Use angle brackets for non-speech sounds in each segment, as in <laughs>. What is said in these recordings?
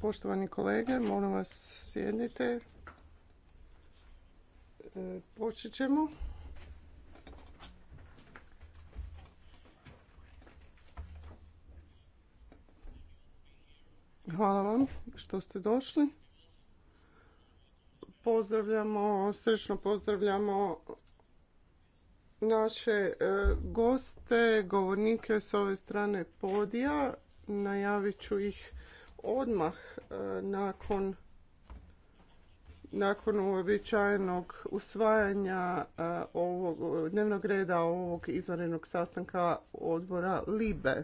Poštovani kolege, molim vas sjednite. E, počet ćemo. Hvala vam što ste došli. Pozdravljamo, srčno pozdravljamo naše e, goste, govornike s ove strane podija najavit ću ih odmah e, nakon nakon uobičajenog usvajanja e, ovog dnevnog reda ovog izvanrednog sastanka odbora LIBE.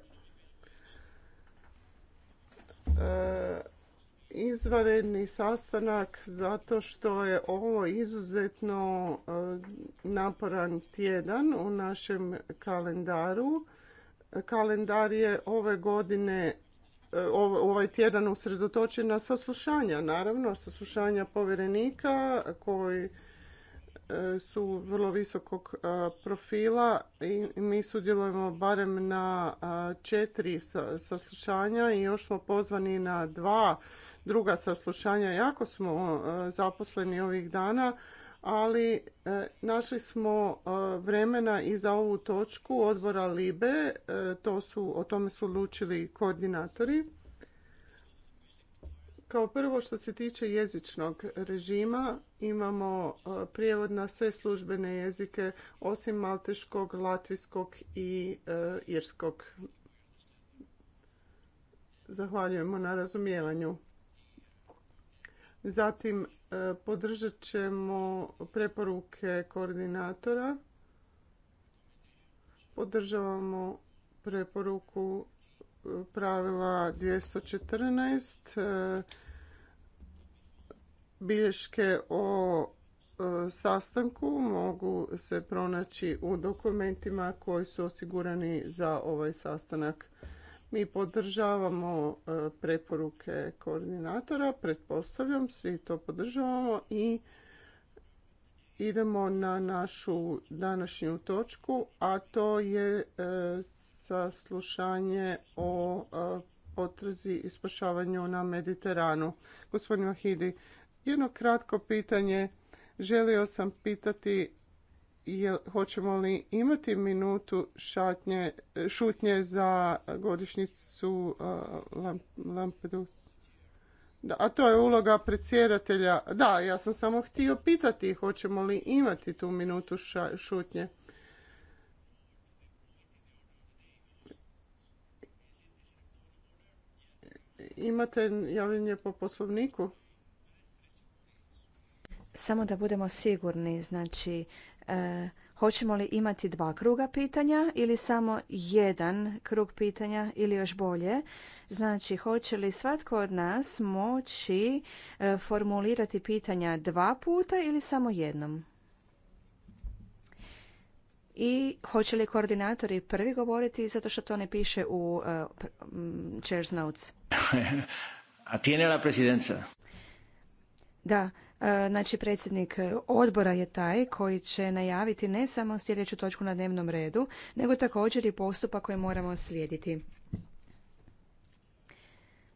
E, izvanredni sastanak zato što je ovo izuzetno naporan tjedan u našem kalendaru kalendar je ove godine e, ovaj tjedan usredotočen na saslušanja, naravno, saslušanja povjerenika koji e, su vrlo visokog e, profila i mi sudjelujemo barem na četiri saslušanja i još smo pozvani na dva druga saslušanja. Jako smo zaposleni ovih dana ali e, našli smo e, vremena i za ovu točku odbora Libe, e, to su, o tome su lučili koordinatori. Kao prvo što se tiče jezičnog režima imamo prijevod na sve službene jezike osim malteškog, latvijskog i irskog. Zahvaljujemo na razumijevanju. Zatim E, podržat ćemo preporuke koordinatora. Podržavamo preporuku e, pravila 214 e, bilješke o sastanku mogu se pronaći u dokumentima koji su osigurani za ovaj sastanak. Mi podržavamo e, preporuke koordinatora, pretpostavljam, svi to podržavamo i idemo na našu današnju točku, a to je e, saslušanje o e, potrazi i spašavanju na Mediteranu. Gospodin Mahidi, jedno kratko pitanje. Želio sam pitati je, hoćemo li imati minutu šatnje, šutnje za godišnjicu Lampedusa? Da, a to je uloga predsjedatelja. Da, ja sam samo htio pitati hoćemo li imati tu minutu šutnje. Imate javljenje po poslovniku? Samo da budemo sigurni, znači E, hoćemo li imati dva kruga pitanja ili samo jedan krug pitanja ili još bolje? Znači, hoće li svatko od nas moći e, formulirati pitanja dva puta ili samo jednom? I hoće li koordinatori prvi govoriti zato što to ne piše u uh, Chairs Notes? <laughs> A la Da, E, znači, predsjednik odbora je taj koji će najaviti ne samo sljedeću točku na dnevnom redu, nego također i postupak koji moramo slijediti.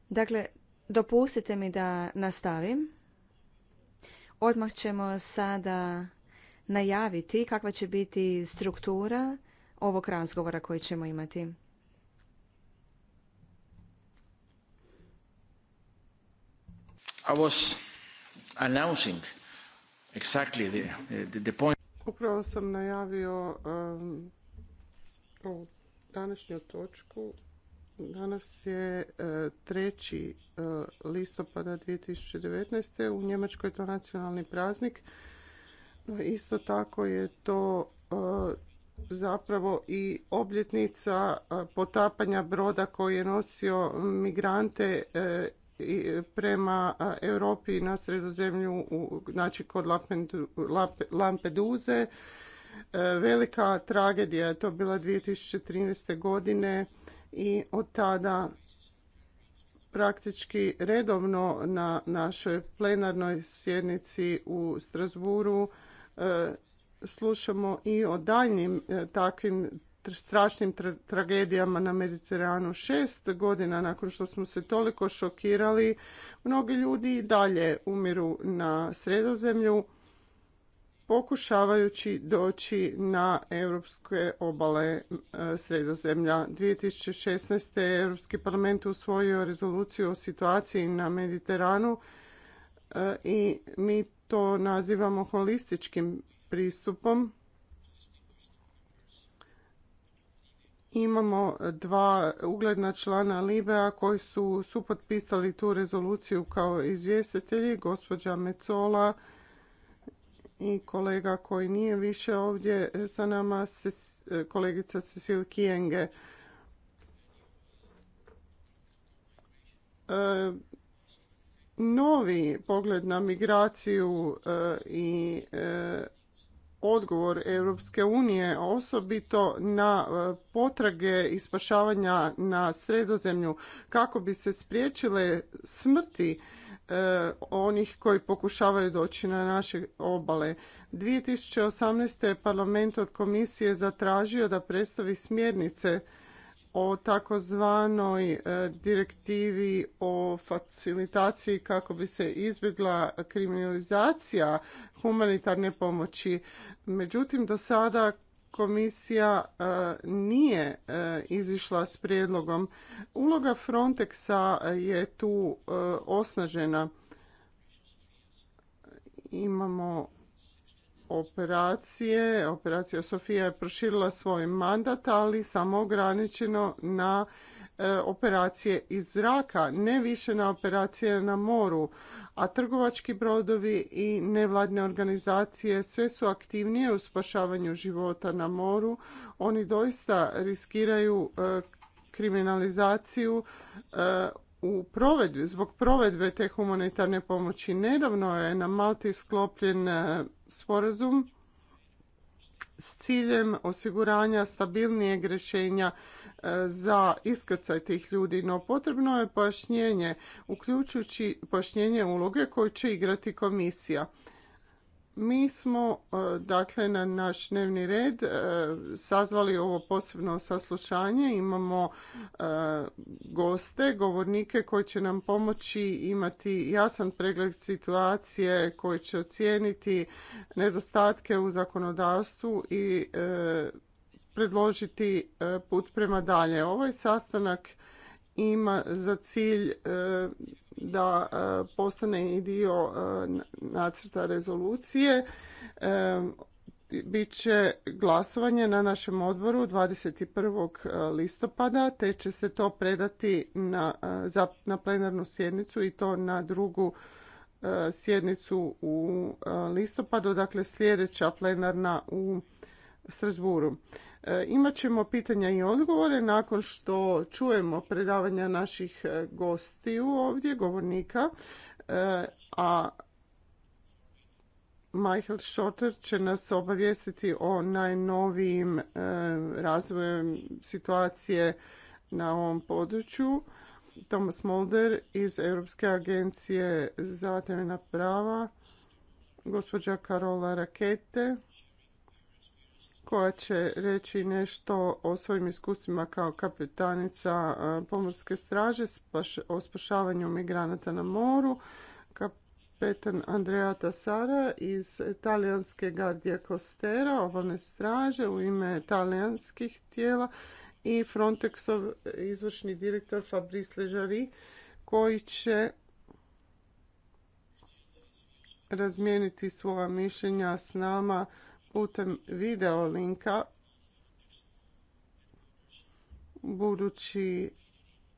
Dakle, dopustite mi da nastavim. Odmah ćemo sada najaviti kakva će biti struktura ovog razgovora koji ćemo imati. I was announcing exactly the, point. Upravo sam najavio um, ovu današnju točku. Danas je 3. E, e, listopada 2019. U Njemačkoj je to nacionalni praznik. Isto tako je to e, zapravo i obljetnica potapanja broda koji je nosio migrante prema Europi na sredozemlju, znači kod Lampeduze. E, velika tragedija je to bila 2013. godine i od tada praktički redovno na našoj plenarnoj sjednici u Strasburu e, slušamo i o daljnim e, takvim strašnim tragedijama na Mediteranu. Šest godina nakon što smo se toliko šokirali, mnogi ljudi i dalje umiru na sredozemlju pokušavajući doći na europske obale e, sredozemlja. 2016. je Europski parlament usvojio rezoluciju o situaciji na Mediteranu e, i mi to nazivamo holističkim pristupom imamo dva ugledna člana Libea koji su supotpisali tu rezoluciju kao izvjestitelji, gospođa Mecola i kolega koji nije više ovdje sa nama, kolegica Cecil kienge e, Novi pogled na migraciju e, i e, odgovor Europske unije, osobito na e, potrage i spašavanja na sredozemlju kako bi se spriječile smrti e, onih koji pokušavaju doći na naše obale. 2018. je parlament od komisije zatražio da predstavi smjernice o takozvanoj e, direktivi o facilitaciji kako bi se izbjegla kriminalizacija humanitarne pomoći. Međutim, do sada komisija e, nije e, izišla s prijedlogom. Uloga Frontexa je tu osnažena. Imamo operacije. Operacija Sofija je proširila svoj mandat, ali samo ograničeno na e, operacije iz zraka, ne više na operacije na moru, a trgovački brodovi i nevladne organizacije sve su aktivnije u spašavanju života na moru. Oni doista riskiraju e, kriminalizaciju e, u provedbi, zbog provedbe te humanitarne pomoći. Nedavno je na Malti sklopljen e, sporazum s ciljem osiguranja stabilnijeg rješenja e, za iskrcaj tih ljudi, no potrebno je pojašnjenje, uključujući pojašnjenje uloge koju će igrati komisija. Mi smo e, dakle na naš dnevni red e, sazvali ovo posebno saslušanje. Imamo e, goste, govornike koji će nam pomoći imati jasan pregled situacije, koji će ocijeniti nedostatke u zakonodavstvu i predložiti put prema dalje. Ovaj sastanak ima za cilj da e, postane i dio e, nacrta rezolucije. E, biće glasovanje na našem odboru 21. listopada, te će se to predati na, na plenarnu sjednicu i to na drugu sjednicu u listopadu, dakle sljedeća plenarna u Strasburu. E, imat ćemo pitanja i odgovore nakon što čujemo predavanja naših e, gostiju ovdje, govornika, e, a Michael Schotter će nas obavijestiti o najnovijim razvojem situacije na ovom području. Thomas Mulder iz Europske agencije za temeljna prava, gospođa Karola Rakete koja će reći nešto o svojim iskustvima kao kapitanica e, pomorske straže o spašavanju migranata na moru. Kapetan Andrea Tassara iz talijanske gardije Kostera, obalne straže u ime talijanskih tijela i Frontexov izvršni direktor Fabrice Ležari koji će razmijeniti svoja mišljenja s nama putem video linka budući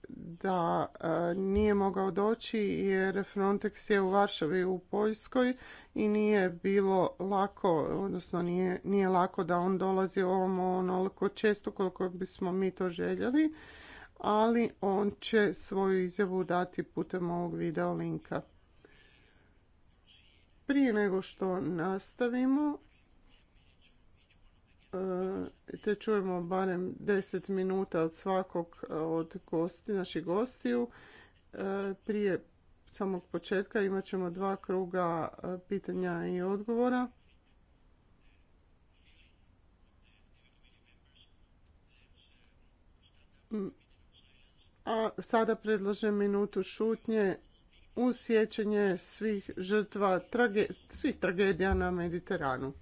da e, nije mogao doći jer Frontex je u Varšavi u Poljskoj i nije bilo lako, odnosno nije, nije lako da on dolazi ovom onoliko često koliko bismo mi to željeli, ali on će svoju izjavu dati putem ovog video linka. Prije nego što nastavimo, E, te čujemo barem 10 minuta od svakog e, od gosti, naših gostiju. E, prije samog početka imat ćemo dva kruga pitanja i odgovora. Mm. A sada predlažem minutu šutnje u sjećanje svih žrtva, svih tragedija na Mediteranu.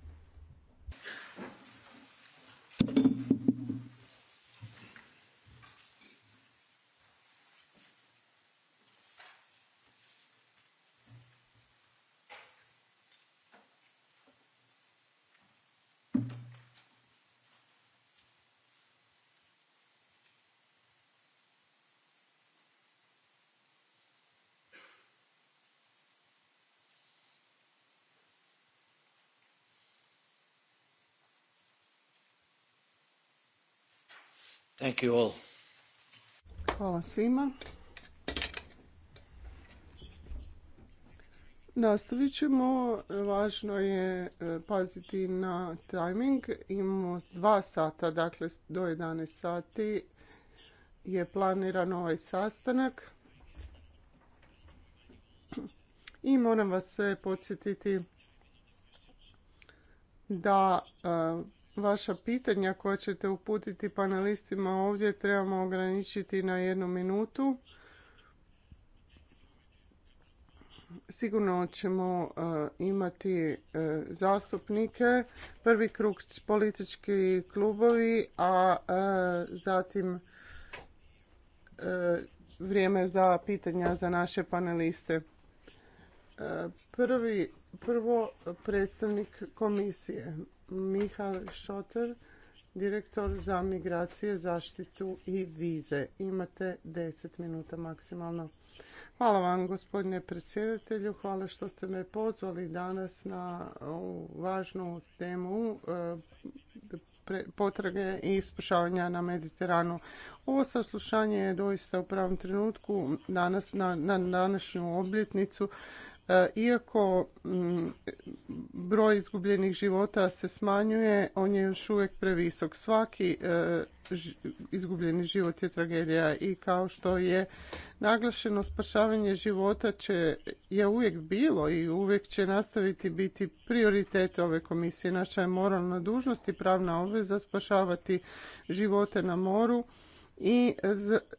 Thank you Hvala svima. Nastavit ćemo. Važno je e, paziti na tajming. Imamo dva sata, dakle do 11 sati je planiran ovaj sastanak. I moram vas podsjetiti da e, vaša pitanja koja ćete uputiti panelistima ovdje trebamo ograničiti na jednu minutu. Sigurno ćemo e, imati e, zastupnike, prvi krug politički klubovi, a e, zatim vrijeme za pitanja za naše paneliste. Prvi, prvo predstavnik komisije. Mihal Šoter, direktor za migracije, zaštitu i vize. Imate 10 minuta maksimalno. Hvala vam gospodine predsjedatelju, hvala što ste me pozvali danas na ovu važnu temu e, potrage i spašavanja na Mediteranu. Ovo saslušanje je doista u pravom trenutku danas na, na današnju obljetnicu E, iako mm, broj izgubljenih života se smanjuje, on je još uvijek previsok. Svaki e, izgubljeni život je tragedija i kao što je naglašeno spašavanje života će, je uvijek bilo i uvijek će nastaviti biti prioritet ove komisije. Naša je moralna dužnost i pravna obveza spašavati živote na moru i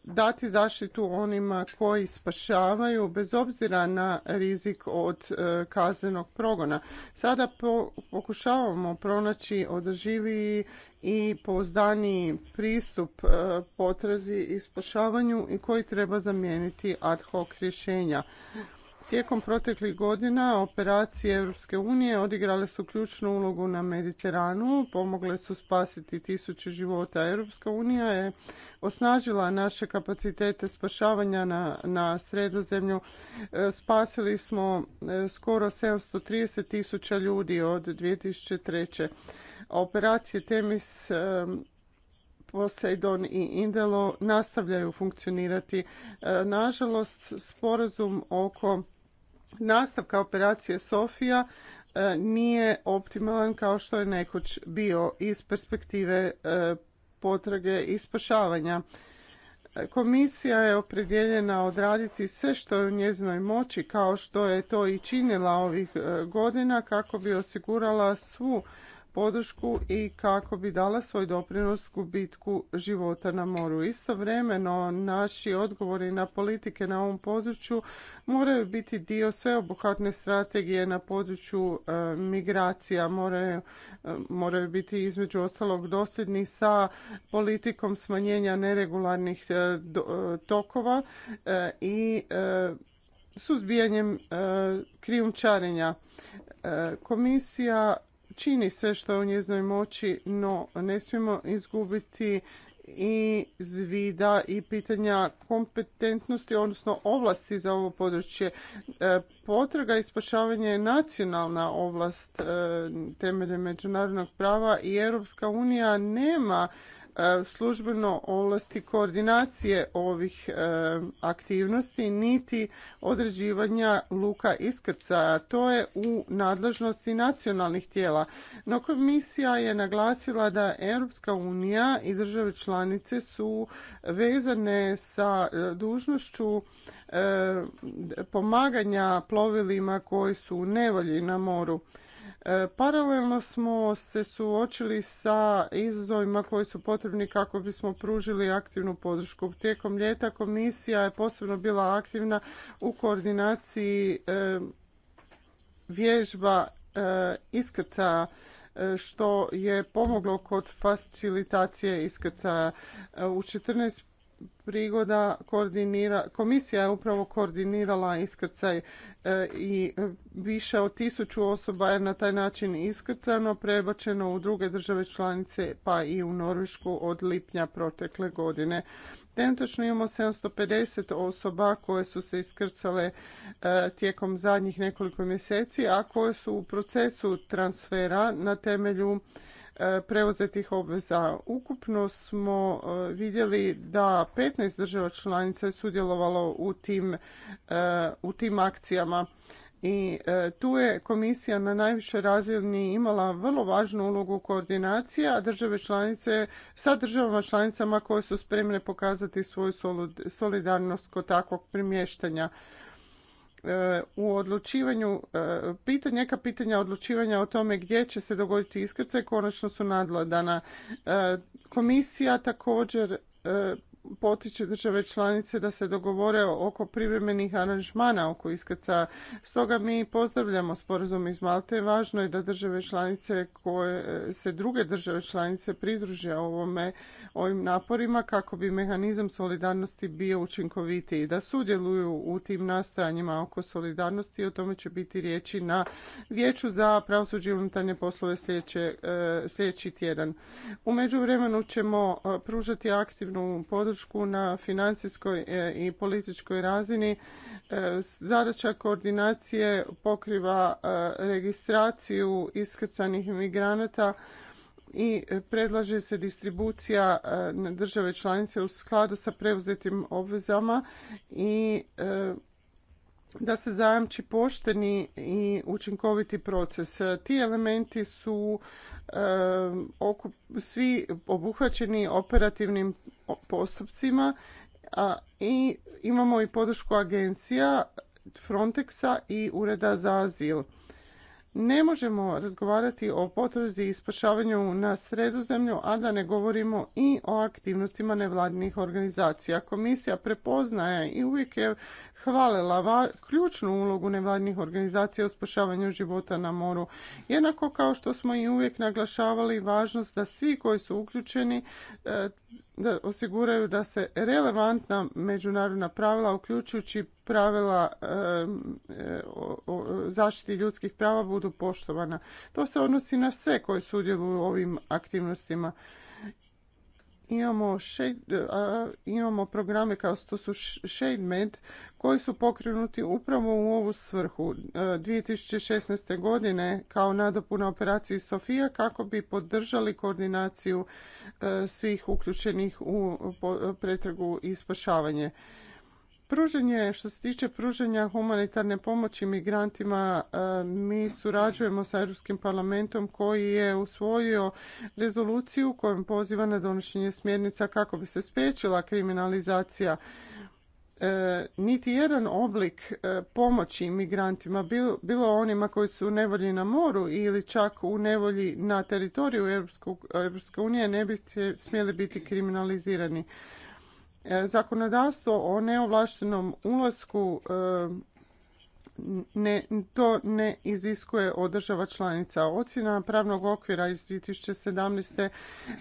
dati zaštitu onima koji spašavaju bez obzira na rizik od e, kaznenog progona. Sada pokušavamo pronaći održiviji i pouzdaniji pristup e, potrazi i spašavanju i koji treba zamijeniti ad hoc rješenja. Tijekom proteklih godina operacije Europske unije odigrale su ključnu ulogu na Mediteranu, pomogle su spasiti tisuće života. Europska unija je osnažila naše kapacitete spašavanja na, na sredozemlju. E, spasili smo e, skoro 730 tisuća ljudi od 2003. Operacije Temis e, Poseidon i Indelo nastavljaju funkcionirati. Nažalost, sporazum oko nastavka operacije Sofija e, nije optimalan kao što je nekoć bio iz perspektive e, potrage i spašavanja. Komisija je opredjeljena odraditi sve što je u njezinoj moći, kao što je to i činila ovih e, godina, kako bi osigurala svu podršku i kako bi dala svoj doprinos gubitku života na moru. Istovremeno naši odgovori na politike na ovom području moraju biti dio sveobuhvatne strategije na području e, migracija, moraju, e, moraju biti između ostalog dosljedni sa politikom smanjenja neregularnih e, tokova i suzbijanjem krijumčarenja. Komisija čini sve što je u njezinoj moći, no ne smijemo izgubiti i zvida i pitanja kompetentnosti, odnosno ovlasti za ovo područje. E, potraga i spašavanje je nacionalna ovlast e, temeljem međunarodnog prava i Europska unija nema E, službeno ovlasti koordinacije ovih e, aktivnosti niti određivanja luka iskrcaja. To je u nadležnosti nacionalnih tijela. No komisija je naglasila da Europska unija i države članice su vezane sa e, dužnošću pomaganja plovilima koji su u nevolji na moru. E, paralelno smo se suočili sa izazovima koji su potrebni kako bismo pružili aktivnu podršku. Tijekom ljeta komisija je posebno bila aktivna u koordinaciji e, vježba e, iskrcaja što je pomoglo kod facilitacije iskrcaja. U 14 prigoda koordinira, komisija je upravo koordinirala iskrcaj e, i više od tisuću osoba je na taj način iskrcano, prebačeno u druge države članice pa i u Norvešku od lipnja protekle godine. Trenutačno imamo 750 osoba koje su se iskrcale e, tijekom zadnjih nekoliko mjeseci, a koje su u procesu transfera na temelju E, preuzetih obveza. Ukupno smo e, vidjeli da 15 država članica je sudjelovalo u tim, e, u tim akcijama i tu je komisija na najvišoj razini imala vrlo važnu ulogu koordinacije, a države članice sa državama članicama koje su spremne pokazati svoju solidarnost kod takvog premještanja. E, u odlučivanju e, neka pitanja odlučivanja o tome gdje će se dogoditi iskrcaj konačno su nadladana. E, komisija također potiče države članice da se dogovore oko privremenih aranžmana oko iskrca. Stoga mi pozdravljamo sporazum iz Malte. Važno je da države članice koje se druge države članice pridruže ovome ovim naporima kako bi mehanizam solidarnosti bio učinkovitiji. Da sudjeluju u tim nastojanjima oko solidarnosti, o tome će biti riječi na Vijeću za pravosuđe i unutarnje poslove sljedeće, e, sljedeći tjedan. U međuvremenu ćemo e, pružati aktivnu podršku podršku na financijskoj e, i političkoj razini. E, zadaća koordinacije pokriva e, registraciju iskrcanih migranata i predlaže se distribucija države članice u skladu sa preuzetim obvezama i da se zajamči pošteni i učinkoviti proces. Ti elementi su svi obuhvaćeni operativnim postupcima i imamo i podršku agencija Frontexa i Ureda za azil. Ne možemo razgovarati o potrazi i spašavanju na sredozemlju, a da ne govorimo i o aktivnostima nevladinih organizacija. Komisija prepoznaje i uvijek je hvalila ključnu ulogu nevladnih organizacija u spašavanju života na moru. Jednako kao što smo i uvijek naglašavali važnost da svi koji su uključeni e, da osiguraju da se relevantna međunarodna pravila uključujući pravila e, zaštiti ljudskih prava budu poštovana. To se odnosi na sve koji sudjeluju u ovim aktivnostima. Imamo, e, imamo programe kao što su ShadeMed koji su pokrenuti upravo u ovu svrhu 2016. E, godine kao nadopuna operaciji Sofia kako bi podržali koordinaciju svih uključenih u pretragu i spašavanje pružanje što se tiče pružanja humanitarne pomoći migrantima, e, mi surađujemo sa Europskim parlamentom koji je usvojio rezoluciju kojom poziva na donošenje smjernica kako bi se spriječila kriminalizacija e, niti jedan oblik e, pomoći migrantima, bilo onima koji su u nevolji na moru ili čak u nevolji na teritoriju Europske unije, ne bi smjeli biti kriminalizirani. E, zakonodavstvo o neovlaštenom ulasku e, ne, to ne iziskuje od država članica. Ocjena pravnog okvira iz 2017.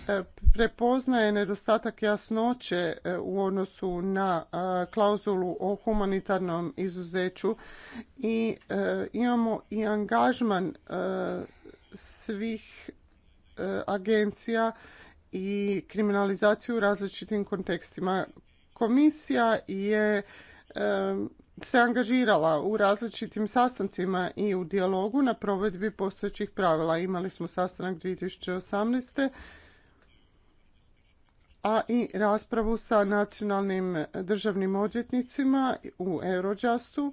E, prepoznaje nedostatak jasnoće u odnosu na klauzulu o humanitarnom izuzeću i imamo i angažman svih agencija i kriminalizaciju u različitim kontekstima. Komisija je se angažirala u različitim sastancima i u dijalogu na provedbi postojećih pravila. Imali smo sastanak 2018. a i raspravu sa nacionalnim državnim odvjetnicima u Eurojustu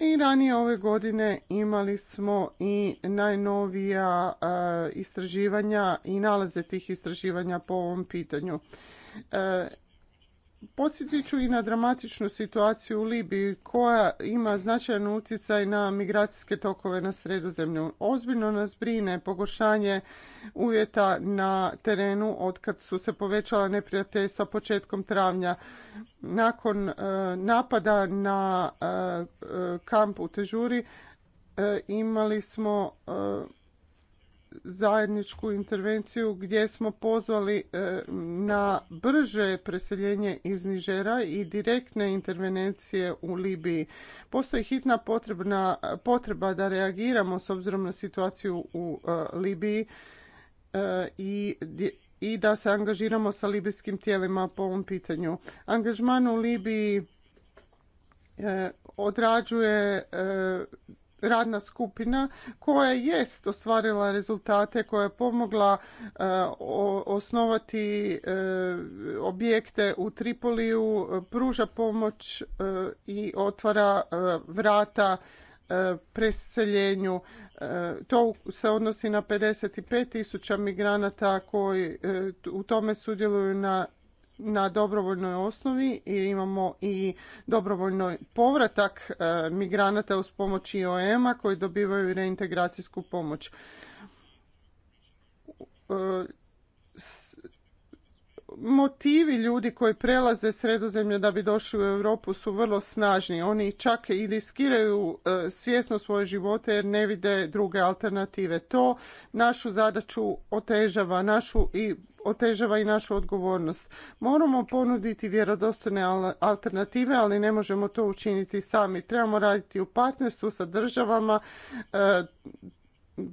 i ranije ove godine imali smo i najnovija e, istraživanja i nalaze tih istraživanja po ovom pitanju. E, Podsjetit ću i na dramatičnu situaciju u Libiji koja ima značajan utjecaj na migracijske tokove na sredozemlju. Ozbiljno nas brine pogoršanje uvjeta na terenu od kad su se povećala neprijateljstva početkom travnja. Nakon e, napada na e, e, kamp u Težuri imali smo zajedničku intervenciju gdje smo pozvali e, na brže preseljenje iz Nižera i direktne intervenencije u Libiji. Postoji hitna potrebna, potreba da reagiramo s obzirom na situaciju u e, Libiji e, i i da se angažiramo sa libijskim tijelima po ovom pitanju. Angažman u Libiji odrađuje radna skupina koja jest ostvarila rezultate, koja je pomogla e, osnovati e, objekte u Tripoliju, pruža pomoć e, i otvara vrata preseljenju. To se odnosi na 55 tisuća migranata koji u tome sudjeluju na na dobrovoljnoj osnovi i imamo i dobrovoljno povratak e, migranata uz pomoć IOM-a koji dobivaju reintegracijsku pomoć e, motivi ljudi koji prelaze sredozemlje da bi došli u Europu su vrlo snažni. Oni čak i riskiraju e, svjesno svoje živote jer ne vide druge alternative. To našu zadaću otežava, našu i otežava i našu odgovornost. Moramo ponuditi vjerodostojne alternative, ali ne možemo to učiniti sami. Trebamo raditi u partnerstvu sa državama, e,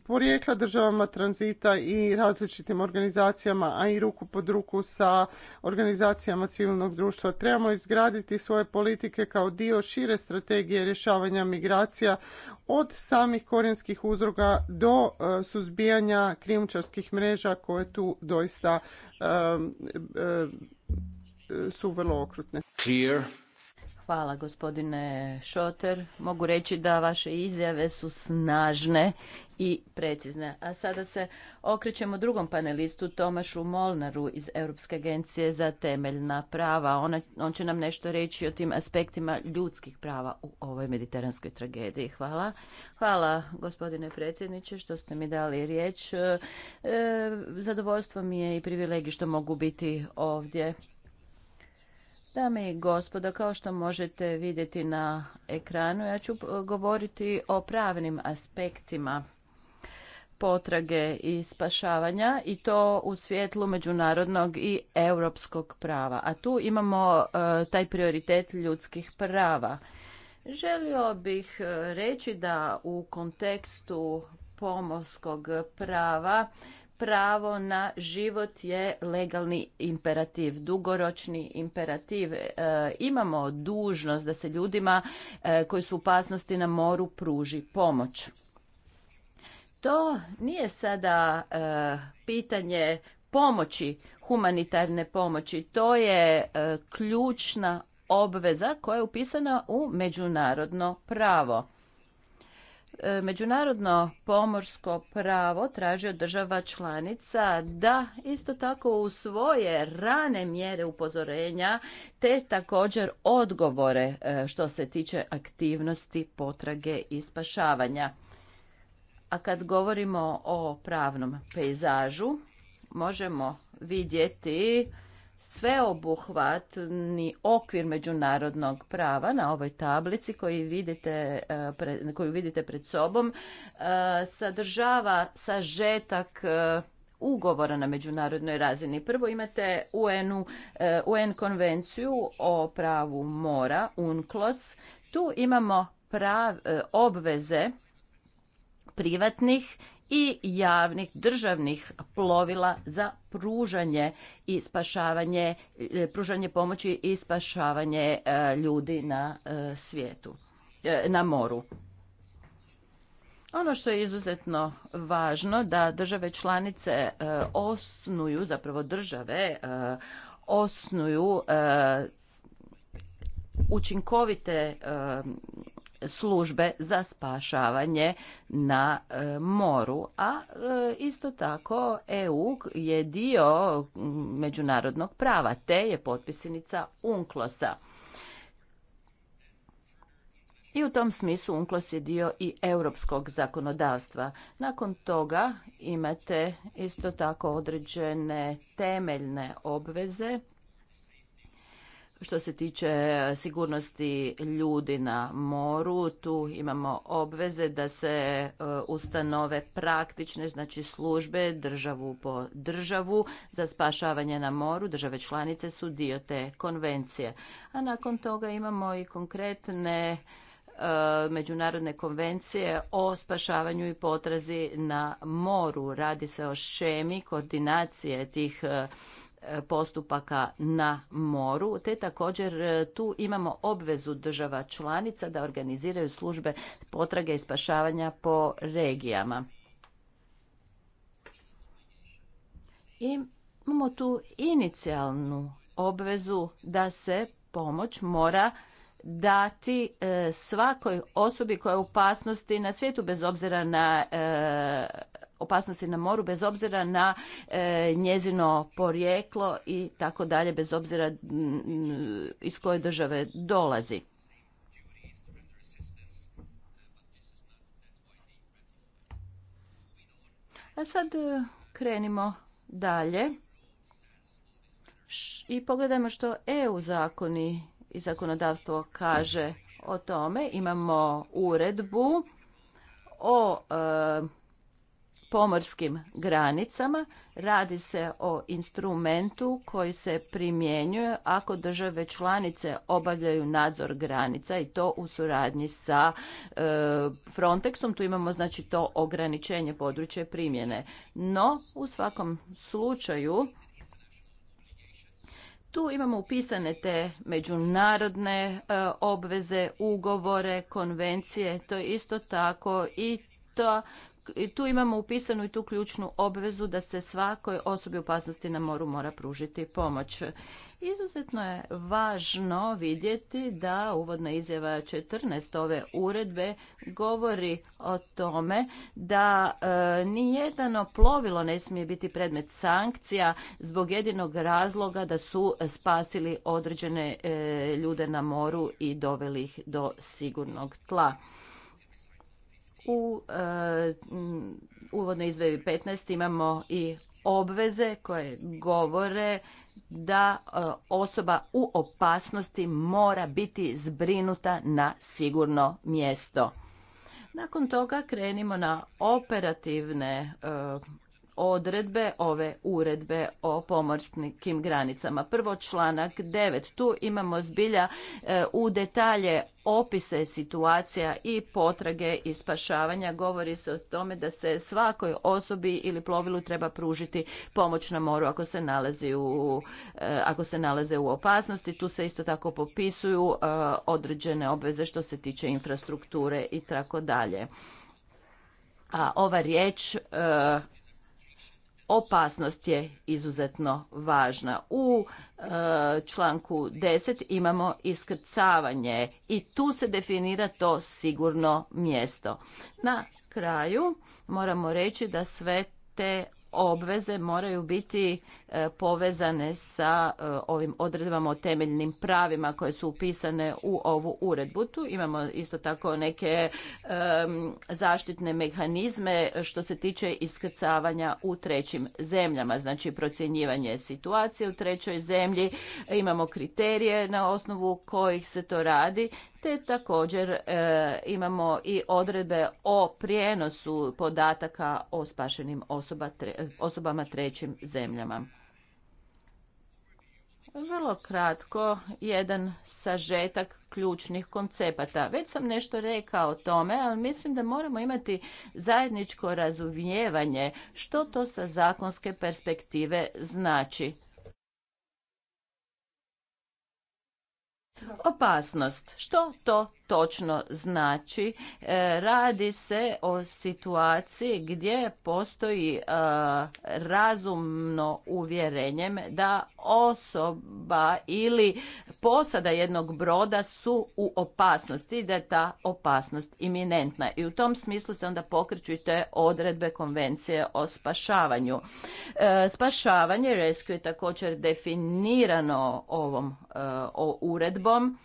porijekla državama tranzita i različitim organizacijama, a i ruku pod ruku sa organizacijama civilnog društva. Trebamo izgraditi svoje politike kao dio šire strategije rješavanja migracija od samih korijenskih uzroga do e, suzbijanja krijumčarskih mreža koje tu doista e, e, su vrlo okrutne. Hvala gospodine Šoter. Mogu reći da vaše izjave su snažne i precizne. A sada se okrećemo drugom panelistu Tomašu Molnaru iz Europske agencije za temeljna prava. on će nam nešto reći o tim aspektima ljudskih prava u ovoj mediteranskoj tragediji. Hvala. Hvala gospodine predsjedniče što ste mi dali riječ. E, zadovoljstvo mi je i privilegi što mogu biti ovdje. Dame i gospodo, kao što možete vidjeti na ekranu, ja ću e, govoriti o pravnim aspektima potrage i spašavanja i to u svjetlu međunarodnog i europskog prava. A tu imamo e, taj prioritet ljudskih prava. Želio bih e, reći da u kontekstu pomorskog prava pravo na život je legalni imperativ, dugoročni imperativ. E, imamo dužnost da se ljudima e, koji su u opasnosti na moru pruži pomoć. To nije sada e, pitanje pomoći, humanitarne pomoći. To je ključna obveza koja je upisana u međunarodno pravo. E, međunarodno pomorsko pravo traži od država članica da isto tako u svoje rane mjere upozorenja te također odgovore e, što se tiče aktivnosti potrage i spašavanja. A kad govorimo o pravnom pejzažu, možemo vidjeti sveobuhvatni okvir međunarodnog prava na ovoj tablici koju vidite, e, koju vidite pred sobom e, sadržava sažetak e, ugovora na međunarodnoj razini. Prvo imate UN, UN konvenciju o pravu mora, UNCLOS. Tu imamo prav, obveze privatnih i javnih državnih plovila za pružanje i spašavanje, e, pružanje pomoći i spašavanje e, ljudi na e, svijetu, na moru. Ono što je izuzetno važno da države članice osnuju, zapravo države osnuju učinkovite službe za spašavanje na e, moru a e, isto tako EU je dio međunarodnog prava te je potpisnica UNCLOS-a i u tom smislu UNCLOS je dio i europskog zakonodavstva. Nakon toga imate isto tako određene temeljne obveze što se tiče e, sigurnosti ljudi na moru, tu imamo obveze da se e, ustanove praktične, znači službe državu po državu za spašavanje na moru. Države članice su dio te konvencije. A nakon toga imamo i konkretne e, međunarodne konvencije o spašavanju i potrazi na moru. Radi se o šemi koordinacije tih postupaka na moru, te također e, tu imamo obvezu država članica da organiziraju službe potrage i spašavanja po regijama. I imamo tu inicijalnu obvezu da se pomoć mora dati e, svakoj osobi koja je u opasnosti na svijetu bez obzira na e, opasnosti na moru bez obzira na e, njezino porijeklo i tako dalje bez obzira iz koje države dolazi. A sad e, krenimo dalje i pogledajmo što EU zakoni i zakonodavstvo kaže o tome. Imamo uredbu o e, pomorskim granicama. Radi se o instrumentu koji se primjenjuje ako države članice obavljaju nadzor granica i to u suradnji sa e, Frontexom. Tu imamo znači to ograničenje područje primjene. No, u svakom slučaju tu imamo upisane te međunarodne e, obveze, ugovore, konvencije, to je isto tako i to tu imamo upisanu i tu ključnu obvezu da se svakoj osobi opasnosti na moru mora pružiti pomoć. Izuzetno je važno vidjeti da uvodna izjava 14 ove uredbe govori o tome da e, nijedano plovilo ne smije biti predmet sankcija zbog jedinog razloga da su spasili određene e, ljude na moru i doveli ih do sigurnog tla. U uvodnoj izvevi 15 imamo i obveze koje govore da e, osoba u opasnosti mora biti zbrinuta na sigurno mjesto. Nakon toga krenimo na operativne e, odredbe ove uredbe o pomorskim granicama. Prvo članak 9. Tu imamo zbilja e, u detalje opise situacija i potrage i spašavanja. Govori se o tome da se svakoj osobi ili plovilu treba pružiti pomoć na moru ako se nalazi u, e, ako se nalaze u opasnosti. Tu se isto tako popisuju e, određene obveze što se tiče infrastrukture i tako dalje. A ova riječ opasnost je izuzetno važna. U e, članku 10 imamo iskrcavanje i tu se definira to sigurno mjesto. Na kraju moramo reći da sve te obveze moraju biti e, povezane sa e, ovim odredbama o temeljnim pravima koje su upisane u ovu uredbu. Tu imamo isto tako neke e, zaštitne mehanizme što se tiče iskrcavanja u trećim zemljama, znači procjenjivanje situacije u trećoj zemlji, imamo kriterije na osnovu kojih se to radi, te također e, imamo i odredbe o prijenosu podataka o spašenim osoba, osobama trećim zemljama. Vrlo kratko, jedan sažetak ključnih koncepata. Već sam nešto rekao o tome, ali mislim da moramo imati zajedničko razumijevanje što to sa zakonske perspektive znači. opasnost. Što to točno znači. E, radi se o situaciji gdje postoji e, razumno uvjerenjem da osoba ili posada jednog broda su u opasnosti, da je ta opasnost iminentna. I u tom smislu se onda pokreću te odredbe konvencije o spašavanju. E, spašavanje, rescue, je također definirano ovom uredbom,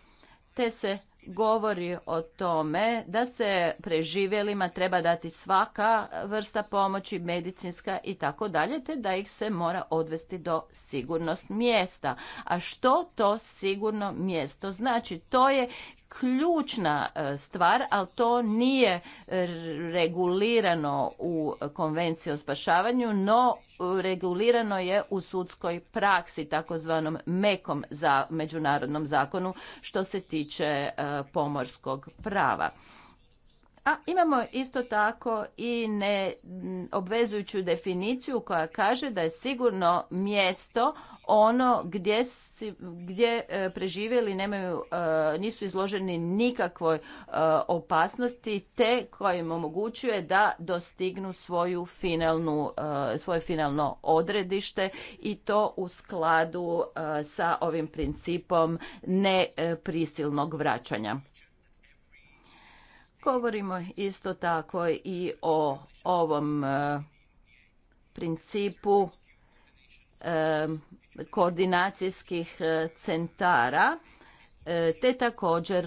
te se govori o tome da se preživjelima treba dati svaka vrsta pomoći, medicinska i tako dalje, te da ih se mora odvesti do sigurnost mjesta. A što to sigurno mjesto znači? To je ključna e, stvar, ali to nije e, regulirano u konvenciji o spašavanju, no e, regulirano je u sudskoj praksi, takozvanom mekom za međunarodnom zakonu što se tiče pomorskog prava. A imamo isto tako i ne obvezujuću definiciju koja kaže da je sigurno mjesto ono gdje, si, gdje e, preživjeli nemaju, e, nisu izloženi nikakvoj e, opasnosti te koje im omogućuje da dostignu svoju finalnu, svoje finalno odredište i to u skladu sa ovim principom neprisilnog vraćanja. Govorimo isto tako i o ovom e, principu e, koordinacijskih e, centara te također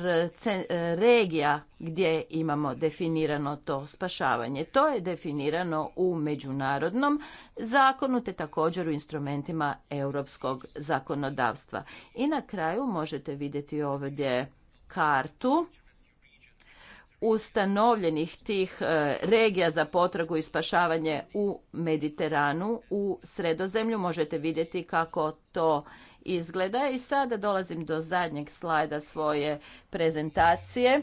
regija gdje imamo definirano to spašavanje. To je definirano u međunarodnom zakonu te također u instrumentima europskog zakonodavstva. I na kraju možete vidjeti ovdje kartu ustanovljenih tih e, regija za potragu i spašavanje u Mediteranu, u Sredozemlju. Možete vidjeti kako to izgleda. I sada dolazim do zadnjeg slajda svoje prezentacije.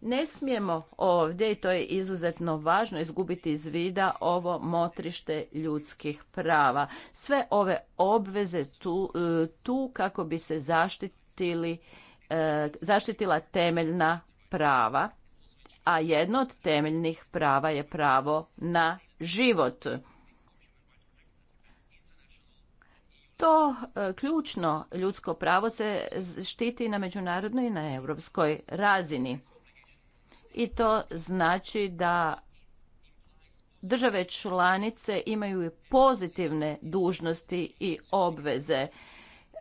Ne smijemo ovdje, i to je izuzetno važno, izgubiti iz vida ovo motrište ljudskih prava. Sve ove obveze tu, e, tu kako bi se zaštitili, e, zaštitila temeljna prava a jedno od temeljnih prava je pravo na život. To e, ključno ljudsko pravo se štiti na međunarodnoj i na europskoj razini. I to znači da države članice imaju pozitivne dužnosti i obveze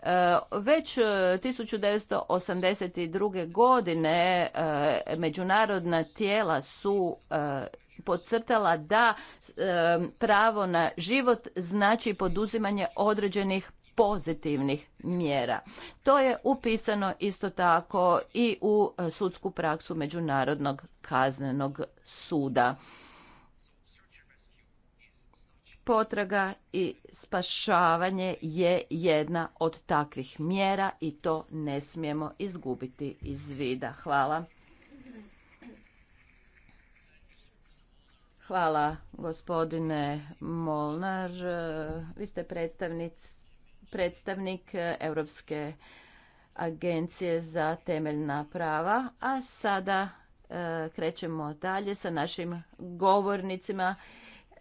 E, već 1982. E, godine e, međunarodna tijela su podcrtala da pravo na život znači poduzimanje određenih pozitivnih mjera. To je upisano isto tako i u sudsku praksu Međunarodnog kaznenog suda. Potraga i spašavanje je jedna od takvih mjera i to ne smijemo izgubiti iz vida. Hvala. Hvala gospodine Molnar. Vi ste predstavnik Europske agencije za temeljna prava, a sada eh, krećemo dalje sa našim govornicima.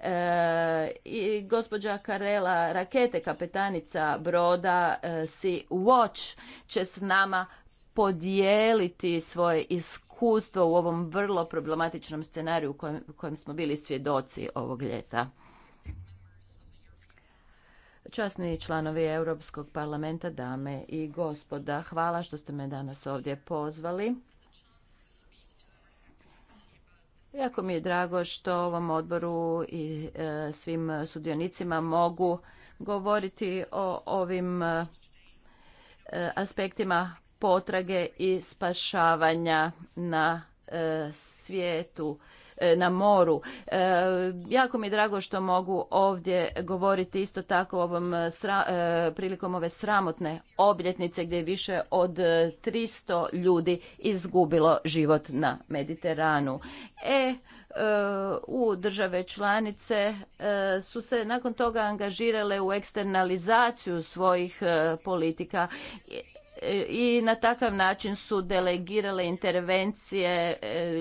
E, i gospođa Karela Rakete, kapetanica broda e, Sea Watch, će s nama podijeliti svoje iskustvo u ovom vrlo problematičnom scenariju u kojem, kojem smo bili svjedoci ovog ljeta. Časni članovi Europskog parlamenta, dame i gospoda, hvala što ste me danas ovdje pozvali. Jako mi je drago što ovom odboru i e, svim sudionicima mogu govoriti o ovim e, aspektima potrage i spašavanja na e, svijetu. E, na moru. E, jako mi je drago što mogu ovdje govoriti isto tako ovom e, prilikom ove sramotne obljetnice gdje je više od 300 ljudi izgubilo život na Mediteranu. E, u države članice su se nakon toga angažirale u eksternalizaciju svojih politika i na takav način su delegirale intervencije e,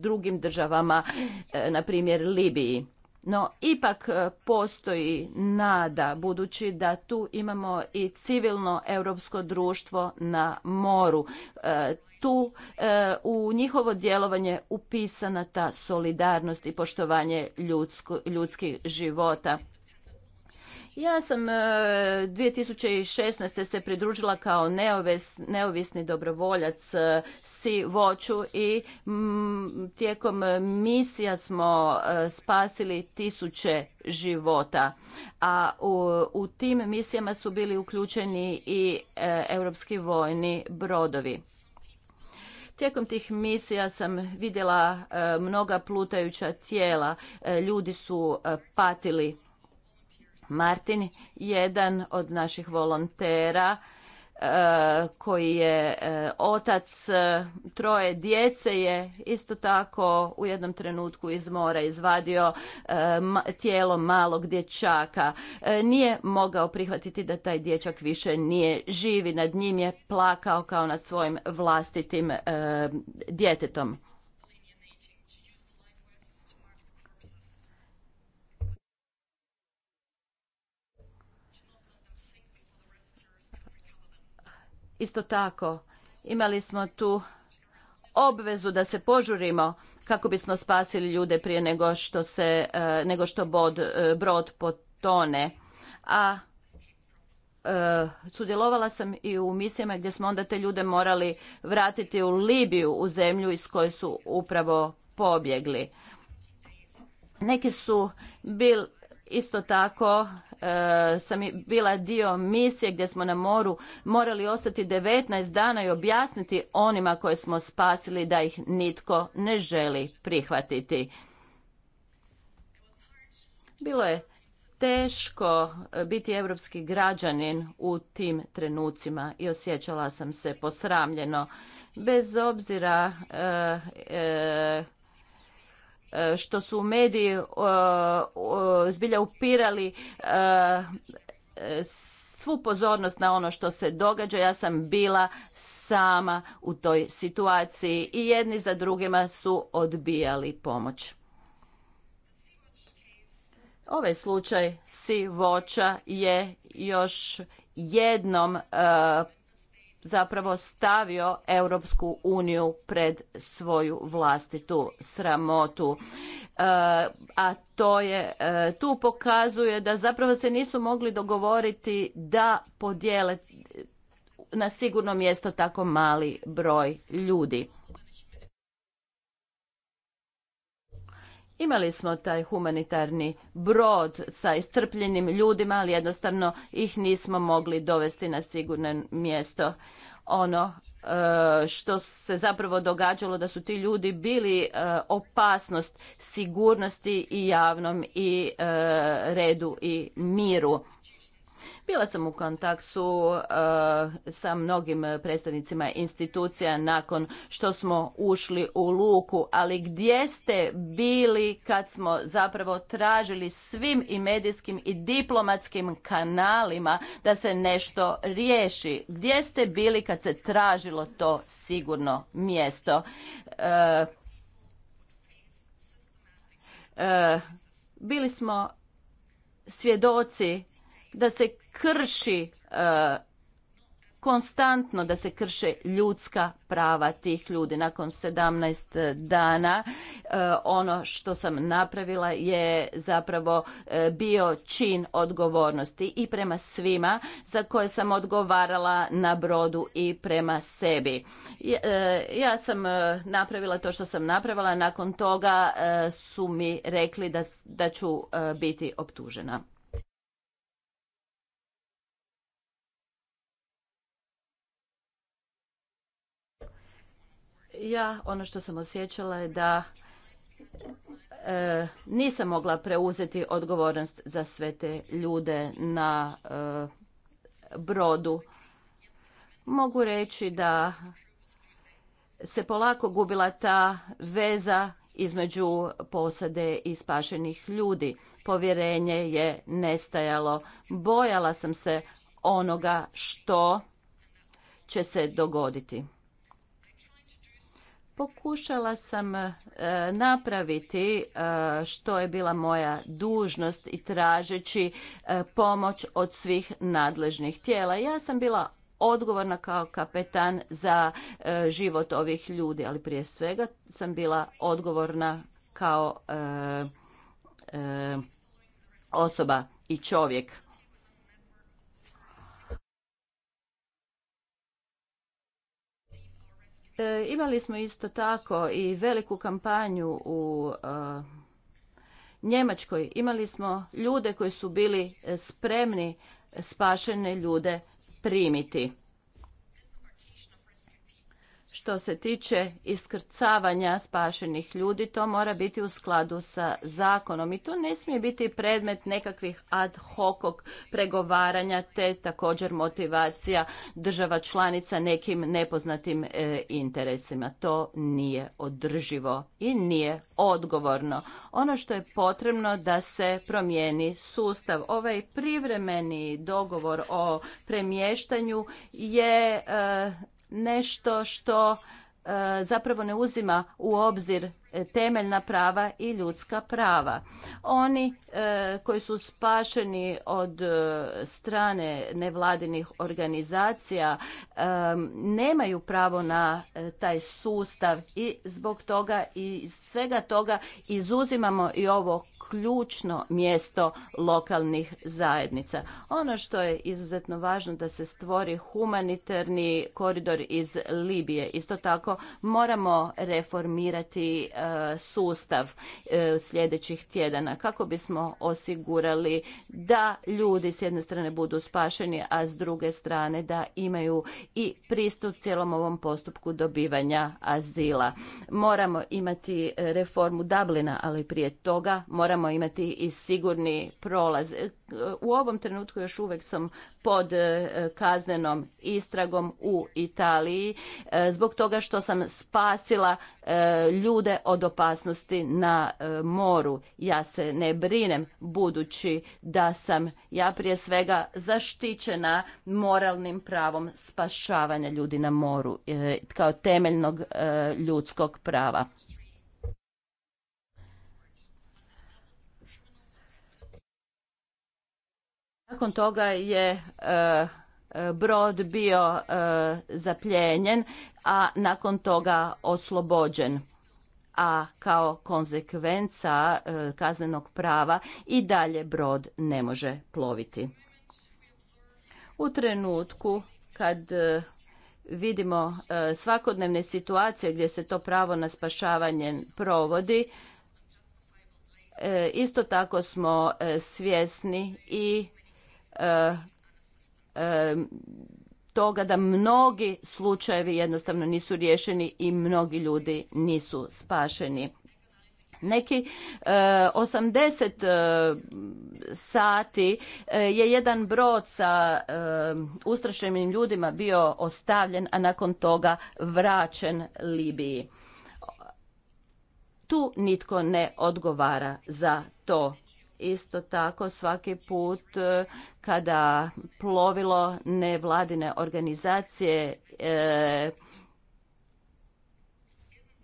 drugim državama, e, na primjer Libiji. No, ipak e, postoji nada, budući da tu imamo i civilno europsko društvo na moru. Tu u njihovo djelovanje upisana ta solidarnost i poštovanje ljudskih života ja sam 2016. E, se pridružila kao neovisni dobrovoljac e, si voću i mm, tijekom misija smo e, spasili tisuće života. A u, tim misijama su bili uključeni i europski vojni brodovi. Tijekom tih misija sam vidjela mnoga plutajuća tijela, ljudi su patili Martin, jedan od naših volontera e, koji je e, otac e, troje djece je isto tako u jednom trenutku iz mora izvadio tijelo malog dječaka. Nije mogao prihvatiti da taj dječak više nije živi. Nad njim je plakao kao nad svojim vlastitim djetetom. Isto tako, imali smo tu obvezu da se požurimo kako bismo spasili ljude prije nego što se, e, nego što bod, e, brod potone. A e, sudjelovala sam i u misijama gdje smo onda te ljude morali vratiti u Libiju, u zemlju iz koje su upravo pobjegli. Neki su bili... Isto tako e, sam sam bila dio misije gdje smo na moru morali ostati 19 dana i objasniti onima koje smo spasili da ih nitko ne želi prihvatiti. Bilo je teško e, biti europski građanin u tim trenucima i osjećala sam se posramljeno. Bez obzira e, E, što su mediji e, zbilja upirali e, svu pozornost na ono što se događa. Ja sam bila sama u toj situaciji i jedni za drugima su odbijali pomoć. Ovaj slučaj si je još jednom zapravo stavio Europsku uniju pred svoju vlastitu sramotu. E, a to je, e, tu pokazuje da zapravo se nisu mogli dogovoriti da podijele na sigurno mjesto tako mali broj ljudi. Imali smo taj humanitarni brod sa iscrpljenim ljudima, ali jednostavno ih nismo mogli dovesti na sigurno mjesto. Ono e, što se zapravo događalo da su ti ljudi bili e, opasnost sigurnosti i javnom i e, redu i miru. Bila sam u kontaktu eh, sa mnogim predstavnicima institucija nakon što smo ušli u luku, ali gdje ste bili kad smo zapravo tražili svim i medijskim i diplomatskim kanalima da se nešto riješi? Gdje ste bili kad se tražilo to sigurno mjesto? Eh, eh, bili smo svjedoci da se krši e, konstantno da se krše ljudska prava tih ljudi. Nakon 17 dana e, ono što sam napravila je zapravo e, bio čin odgovornosti i prema svima za koje sam odgovarala na brodu i prema sebi. ja sam napravila to što sam napravila, nakon toga su mi rekli da, da ću biti optužena. ja ono što sam osjećala je da e, nisam mogla preuzeti odgovornost za sve te ljude na e, brodu. Mogu reći da se polako gubila ta veza između posade i spašenih ljudi. Povjerenje je nestajalo. Bojala sam se onoga što će se dogoditi. Pokušala sam e, napraviti e, što je bila moja dužnost i tražeći e, pomoć od svih nadležnih tijela. Ja sam bila odgovorna kao kapetan za život ovih ljudi, ali prije svega sam bila odgovorna kao osoba i čovjek E, imali smo isto tako i veliku kampanju u e, Njemačkoj. Imali smo ljude koji su bili e, spremni spašene ljude primiti. Što se tiče iskrcavanja spašenih ljudi, to mora biti u skladu sa zakonom i to ne smije biti predmet nekakvih ad hoc pregovaranja te također motivacija država članica nekim nepoznatim e, interesima. To nije održivo i nije odgovorno. Ono što je potrebno da se promijeni sustav. Ovaj privremeni dogovor o premještanju je e, nešto što e, zapravo ne uzima u obzir E, temeljna prava i ljudska prava. Oni e, koji su spašeni od e, strane nevladinih organizacija nemaju pravo na taj sustav i zbog toga i svega toga izuzimamo i ovo ključno mjesto lokalnih zajednica. Ono što je izuzetno važno da se stvori humanitarni koridor iz Libije. Isto tako moramo reformirati E, sustav e, sljedećih tjedana kako bismo osigurali da ljudi s jedne strane budu spašeni, a s druge strane da imaju i pristup cijelom ovom postupku dobivanja azila. Moramo imati reformu Dublina, ali prije toga moramo imati i sigurni prolaz. E, u ovom trenutku još uvijek sam pod e, kaznenom istragom u Italiji e, zbog toga što sam spasila ljude od opasnosti na moru. Ja se ne brinem budući da sam ja prije svega zaštićena moralnim pravom spašavanja ljudi na moru kao temeljnog ljudskog prava. Nakon toga je e, e, brod bio e, zapljenjen, a nakon toga oslobođen a kao konsekvenca kaznenog prava i dalje brod ne može ploviti. U trenutku kad vidimo svakodnevne situacije gdje se to pravo na spašavanje provodi, isto tako smo svjesni i E, e, toga da mnogi slučajevi jednostavno nisu riješeni i mnogi ljudi nisu spašeni. Neki e, 80 e, sati je jedan brod sa ustrašenim ljudima bio ostavljen, a nakon toga vraćen Libiji. Tu nitko ne odgovara za to Isto tako svaki put e, kada plovilo nevladine organizacije e,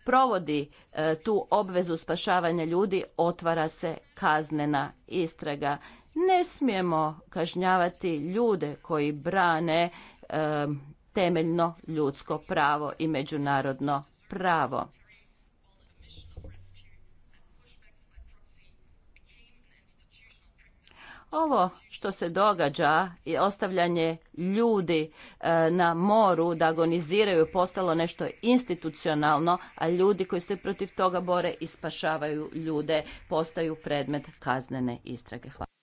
provodi e, tu obvezu spašavanja ljudi, otvara se kaznena istraga. Ne smijemo kažnjavati ljude koji brane temeljno ljudsko pravo i međunarodno pravo. Ovo što se događa i ostavljanje ljudi e, na moru da agoniziraju postalo nešto institucionalno, a ljudi koji se protiv toga bore i spašavaju ljude postaju predmet kaznene istrage. Hvala.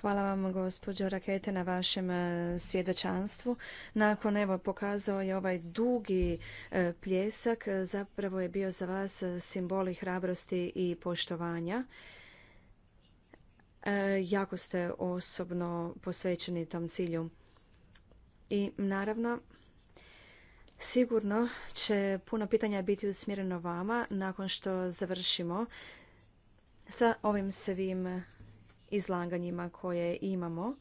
Hvala vam gospođo Rakete na vašem e, svjedočanstvu. Nakon evo pokazao je ovaj dugi e, pljesak, e, zapravo je bio za vas simboli hrabrosti i poštovanja. jako ste osobno posvećeni tom cilju. I naravno, sigurno će puno pitanja biti usmjereno vama nakon što završimo sa ovim svim izlaganjima koje imamo.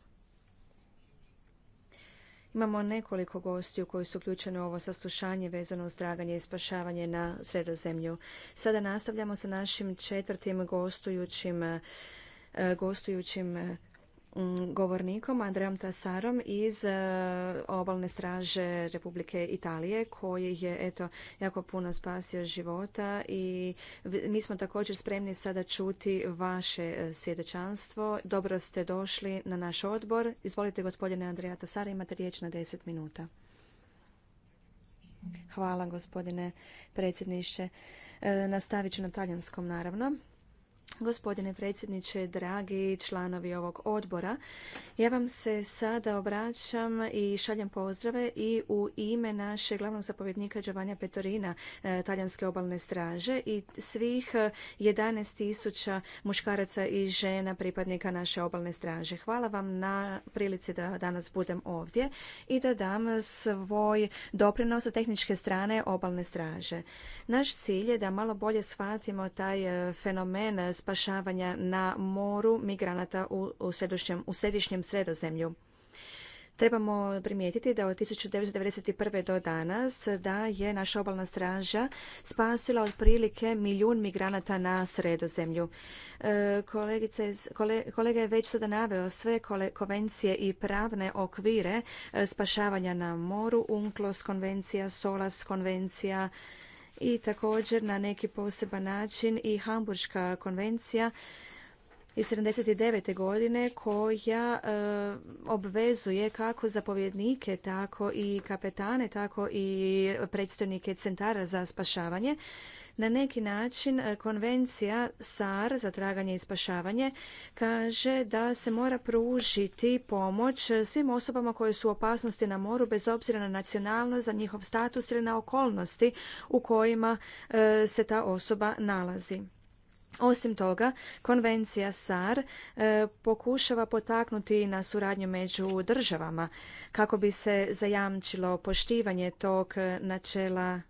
Imamo nekoliko gostiju koji su uključeni u ovo saslušanje vezano uz draganje i spašavanje na sredozemlju. Sada nastavljamo sa našim četvrtim gostujućim e, gostujućim Mm, govornikom Andreom Tasarom iz e, obalne straže Republike Italije koji je eto jako puno spasio života i mi smo također spremni sada čuti vaše e, svjedočanstvo. Dobro ste došli na naš odbor. Izvolite gospodine Andreja Tasara, imate riječ na 10 minuta. Hvala gospodine predsjedniče. E, nastavit ću na talijanskom naravno. Gospodine predsjedniče, dragi članovi ovog odbora, ja vam se sada obraćam i šaljem pozdrave i u ime naše glavnog zapovjednika Giovanja Petorina, e, talijanske obalne straže i svih 11.000 e, muškaraca i žena pripadnika naše obalne straže. Hvala vam na prilici da danas budem ovdje i da dam svoj doprinos sa tehničke strane obalne straže. Naš cilj je da malo bolje shvatimo taj e, fenomen spašavanja na moru migranata u, u, središnjem, u sredozemlju. Trebamo primijetiti da od 1991. do danas da je naša obalna straža spasila otprilike milijun migranata na sredozemlju. E, kolegice, kolega je već sada naveo sve konvencije i pravne okvire e, spašavanja na moru, UNCLOS konvencija, SOLAS konvencija, i također na neki poseban način i Hamburška konvencija iz 79. godine koja e, obvezuje kako zapovjednike, tako i kapetane, tako i predstavnike centara za spašavanje na neki način e, konvencija SAR za traganje i spašavanje kaže da se mora pružiti pomoć svim osobama koje su u opasnosti na moru bez obzira na nacionalnost, za njihov status ili na okolnosti u kojima e, se ta osoba nalazi. Osim toga, konvencija SAR e, pokušava potaknuti na suradnju među državama kako bi se zajamčilo poštivanje tog načela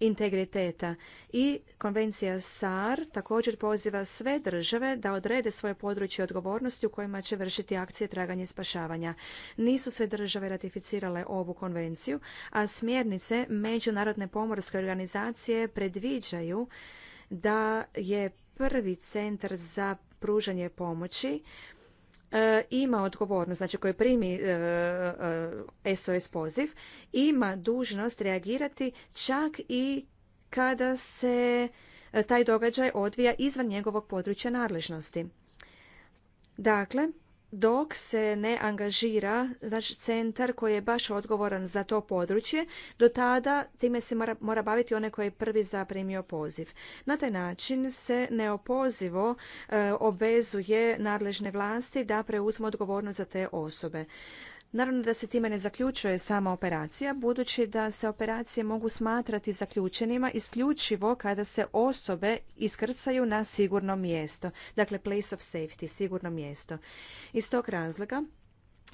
integriteta. I konvencija SAR također poziva sve države da odrede svoje područje odgovornosti u kojima će vršiti akcije traganja i spašavanja. Nisu sve države ratificirale ovu konvenciju, a smjernice Međunarodne pomorske organizacije predviđaju da je prvi centar za pružanje pomoći E, ima odgovornost, znači koji primi SOS e, e, poziv, ima dužnost reagirati čak i kada se taj događaj odvija izvan njegovog područja nadležnosti. Dakle, dok se ne angažira znači centar koji je baš odgovoran za to područje, do tada time se mora, baviti onaj koji je prvi zaprimio poziv. Na taj način se neopozivo obezuje obvezuje nadležne vlasti da preuzmu odgovornost za te osobe. Naravno da se time ne zaključuje sama operacija, budući da se operacije mogu smatrati zaključenima isključivo kada se osobe iskrcaju na sigurno mjesto, dakle place of safety, sigurno mjesto. Iz tog razloga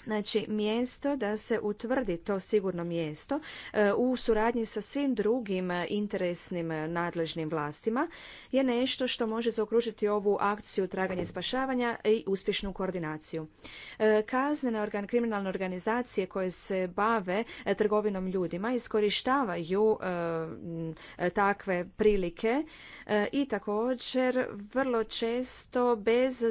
Znači, mjesto da se utvrdi to sigurno mjesto e, u suradnji sa svim drugim e, interesnim e, nadležnim vlastima je nešto što može zaokružiti ovu akciju traganja i spašavanja i uspješnu koordinaciju. Kaznene kriminalne organizacije koje se bave trgovinom ljudima iskorištavaju takve prilike i također vrlo često bez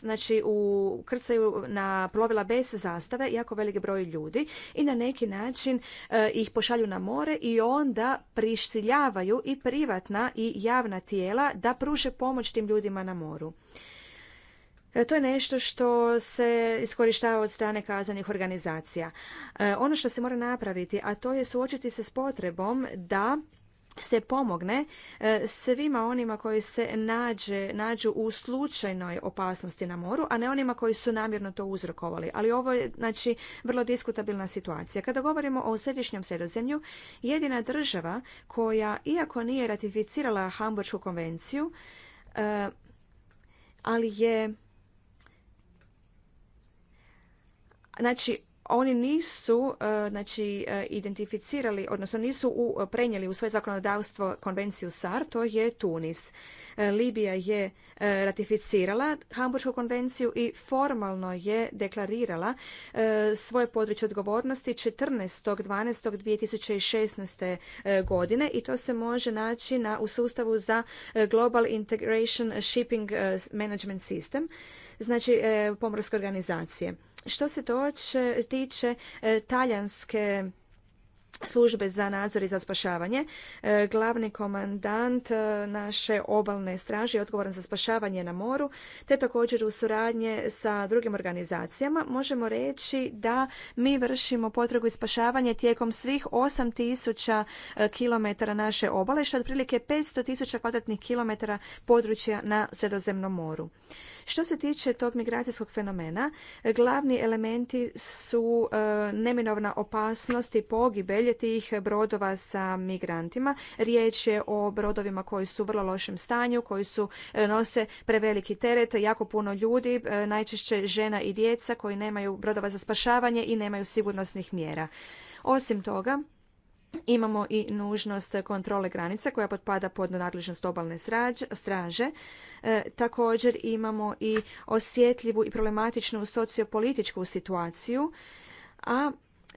znači ukrcaju na plovila bez zastava sastave jako veliki broj ljudi i na neki način e, ih pošalju na more i onda prisiljavaju i privatna i javna tijela da pruže pomoć tim ljudima na moru. E, to je nešto što se iskorištava od strane kazanih organizacija. E, ono što se mora napraviti, a to je suočiti se s potrebom da se pomogne e, svima onima koji se nađe, nađu u slučajnoj opasnosti na moru, a ne onima koji su namjerno to uzrokovali. Ali ovo je znači, vrlo diskutabilna situacija. Kada govorimo o središnjem sredozemlju, jedina država koja, iako nije ratificirala Hamburšku konvenciju, e, ali je znači oni nisu e, znači, e, identificirali, odnosno nisu prenijeli u svoje zakonodavstvo konvenciju SAR, to je Tunis. E, Libija je ratificirala Hamburšku konvenciju i formalno je deklarirala svoje područje odgovornosti 14.12.2016. godine i to se može naći na, u sustavu za Global Integration Shipping Management System znači e, pomorske organizacije. Što se to tiče e, talijanske službe za nadzor i za spašavanje. E, glavni komandant e, naše obalne straže je odgovoran za spašavanje na moru, te također u suradnje sa drugim organizacijama možemo reći da mi vršimo potragu i spašavanje tijekom svih 8000 e, km naše obale, što je otprilike 500.000 kvadratnih kilometara područja na Sredozemnom moru. Što se tiče tog migracijskog fenomena, glavni elementi su neminovna opasnost i pogibe brodova sa migrantima. Riječ je o brodovima koji su u vrlo lošem stanju, koji su e, nose preveliki teret, jako puno ljudi, e, najčešće žena i djeca koji nemaju brodova za spašavanje i nemaju sigurnosnih mjera. Osim toga, Imamo i nužnost kontrole granica koja potpada pod nadležnost obalne straže. E, također imamo i osjetljivu i problematičnu sociopolitičku situaciju, a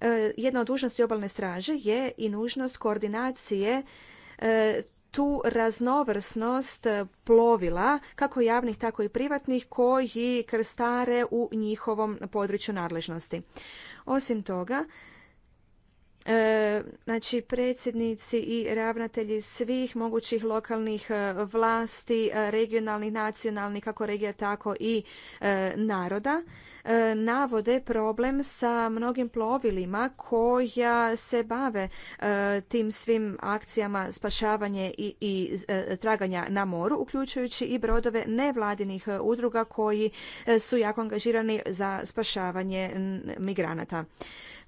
E, jedna od dužnosti obalne straže je i nužnost koordinacije e, tu raznovrsnost plovila, kako javnih, tako i privatnih, koji krstare u njihovom području nadležnosti. Osim toga, E, znači predsjednici i ravnatelji svih mogućih lokalnih e, vlasti, e, regionalnih, nacionalnih, kako regija, tako i naroda, navode problem sa mnogim plovilima koja se bave tim svim akcijama spašavanja i, i traganja na moru, uključujući i brodove nevladinih udruga koji su jako angažirani za spašavanje migranata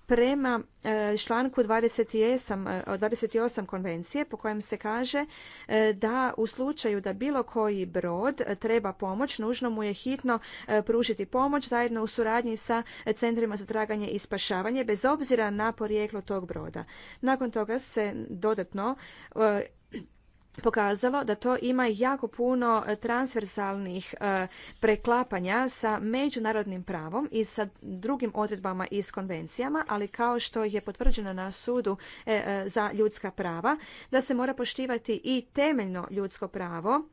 prema e, članku 28, 28 e, konvencije po kojem se kaže e, da u slučaju da bilo koji brod treba pomoć, nužno mu je hitno pružiti pomoć zajedno u suradnji sa centrima za traganje i spašavanje bez obzira na porijeklo tog broda. Nakon toga se dodatno pokazalo da to ima jako puno e, transversalnih e, preklapanja sa međunarodnim pravom i sa drugim odredbama iz konvencijama, ali kao što je potvrđeno na sudu e, za ljudska prava, da se mora poštivati i temeljno ljudsko pravo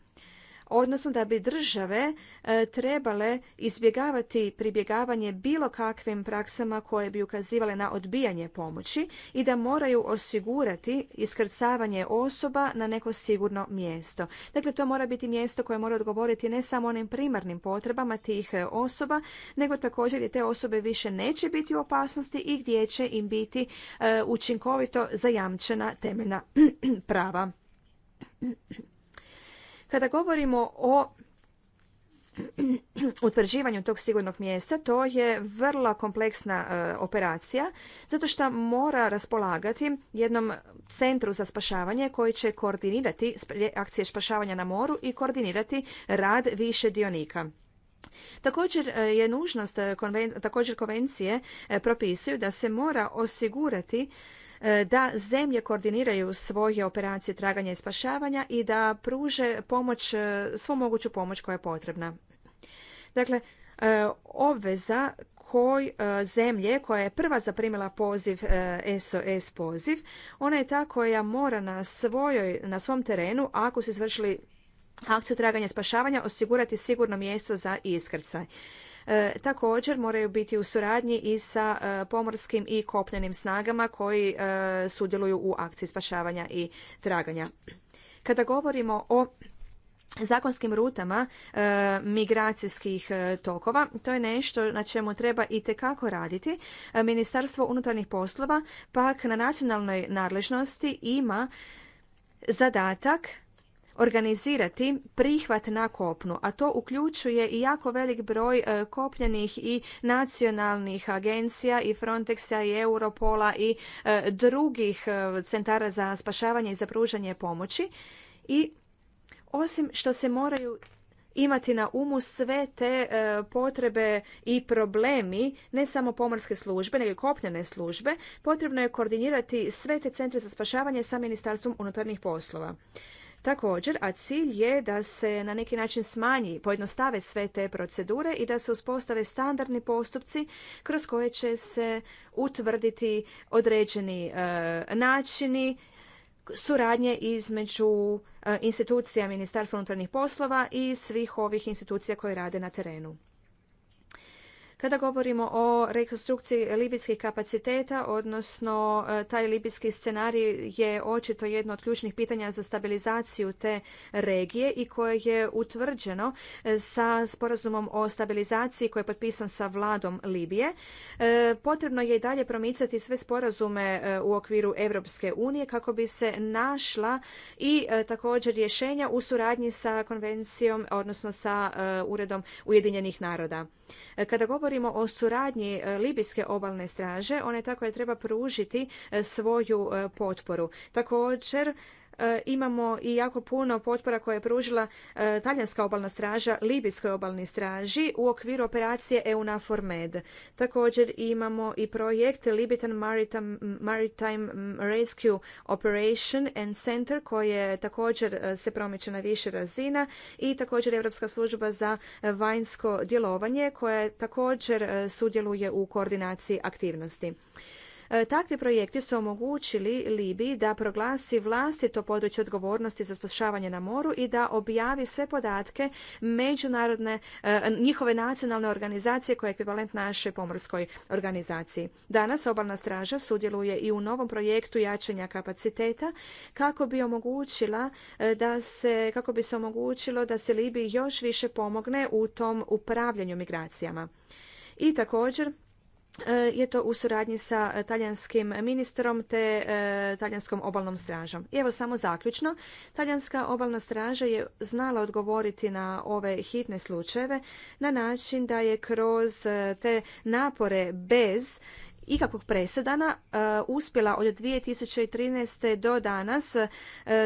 odnosno da bi države e, trebale izbjegavati pribjegavanje bilo kakvim praksama koje bi ukazivale na odbijanje pomoći i da moraju osigurati iskrcavanje osoba na neko sigurno mjesto. Dakle, to mora biti mjesto koje mora odgovoriti ne samo onim primarnim potrebama tih e, osoba, nego također i te osobe više neće biti u opasnosti i gdje će im biti e, učinkovito zajamčena temeljna <clears throat> prava. Kada govorimo o <clears throat> utvrđivanju tog sigurnog mjesta, to je vrlo kompleksna e, operacija, zato što mora raspolagati jednom centru za spašavanje koji će koordinirati akcije spašavanja na moru i koordinirati rad više dionika. Također e, je nužnost, e, također konvencije propisuju da se mora osigurati da zemlje koordiniraju svoje operacije traganja i spašavanja i da pruže pomoć, e, svu moguću pomoć koja je potrebna. Dakle, e, obveza koj e, zemlje koja je prva zaprimila poziv SOS poziv, ona je ta koja mora na, svojoj, na svom terenu, ako su izvršili akciju traganja i spašavanja, osigurati sigurno mjesto za iskrcaj. E, također moraju biti u suradnji i sa e, pomorskim i kopnenim snagama koji e, sudjeluju u akciji spašavanja i traganja. Kada govorimo o zakonskim rutama migracijskih tokova. To je nešto na čemu treba i tekako raditi. Ministarstvo unutarnjih poslova pak na nacionalnoj nadležnosti ima zadatak organizirati prihvat na kopnu, a to uključuje i jako velik broj e, kopljenih i nacionalnih agencija i Frontexa i Europola i e, drugih e, centara za spašavanje i za pružanje pomoći. I osim što se moraju imati na umu sve te potrebe i problemi, ne samo pomorske službe, nego i kopnjene službe, potrebno je koordinirati sve te centre za spašavanje sa Ministarstvom unutarnjih poslova. Također, a cilj je da se na neki način smanji, pojednostave sve te procedure i da se uspostave standardni postupci kroz koje će se utvrditi određeni e, načini suradnje između e, institucija Ministarstva unutarnjih poslova i svih ovih institucija koje rade na terenu. Kada govorimo o rekonstrukciji libijskih kapaciteta, odnosno e, taj libijski scenarij je očito jedno od ključnih pitanja za stabilizaciju te regije i koje je utvrđeno e, sa sporazumom o stabilizaciji koji je potpisan sa vladom Libije. E, potrebno je i dalje promicati sve sporazume u okviru Europske unije kako bi se našla i također rješenja u suradnji sa konvencijom, odnosno sa Uredom Ujedinjenih naroda. Kada govorimo govorimo o suradnji e, Libijske obalne straže, ona je tako je treba pružiti e, svoju e, potporu. Također, E, imamo i jako puno potpora koje je pružila e, talijanska obalna straža libijskoj obalni straži u okviru operacije EUNAFOR MED. Također imamo i projekt Libitan Maritime, Maritime Rescue Operation and Center koje također e, se promiče na više razina i također Europska služba za vanjsko djelovanje koja također sudjeluje u koordinaciji aktivnosti. E, takvi projekti su omogućili Libiji da proglasi vlastito područje odgovornosti za spašavanje na moru i da objavi sve podatke međunarodne, e, njihove nacionalne organizacije koja je ekvivalent našoj pomorskoj organizaciji. Danas Obalna straža sudjeluje i u novom projektu jačanja kapaciteta kako bi omogućila e, da se, kako bi se omogućilo da se Libiji još više pomogne u tom upravljanju migracijama. I također E, je to u suradnji sa e, talijanskim ministrom te e, talijanskom obalnom stražom. I evo samo zaključno, talijanska obalna straža je znala odgovoriti na ove hitne slučajeve na način da je kroz te napore bez ikakvog presedana e, uspjela od 2013. do danas e,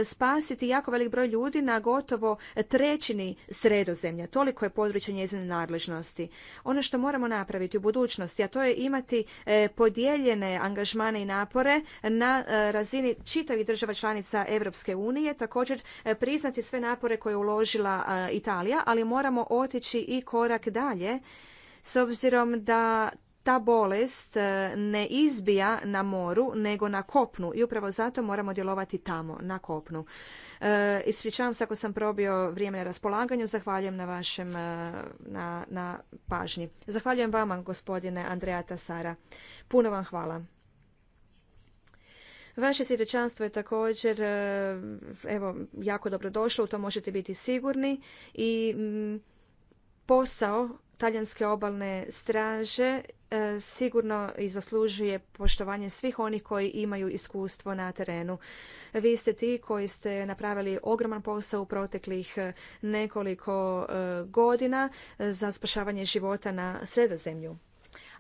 spasiti jako velik broj ljudi na gotovo trećini sredozemlja. Toliko je područje njezine nadležnosti. Ono što moramo napraviti u budućnosti, a to je imati e, podijeljene angažmane i napore na razini čitavih država članica Europske unije, također priznati sve napore koje je uložila Italija, ali moramo otići i korak dalje s obzirom da ta bolest e, ne izbija na moru nego na kopnu i upravo zato moramo djelovati tamo, na kopnu. E, ispričavam se ako sam probio vrijeme na raspolaganju, zahvaljujem na vašem e, na, na pažnji. Zahvaljujem vama gospodine Andreja Tasara. Puno vam hvala. Vaše svjedočanstvo je također e, evo, jako dobro došlo, u to možete biti sigurni i posao talijanske obalne straže e, sigurno i zaslužuje poštovanje svih onih koji imaju iskustvo na terenu. Vi ste ti koji ste napravili ogroman posao u proteklih e, nekoliko e, godina za spašavanje života na sredozemlju.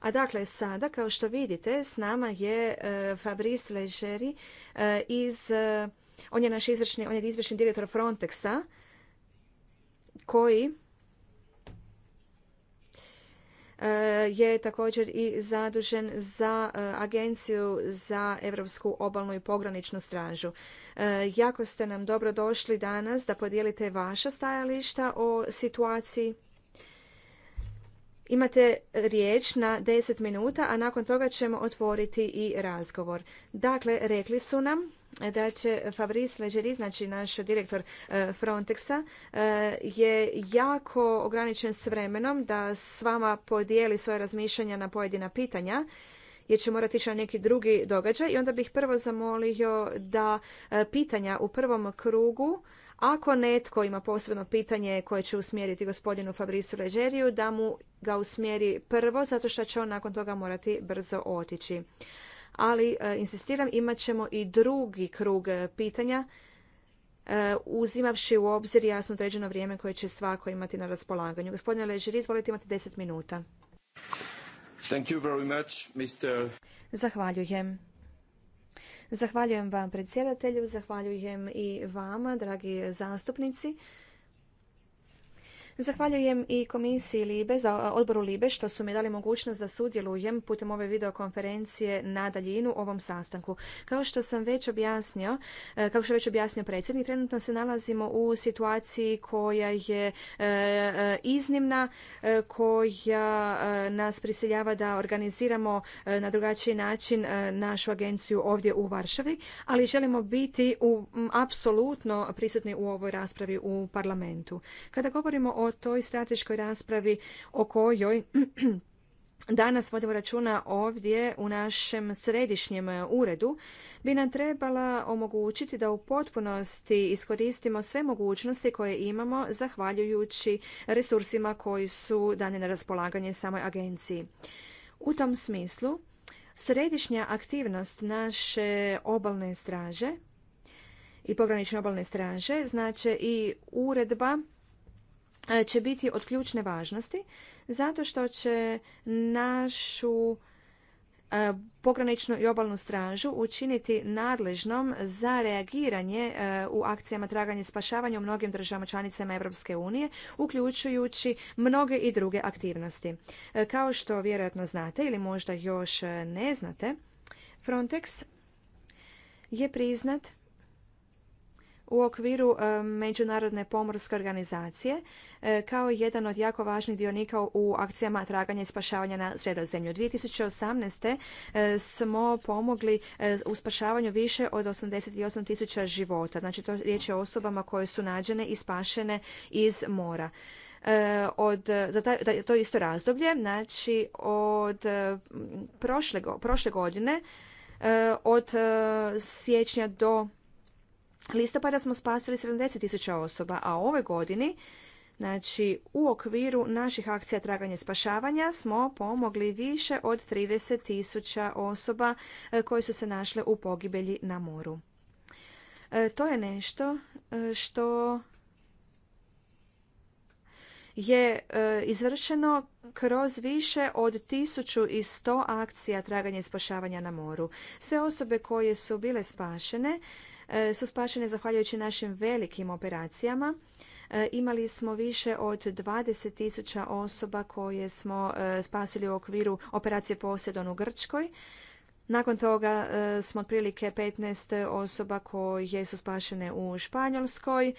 A dakle, sada, kao što vidite, s nama je Fabrice Legeri iz... On je naš izvršni, on je izvršni direktor Frontexa koji E, je također i zadužen za e, Agenciju za Europsku obalnu i pograničnu stražu. E, jako ste nam dobro došli danas da podijelite vaša stajališta o situaciji Imate riječ na 10 minuta, a nakon toga ćemo otvoriti i razgovor. Dakle, rekli su nam da će Fabrice Legeri, znači naš direktor e, Frontexa, e, je jako ograničen s vremenom da s vama podijeli svoje razmišljanja na pojedina pitanja jer će morati ići na neki drugi događaj i onda bih prvo zamolio da e, pitanja u prvom krugu ako netko ima posebno pitanje koje će usmjeriti gospodinu Fabrisu Ležeriju, da mu ga usmjeri prvo, zato što će on nakon toga morati brzo otići ali e, insistiram imat ćemo i drugi krug e, pitanja e, uzimavši u obzir jasno određeno vrijeme koje će svako imati na raspolaganju. Gospodine Ležir, izvolite imati 10 minuta. Zahvaljujem. Zahvaljujem vam predsjedatelju, zahvaljujem i vama, dragi zastupnici. Zahvaljujem i komisiji Libe, za odboru Libe, što su mi dali mogućnost da sudjelujem putem ove videokonferencije na daljinu ovom sastanku. Kao što sam već objasnio, e, kao što već objasnio predsjednik, trenutno se nalazimo u situaciji koja je e, e, iznimna, koja nas prisiljava da organiziramo na drugačiji način našu agenciju ovdje u Varšavi, ali želimo biti apsolutno prisutni u ovoj raspravi u parlamentu. Kada govorimo o toj strateškoj raspravi o kojoj <clears throat> danas vodimo računa ovdje u našem središnjem uredu, bi nam trebala omogućiti da u potpunosti iskoristimo sve mogućnosti koje imamo zahvaljujući resursima koji su dani na raspolaganje samoj agenciji. U tom smislu, središnja aktivnost naše obalne straže i pogranične obalne straže, znači i uredba će biti od ključne važnosti zato što će našu e, pograničnu i obalnu stražu učiniti nadležnom za reagiranje e, u akcijama traganja i spašavanja u mnogim državama članicama Europske unije, uključujući mnoge i druge aktivnosti. E, kao što vjerojatno znate ili možda još ne znate, Frontex je priznat u okviru e, Međunarodne pomorske organizacije e, kao jedan od jako važnih dionika u akcijama traganja i spašavanja na sredozemlju. 2018. E, smo pomogli u spašavanju više od 88 tisuća života. Znači to riječ je o osobama koje su nađene i spašene iz mora od, za taj, to isto razdoblje, znači od prošle, prošle godine, od siječnja do listopada smo spasili 70 tisuća osoba, a ove godini Znači, u okviru naših akcija traganja i spašavanja smo pomogli više od 30 tisuća osoba e, koje su se našle u pogibelji na moru. E, to je nešto e, što je izvršeno kroz više od 1100 akcija traganja i spašavanja na moru. Sve osobe koje su bile spašene E, su spašene zahvaljujući našim velikim operacijama. E, imali smo više od 20.000 osoba koje smo e, spasili u okviru operacije Posedon u Grčkoj. Nakon toga smo otprilike 15 osoba koje su spašene u Španjolskoj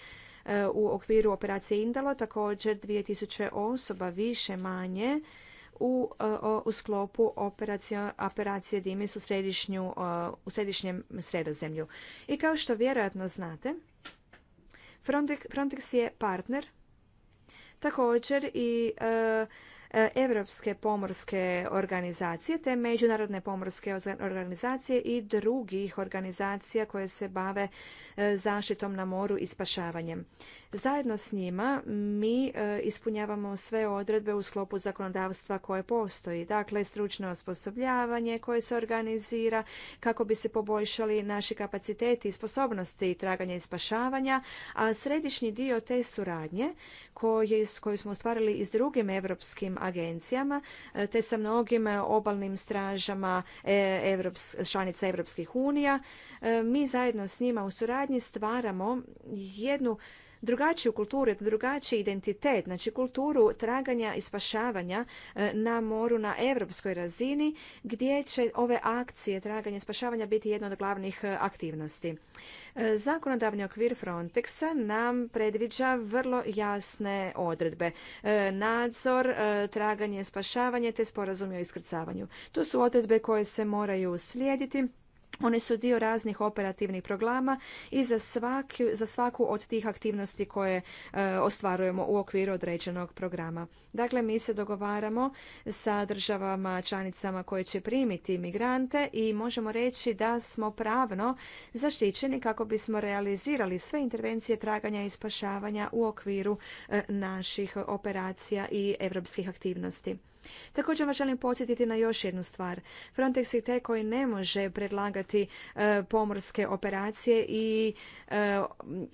u okviru operacije Indalo, također 2000 osoba više manje u, u sklopu operacija, operacije Dimis u, u središnjem sredozemlju. I kao što vjerojatno znate, Frontex, Frontex je partner također i Europske e, pomorske organizacije te Međunarodne pomorske organizacije i drugih organizacija koje se bave e, zaštitom na moru i spašavanjem. Zajedno s njima mi e, ispunjavamo sve odredbe u sklopu zakonodavstva koje postoji. Dakle, stručno osposobljavanje koje se organizira kako bi se poboljšali naši kapaciteti i sposobnosti traganja i spašavanja, a središnji dio te suradnje koju smo ostvarili i s drugim europskim agencijama e, te sa mnogim obalnim stražama e, Evrops, članica Europskih unija, mi zajedno s njima u suradnji stvaramo jednu drugačiju kulturu, drugačiji identitet, znači kulturu traganja i spašavanja e, na moru na europskoj razini gdje će ove akcije traganja i spašavanja biti jedna od glavnih e, aktivnosti. E, zakonodavni okvir Frontexa nam predviđa vrlo jasne odredbe. Nadzor, traganje, spašavanje te sporazumje o iskrcavanju. To su odredbe koje se moraju slijediti one su dio raznih operativnih programa i za svaku, za svaku od tih aktivnosti koje e, ostvarujemo u okviru određenog programa. Dakle, mi se dogovaramo sa državama članicama koje će primiti migrante i možemo reći da smo pravno zaštićeni kako bismo realizirali sve intervencije traganja i spašavanja u okviru e, naših operacija i europskih aktivnosti. Također vas želim podsjetiti na još jednu stvar. Frontex je te koji ne može predlagati e, pomorske operacije i e,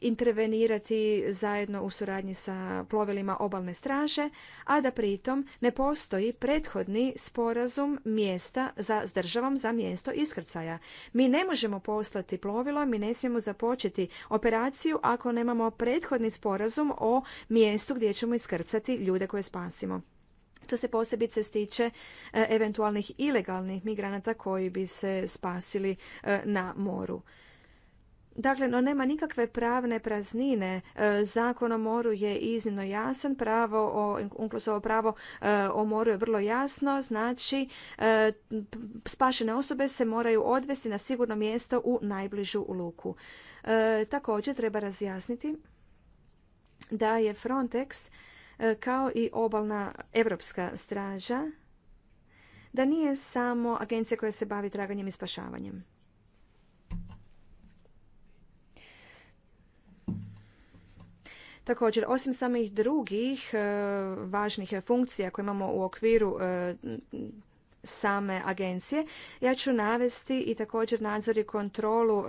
intervenirati zajedno u suradnji sa plovilima obalne straže, a da pritom ne postoji prethodni sporazum mjesta za, s državom za mjesto iskrcaja. Mi ne možemo poslati plovilo, mi ne smijemo započeti operaciju ako nemamo prethodni sporazum o mjestu gdje ćemo iskrcati ljude koje spasimo. To se posebice stiče e, eventualnih ilegalnih migranata koji bi se spasili e, na moru. Dakle, no nema nikakve pravne praznine. E, Zakon o moru je iznimno jasan, pravo o, unklusovo pravo o moru je vrlo jasno, znači spašene osobe se moraju odvesti na sigurno mjesto u najbližu luku. Također treba razjasniti da je Frontex E, kao i obalna europska straža, da nije samo agencija koja se bavi traganjem i spašavanjem. Također, osim samih drugih e, važnih funkcija koje imamo u okviru e, same agencije, ja ću navesti i također nadzor i kontrolu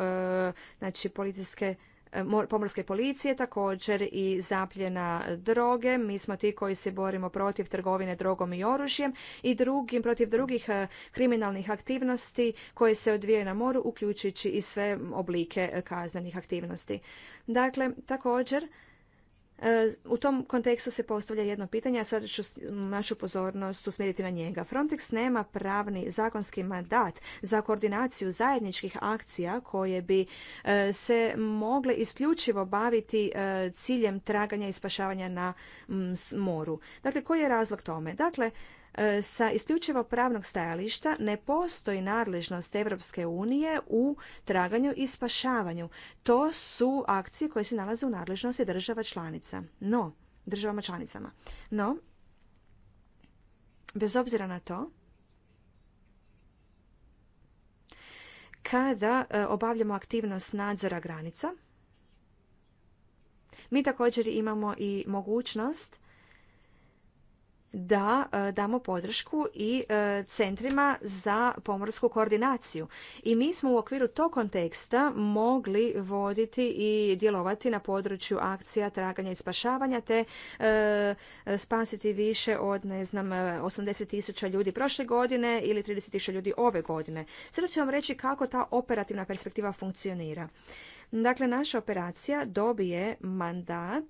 znači, policijske E, pomorske policije, također i zapljena droge. Mi smo ti koji se borimo protiv trgovine drogom i oružjem i drugim, protiv drugih e, kriminalnih aktivnosti koje se odvijaju na moru, uključujući i sve oblike e, kaznenih aktivnosti. Dakle, također E, u tom kontekstu se postavlja jedno pitanje, a sad ću našu pozornost usmjeriti na njega. Frontex nema pravni zakonski mandat za koordinaciju zajedničkih akcija koje bi e, se mogle isključivo baviti e, ciljem traganja i spašavanja na moru. Dakle, koji je razlog tome? Dakle, sa isključivo pravnog stajališta ne postoji nadležnost Europske unije u traganju i spašavanju. To su akcije koje se nalaze u nadležnosti država članica. No, državama članicama. No, bez obzira na to, kada e, obavljamo aktivnost nadzora granica, mi također imamo i mogućnost da e, damo podršku i e, centrima za pomorsku koordinaciju. I mi smo u okviru tog konteksta mogli voditi i djelovati na području akcija traganja i spašavanja te e, spasiti više od, ne znam, 80 tisuća ljudi prošle godine ili 30 tisuća ljudi ove godine. Sada ću vam reći kako ta operativna perspektiva funkcionira. Dakle, naša operacija dobije mandat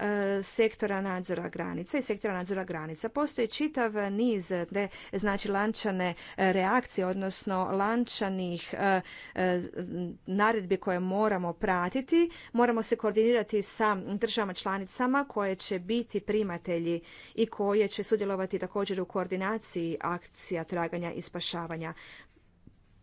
E, sektora nadzora granica i sektora nadzora granica. Postoji čitav niz de, znači lančane e, reakcije, odnosno lančanih e, naredbi koje moramo pratiti. Moramo se koordinirati sa državama članicama koje će biti primatelji i koje će sudjelovati također u koordinaciji akcija traganja i spašavanja.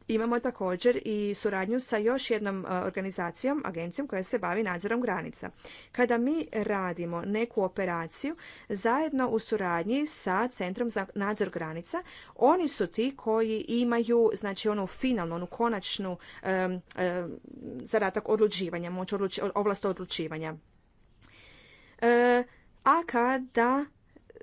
Imamo također i suradnju sa još jednom e, organizacijom, agencijom koja se bavi nadzorom granica. Kada mi radimo neku operaciju zajedno u suradnji sa Centrom za nadzor granica, oni su ti koji imaju znači onu finalnu, onu konačnu um, zadatak odlučivanja, moć odluči, ovlast odlučivanja. a kada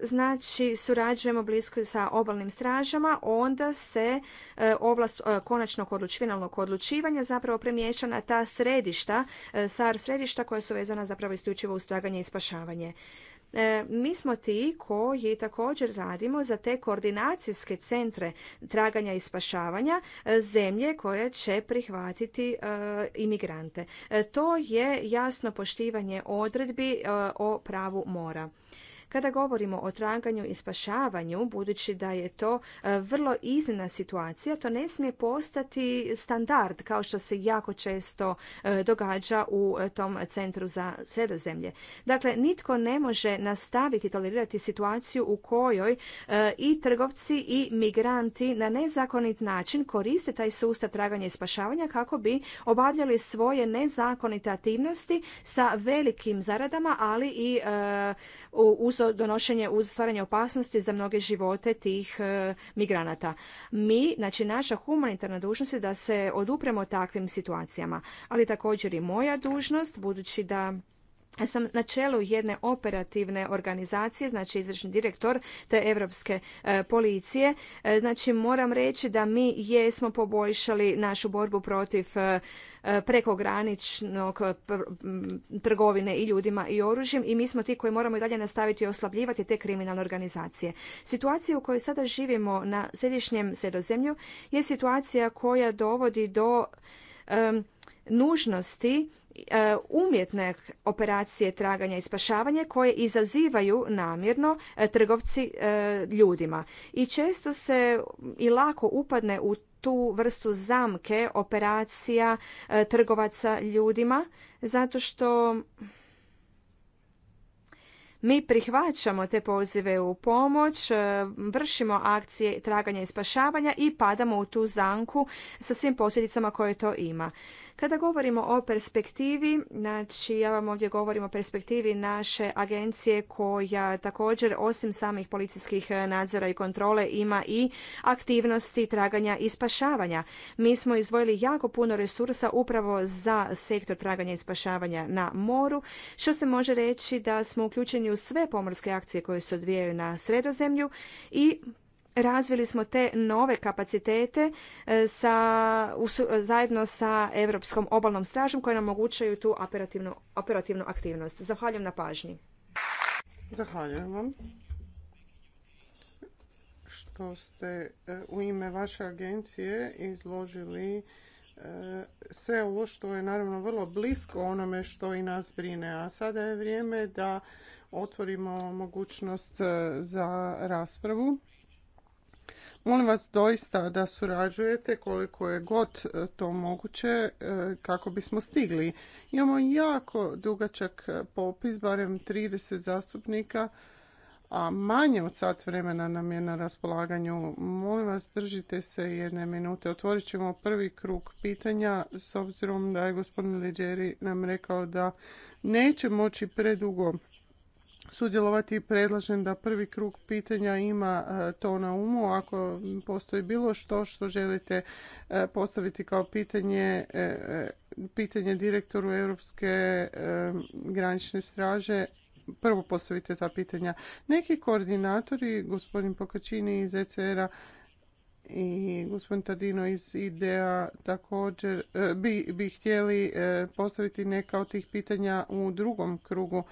znači surađujemo blisko sa obalnim stražama, onda se e, ovlast e, konačnog odlučivanog odlučivanja zapravo premješa na ta središta, e, SAR središta koja su vezana zapravo isključivo uz traganje i spašavanje. Mi smo ti koji također radimo za te koordinacijske centre traganja i spašavanja zemlje koje će prihvatiti imigrante. To je jasno poštivanje odredbi o pravu mora. Kada govorimo o traganju i spašavanju, budući da je to e, vrlo iznena situacija, to ne smije postati standard kao što se jako često e, događa u e, tom centru za sredozemlje. Dakle, nitko ne može nastaviti tolerirati situaciju u kojoj i trgovci i migranti na nezakonit način koriste taj sustav traganja i spašavanja kako bi obavljali svoje nezakonite aktivnosti sa velikim zaradama, ali i uz donošenje uz stvaranje opasnosti za mnoge živote tih e, migranata. Mi, znači naša humanitarna dužnost je da se odupremo takvim situacijama, ali također i moja dužnost, budući da sam na čelu jedne operativne organizacije, znači izvršni direktor te Europske e, policije. E, znači moram reći da mi jesmo poboljšali našu borbu protiv e, prekograničnog trgovine i ljudima i oružjem i mi smo ti koji moramo i dalje nastaviti oslabljivati te kriminalne organizacije. Situacija u kojoj sada živimo na središnjem sredozemlju je situacija koja dovodi do nužnosti e, umjetne operacije traganja i spašavanja koje izazivaju namjerno e, trgovci e, ljudima. I često se i lako upadne u tu vrstu zamke operacija trgovaca ljudima zato što mi prihvaćamo te pozive u pomoć, vršimo akcije traganja i spašavanja i padamo u tu zanku sa svim posljedicama koje to ima. Kada govorimo o perspektivi, znači ja vam ovdje govorim o perspektivi naše agencije koja također osim samih policijskih e, nadzora i kontrole ima i aktivnosti traganja i spašavanja. Mi smo izdvojili jako puno resursa upravo za sektor traganja i spašavanja na moru, što se može reći da smo uključeni u sve pomorske akcije koje se odvijaju na sredozemlju i razvili smo te nove kapacitete e, sa, zajedno sa Europskom obalnom stražom koje nam omogućaju tu operativnu, operativnu aktivnost. Zahvaljujem na pažnji. Zahvaljujem vam što ste e, u ime vaše agencije izložili e, sve ovo što je naravno vrlo blisko onome što i nas brine. A sada je vrijeme da otvorimo mogućnost za raspravu. Molim vas doista da surađujete koliko je god e, to moguće e, kako bismo stigli. Imamo jako dugačak popis, barem 30 zastupnika, a manje od sat vremena nam je na raspolaganju. Molim vas držite se jedne minute. Otvorit ćemo prvi krug pitanja s obzirom da je gospodin Leđeri nam rekao da neće moći predugo sudjelovati. Predlažem da prvi krug pitanja ima e, to na umu. Ako postoji bilo što što želite e, postaviti kao pitanje, e, pitanje direktoru Europske granične straže, prvo postavite ta pitanja. Neki koordinatori, gospodin Pokačini iz ECR-a, i gospodin Tardino iz IDEA također bi, bi htjeli postaviti neka od tih pitanja u drugom krugu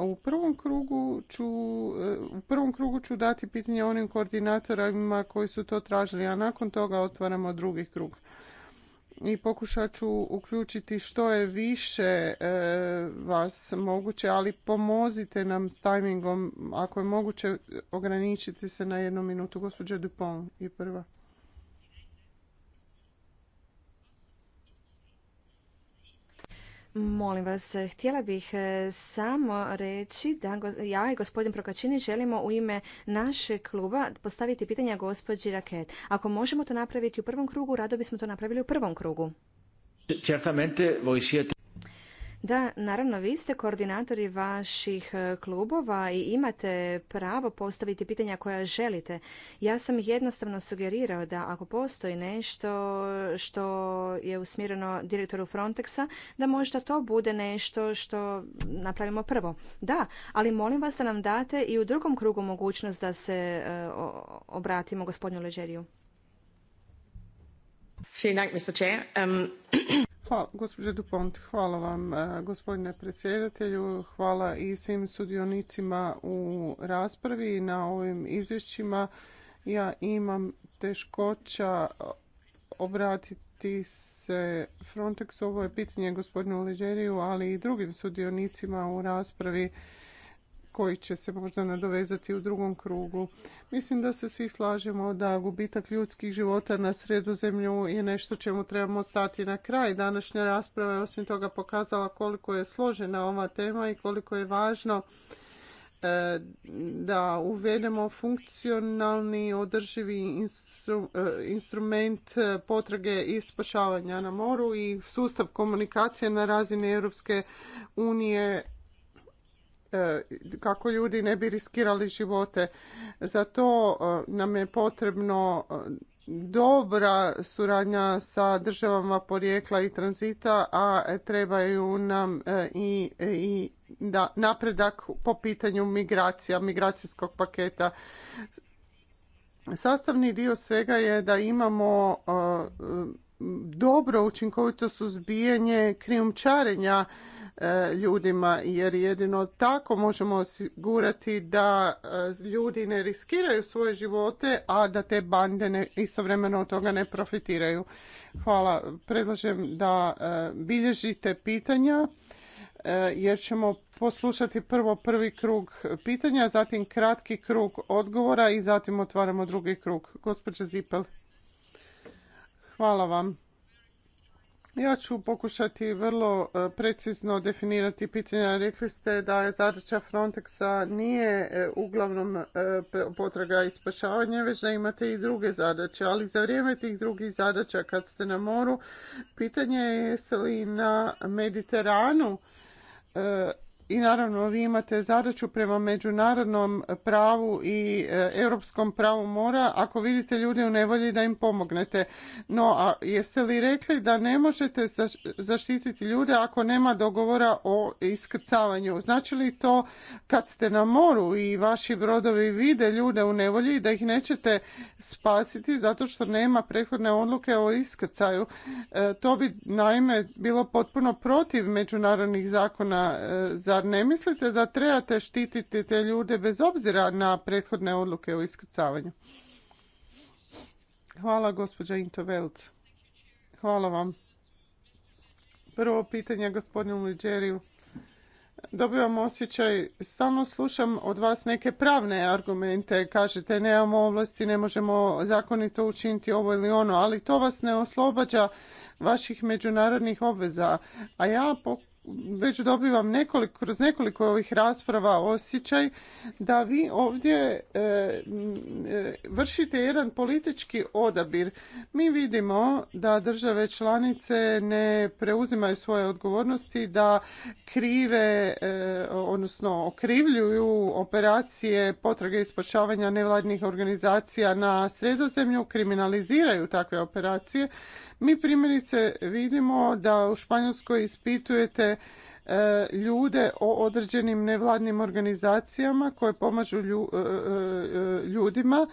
u prvom krugu ću, e, u prvom krugu ću dati pitanje onim koordinatorima koji su to tražili, a nakon toga otvaramo drugi krug i pokušat ću uključiti što je više e, vas moguće, ali pomozite nam s tajmingom, ako je moguće ograničite se na jednu minutu. Gospođa Dupont je prva. Molim vas, htjela bih e, samo reći da ja i gospodin Prokačini želimo u ime našeg kluba postaviti pitanja gospođi Raket. Ako možemo to napraviti u prvom krugu, rado bismo to napravili u prvom krugu. Certamente voi siete da, naravno, vi ste koordinatori vaših e, klubova i imate pravo postaviti pitanja koja želite. Ja sam jednostavno sugerirao da ako postoji nešto što je usmjereno direktoru Frontexa, da možda to bude nešto što napravimo prvo. Da, ali molim vas da nam date i u drugom krugu mogućnost da se e, obratimo gospodinu Leđeriju. Hvala, Dupont, hvala vam e, gospodine predsjedatelju, hvala i svim sudionicima u raspravi na ovim izvješćima. Ja imam teškoća obratiti se Frontex, ovo je pitanje gospodinu Leđeriju, ali i drugim sudionicima u raspravi koji će se možda nadovezati u drugom krugu. Mislim da se svi slažemo da gubitak ljudskih života na sredozemlju je nešto čemu trebamo stati na kraj. Današnja rasprava je osim toga pokazala koliko je složena ova tema i koliko je važno e, da uvedemo funkcionalni održivi e, instrument potrage i spašavanja na moru i sustav komunikacije na razini Europske unije E, kako ljudi ne bi riskirali živote. Za to e, nam je potrebno e, dobra suradnja sa državama porijekla i tranzita, a trebaju nam i, i da, napredak po pitanju migracija, migracijskog paketa. Sastavni dio svega je da imamo dobro učinkovito suzbijanje krijumčarenja e, ljudima jer jedino tako možemo osigurati da e, ljudi ne riskiraju svoje živote, a da te bande ne, istovremeno od toga ne profitiraju. Hvala. Predlažem da e, bilježite pitanja jer ćemo poslušati prvo prvi krug pitanja, zatim kratki krug odgovora i zatim otvaramo drugi krug. Gospođa Zipel. Hvala vam. Ja ću pokušati vrlo e, precizno definirati pitanja. Rekli ste da je zadaća Frontexa nije e, uglavnom e, potraga i spašavanje, već da imate i druge zadaće. Ali za vrijeme tih drugih zadaća kad ste na moru, pitanje je jeste li na Mediteranu i naravno vi imate zadaću prema međunarodnom pravu i e, europskom pravu mora ako vidite ljude u nevolji da im pomognete. No, a jeste li rekli da ne možete zaštititi ljude ako nema dogovora o iskrcavanju? Znači li to kad ste na moru i vaši brodovi vide ljude u nevolji da ih nećete spasiti zato što nema prethodne odluke o iskrcaju? E, to bi naime bilo potpuno protiv međunarodnih zakona e, za ne mislite da trebate štititi te ljude bez obzira na prethodne odluke o iskrcavanju? Hvala gospođa Intoveld. Hvala vam. Prvo pitanje gospodinu Liđeriju. Dobivam osjećaj, stalno slušam od vas neke pravne argumente, kažete nemamo ovlasti, ne možemo zakonito učiniti ovo ili ono, ali to vas ne oslobađa vaših međunarodnih obveza. A ja već dobivam nekoliko, kroz nekoliko ovih rasprava osjećaj da vi ovdje e, e, vršite jedan politički odabir. Mi vidimo da države članice ne preuzimaju svoje odgovornosti, da krive, e, odnosno okrivljuju operacije potrage i nevladnih organizacija na sredozemlju, kriminaliziraju takve operacije. Mi primjerice vidimo da u Španjolskoj ispitujete e, ljude o određenim nevladnim organizacijama koje pomažu e, e, ljudima,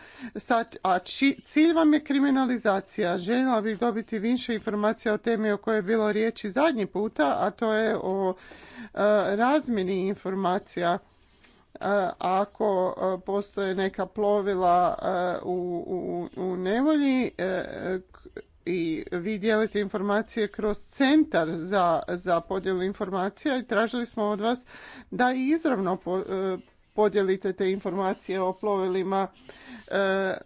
a cilj vam je kriminalizacija. Željela bih dobiti više informacija o temi o kojoj je bilo riječi zadnji puta, a to je o razmjeni informacija ako postoje neka plovila u, u, u nevolji i vi dijelite informacije kroz centar za, za podjelu informacija i tražili smo od vas da i izravno e, podijelite te informacije o plovilima e,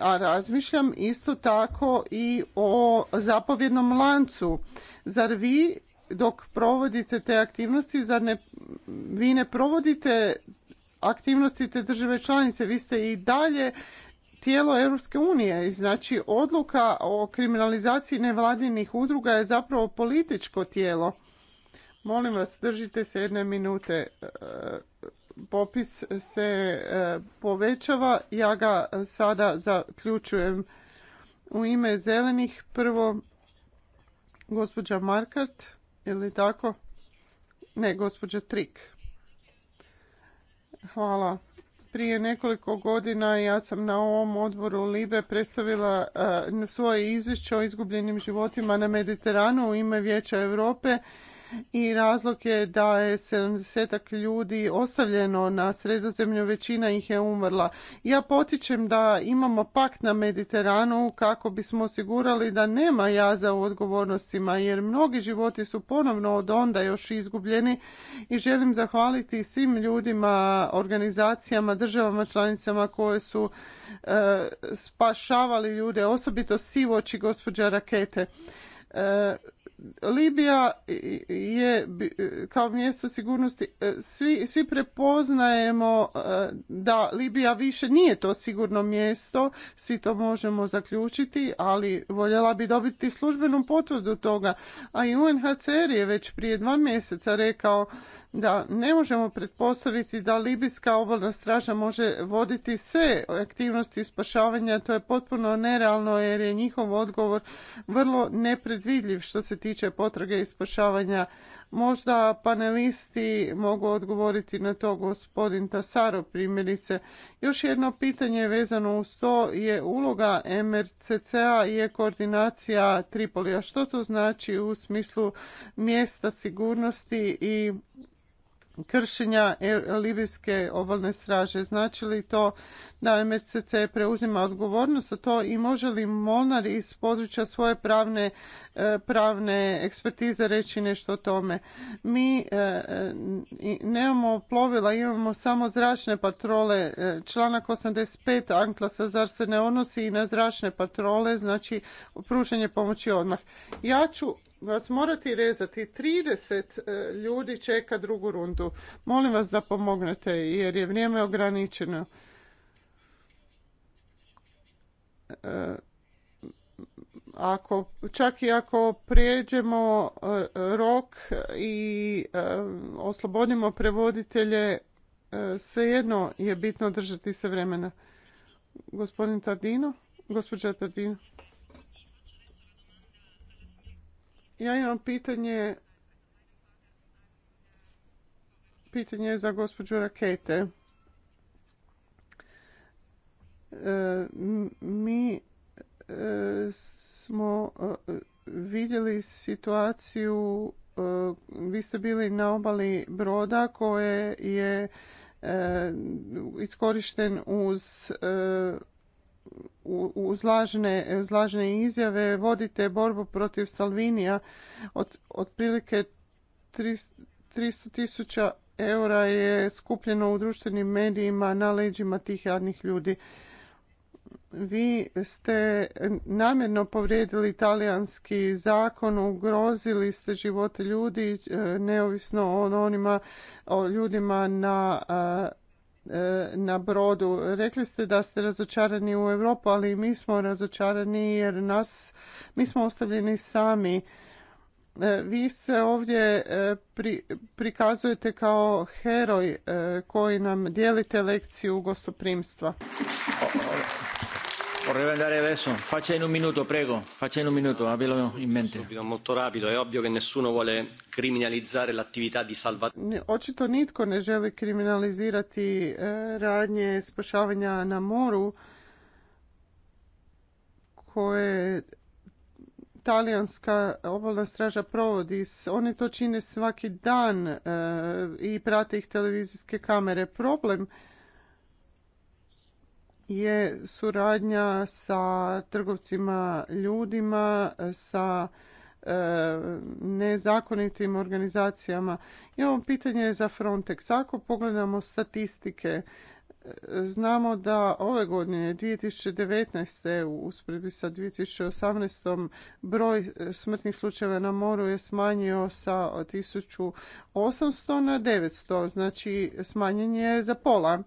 a razmišljam isto tako i o zapovjednom lancu. Zar vi dok provodite te aktivnosti, zar ne, vi ne provodite aktivnosti te države članice, vi ste i dalje tijelo Europske unije i znači odluka o kriminalizaciji nevladinih udruga je zapravo političko tijelo. Molim vas, držite se jedne minute. E, popis se e, povećava. Ja ga sada zaključujem u ime zelenih. Prvo, gospođa Markart, ili tako? Ne, gospođa Trik. Hvala prije nekoliko godina ja sam na ovom odboru Libe predstavila e, svoje izvješće o izgubljenim životima na Mediteranu u ime Vijeća Europe i razlog je da je 70 ljudi ostavljeno na sredozemlju, većina ih je umrla. Ja potičem da imamo pakt na Mediteranu kako bismo osigurali da nema jaza u odgovornostima jer mnogi životi su ponovno od onda još izgubljeni i želim zahvaliti svim ljudima, organizacijama, državama, članicama koje su e, spašavali ljude, osobito sivoči gospođa Rakete. E, Libija je kao mjesto sigurnosti, e, svi, svi prepoznajemo e, da Libija više nije to sigurno mjesto, svi to možemo zaključiti, ali voljela bi dobiti službenu potvrdu toga. A i UNHCR je već prije dva mjeseca rekao da ne možemo pretpostaviti da libijska obalna straža može voditi sve aktivnosti spašavanja. To je potpuno nerealno jer je njihov odgovor vrlo nepredvidljiv što se tiče potrage i spašavanja. Možda panelisti mogu odgovoriti na to gospodin Tasaro primjerice. Još jedno pitanje vezano uz to je uloga MRCC-a je koordinacija Tripolija. Što to znači u smislu mjesta sigurnosti i kršenja libijske obalne straže. Znači li to da MSCC preuzima odgovornost za to i može li Molnar iz područja svoje pravne, e, pravne ekspertize reći nešto o tome? Mi e, e, nemamo plovila, imamo samo zračne patrole. Članak 85 Anklasa zar se ne odnosi i na zračne patrole, znači pružanje pomoći odmah. Ja ću vas morati rezati. 30 e, ljudi čeka drugu rundu. Molim vas da pomognete jer je vrijeme ograničeno. E, ako, čak i ako prijeđemo e, rok i oslobodimo prevoditelje, svejedno je bitno držati se vremena. Gospodin Tardino, gospođa Tardino. Ja imam pitanje pitanje za gospođu Rakete. E, mi e, smo e, vidjeli situaciju, vi ste bili na obali broda koje je iskorišten uz uzlažne, uzlažne izjave, vodite borbu protiv Salvinija, od, otprilike 300 tisuća eura je skupljeno u društvenim medijima na leđima tih jadnih ljudi. Vi ste namjerno povrijedili talijanski zakon, ugrozili ste živote ljudi, e, neovisno o onima, o ljudima na E, na brodu. Rekli ste da ste razočarani u Europu, ali mi smo razočarani jer nas, mi smo ostavljeni sami. E, vi se ovdje e, prikazujete kao heroj koji nam dijelite lekciju gostoprimstva. Vorrei andare adesso, faccia in un minuto, prego, faccia in un minuto, abbiano in mente. Subito, molto rapido, è ovvio che nessuno vuole criminalizzare l'attività di salvataggio. Očito nitko ne želi kriminalizirati eh, radnje spašavanja na moru koje talijanska obalna straža provodi. Oni to čine svaki dan eh, i prate ih televizijske kamere. Problem je suradnja sa trgovcima ljudima, sa e, nezakonitim organizacijama. I ovo pitanje za Frontex. Ako pogledamo statistike, e, znamo da ove godine 2019. u usporedbi sa 2018. broj smrtnih slučajeva na moru je smanjio sa 1800 na 900, znači smanjen je za pola.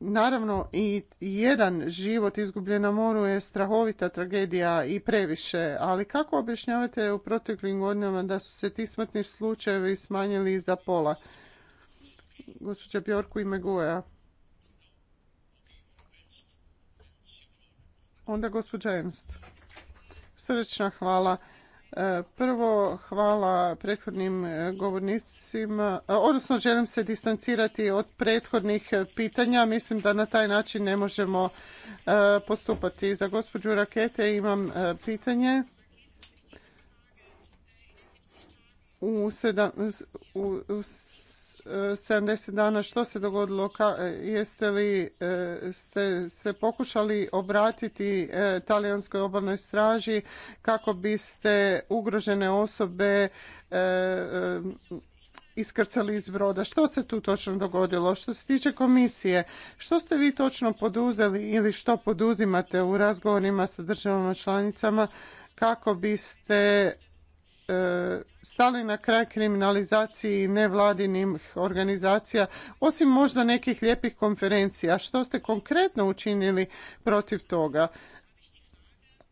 Naravno i jedan život izgubljen na moru je strahovita tragedija i previše, ali kako objašnjavate u proteklim godinama da su se ti smrtni slučajevi smanjili za pola? Gospođa Bjorku i Meguja. Onda gospođa Emst. Srdečna hvala. Prvo, hvala prethodnim govornicima, odnosno želim se distancirati od prethodnih pitanja. Mislim da na taj način ne možemo postupati. Za gospođu Rakete imam pitanje. U, 70 dana što se dogodilo, jeste li e, ste se pokušali obratiti e, talijanskoj obalnoj straži kako biste ugrožene osobe e, iskrcali iz broda. Što se tu točno dogodilo? Što se tiče komisije, što ste vi točno poduzeli ili što poduzimate u razgovorima sa državama članicama kako biste E, stali na kraj kriminalizaciji nevladinih organizacija, osim možda nekih lijepih konferencija. Što ste konkretno učinili protiv toga?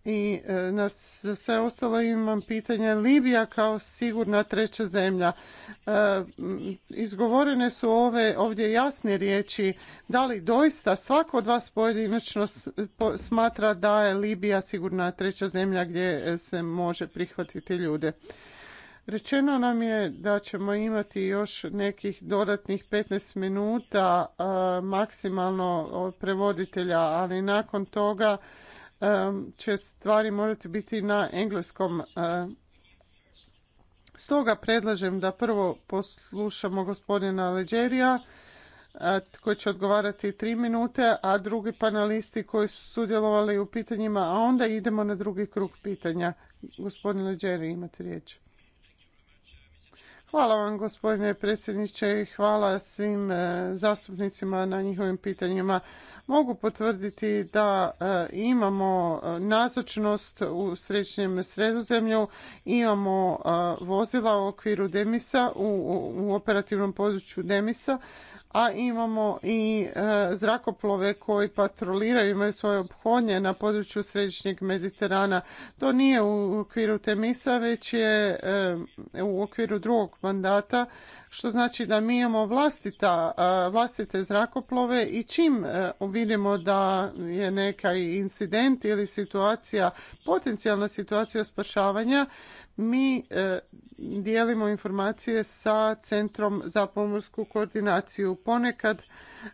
i e, na sve ostalo imam pitanje. Libija kao sigurna treća zemlja. E, izgovorene su ove ovdje jasne riječi. Da li doista svako od vas pojedinačno smatra da je Libija sigurna treća zemlja gdje e, se može prihvatiti ljude? Rečeno nam je da ćemo imati još nekih dodatnih 15 minuta maksimalno od prevoditelja, ali nakon toga će stvari morati biti na engleskom. Eh, stoga predlažem da prvo poslušamo gospodina Leđerija eh, koji će odgovarati tri minute, a drugi panelisti koji su sudjelovali u pitanjima, a onda idemo na drugi krug pitanja. Gospodin Leđeri, imate riječ. Hvala vam gospodine predsjedniče i hvala svim e, zastupnicima na njihovim pitanjima. Mogu potvrditi da e, imamo e, nazočnost u srećnjem sredozemlju, imamo vozila u okviru Demisa, u operativnom području Demisa a imamo i e, zrakoplove koji patroliraju, imaju svoje obhodnje na području središnjeg Mediterana. To nije u okviru Temisa, već je e, u okviru drugog mandata, što znači da mi imamo e, vlastite zrakoplove i čim vidimo da je neka incident ili situacija, potencijalna situacija spašavanja, mi e, dijelimo informacije sa Centrom za pomorsku koordinaciju. Ponekad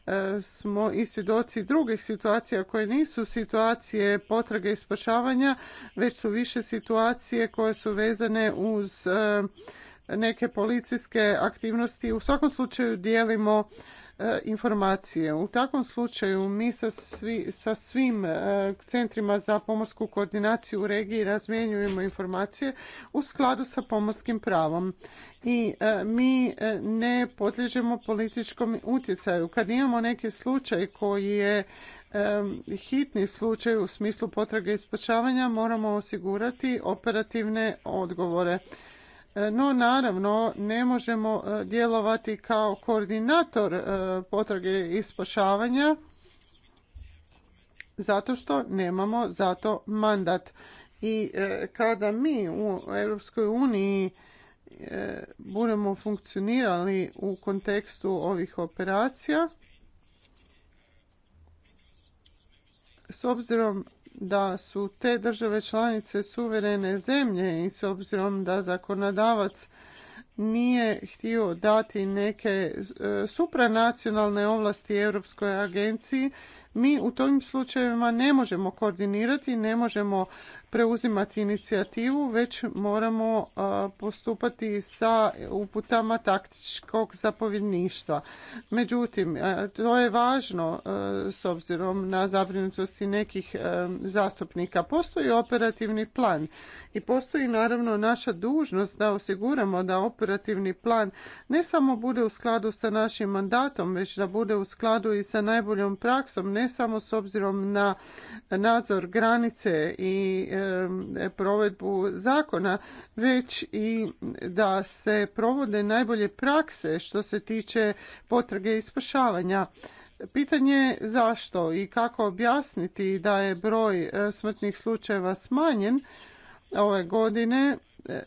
e, smo i svjedoci drugih situacija koje nisu situacije potrage i spašavanja, već su više situacije koje su vezane uz e, neke policijske aktivnosti. U svakom slučaju dijelimo E, informacije. U takvom slučaju mi sa, svi, sa svim e, centrima za pomorsku koordinaciju u regiji razmjenjujemo informacije u skladu sa pomorskim pravom. I e, mi ne podliježemo političkom utjecaju. Kad imamo neki slučaj koji je hitni slučaj u smislu potrage i spašavanja moramo osigurati operativne odgovore E, no naravno ne možemo e, djelovati kao koordinator e, potrage i spašavanja zato što nemamo zato mandat. I kada mi u Europskoj uniji budemo funkcionirali u kontekstu ovih operacija s obzirom da su te države članice suverene zemlje i s obzirom da zakonodavac nije htio dati neke e, supranacionalne ovlasti Europskoj agenciji, mi u tom slučajevima ne možemo koordinirati, ne možemo preuzimati inicijativu, već moramo postupati sa uputama taktičkog zapovjedništva. Međutim, to je važno s obzirom na zabrinutosti nekih zastupnika. Postoji operativni plan i postoji naravno naša dužnost da osiguramo da operativni plan ne samo bude u skladu sa našim mandatom, već da bude u skladu i sa najboljom praksom, ne samo s obzirom na nadzor granice i provedbu zakona, već i da se provode najbolje prakse što se tiče potrage i spašavanja. Pitanje je zašto i kako objasniti da je broj smrtnih slučajeva smanjen, ove godine e,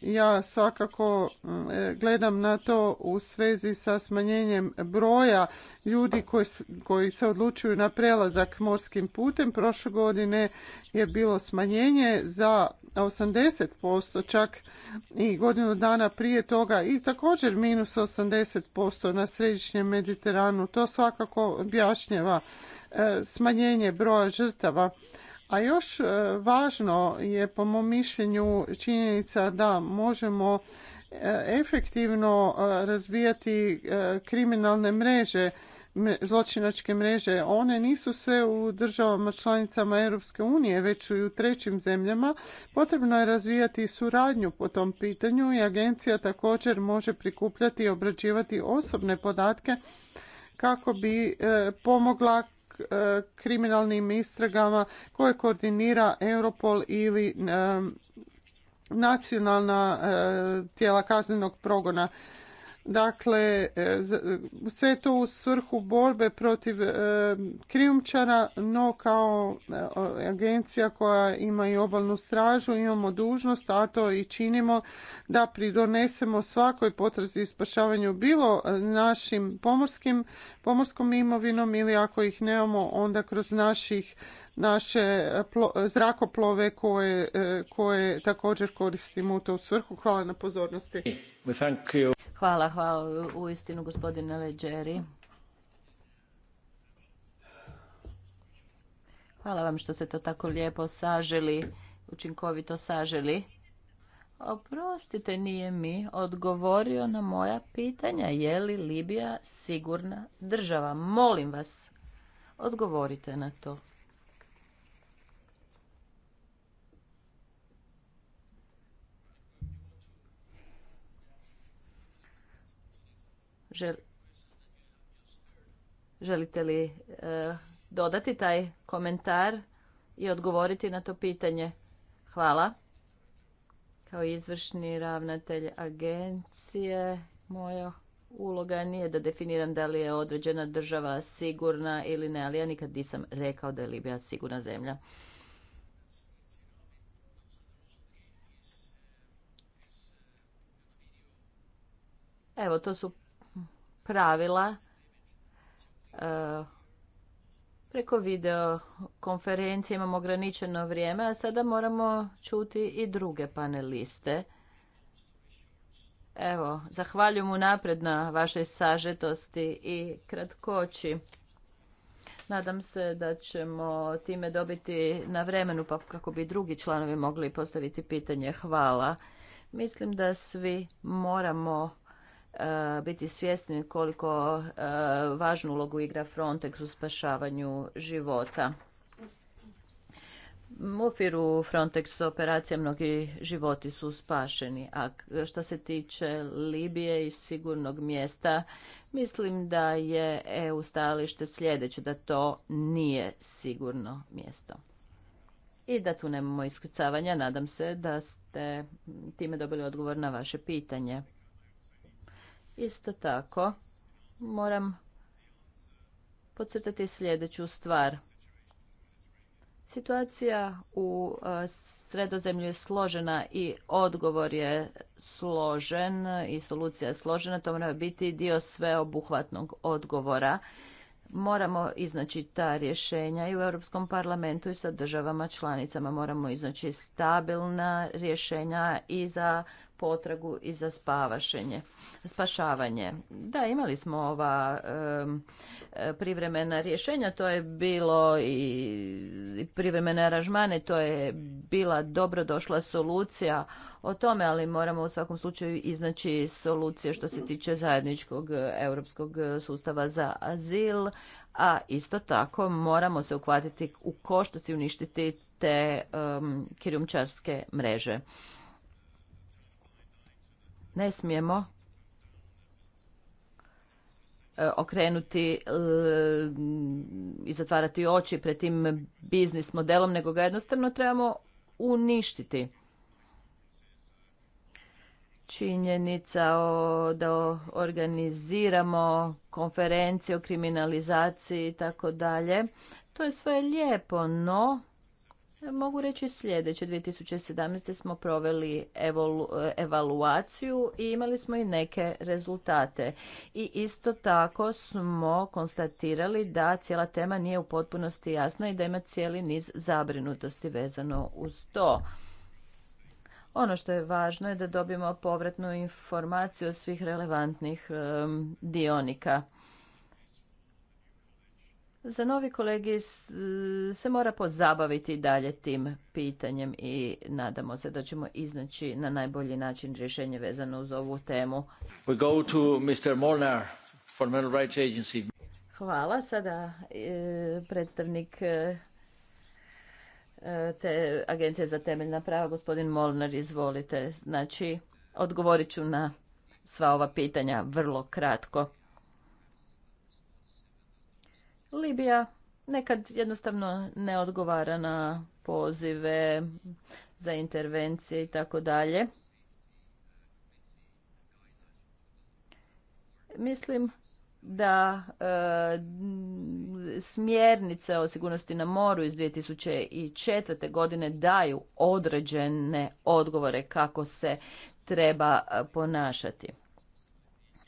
ja svakako e, gledam na to u svezi sa smanjenjem broja ljudi koji se odlučuju na prelazak morskim putem. Prošle godine je bilo smanjenje za 80% čak i godinu dana prije toga i također minus 80% na središnjem Mediteranu. To svakako objašnjava e, smanjenje broja žrtava a još e, važno je po mom mišljenju činjenica da možemo e, efektivno e, razvijati kriminalne mreže, zločinačke mreže. One nisu sve u državama članicama Europske unije, već i u trećim zemljama. Potrebno je razvijati suradnju po tom pitanju i agencija također može prikupljati i obrađivati osobne podatke kako bi pomogla kriminalnim istragama koje koordinira Europol ili nacionalna e, tijela kaznenog progona. Dakle, e, sve to u svrhu borbe protiv e, krijumčara, no kao e, agencija koja ima i obalnu stražu imamo dužnost, a to i činimo, da pridonesemo svakoj potrazi i spašavanju bilo našim pomorskim, pomorskom imovinom ili ako ih nemamo onda kroz naših naše eh, eh, zrakoplove eh, koje, također koristimo u tu svrhu. Hvala na pozornosti. Hvala, hvala u istinu gospodine Leđeri. Hvala vam što ste to tako lijepo saželi, učinkovito saželi. Oprostite, nije mi odgovorio na moja pitanja. Je li Libija sigurna država? Molim vas, odgovorite na to. Želite li eh, dodati taj komentar i odgovoriti na to pitanje? Hvala. Kao izvršni ravnatelj agencije moja uloga nije da definiram da li je određena država sigurna ili ne, ali ja nikad nisam rekao da je Libija sigurna zemlja. Evo, to su pravila e, preko videokonferencije imamo ograničeno vrijeme, a sada moramo čuti i druge paneliste. Evo, zahvaljujem unaprijed na vašoj sažetosti i kratkoći. Nadam se da ćemo time dobiti na vremenu pa kako bi drugi članovi mogli postaviti pitanje. Hvala. Mislim da svi moramo E, biti svjesni koliko e, važnu ulogu igra Frontex u spašavanju života. U okviru Frontex operacija mnogi životi su spašeni, a što se tiče Libije i sigurnog mjesta, mislim da je EU stajalište sljedeće, da to nije sigurno mjesto. I da tu nemamo iskrcavanja, nadam se da ste time dobili odgovor na vaše pitanje. Isto tako, moram podcrtati sljedeću stvar. Situacija u e, sredozemlju je složena i odgovor je složen i solucija je složena. To mora biti dio sveobuhvatnog odgovora. Moramo iznaći ta rješenja i u Europskom parlamentu i sa državama članicama. Moramo iznaći stabilna rješenja i za potragu i za spavašenje, spašavanje. Da, imali smo ova privremena rješenja, to je bilo i privremene aranžmane, to je bila dobrodošla solucija o tome, ali moramo u svakom slučaju iznaći solucije što se tiče zajedničkog europskog sustava za azil, a isto tako moramo se uhvatiti u koštac i uništiti te kirjumčarske mreže. Ne smijemo e, okrenuti e, i zatvarati oči pred tim biznis modelom, nego ga jednostavno trebamo uništiti. Činjenica da organiziramo konferencije o kriminalizaciji i tako dalje, to je sve lijepo, no Mogu reći sljedeće, 2017. smo proveli evaluaciju i imali smo i neke rezultate. I isto tako smo konstatirali da cijela tema nije u potpunosti jasna i da ima cijeli niz zabrinutosti vezano uz to. Ono što je važno je da dobijemo povratnu informaciju od svih relevantnih dionika za novi kolegi se mora pozabaviti dalje tim pitanjem i nadamo se da ćemo iznaći na najbolji način rješenje vezano uz ovu temu. Hvala. Sada e, predstavnik e, e, te Agencije za temeljna prava, gospodin Molnar, izvolite. Znači, odgovorit ću na sva ova pitanja vrlo kratko. Libija nekad jednostavno ne odgovara na pozive za intervencije i tako dalje. Mislim da e, smjernice o sigurnosti na moru iz 2004. godine daju određene odgovore kako se treba e, ponašati.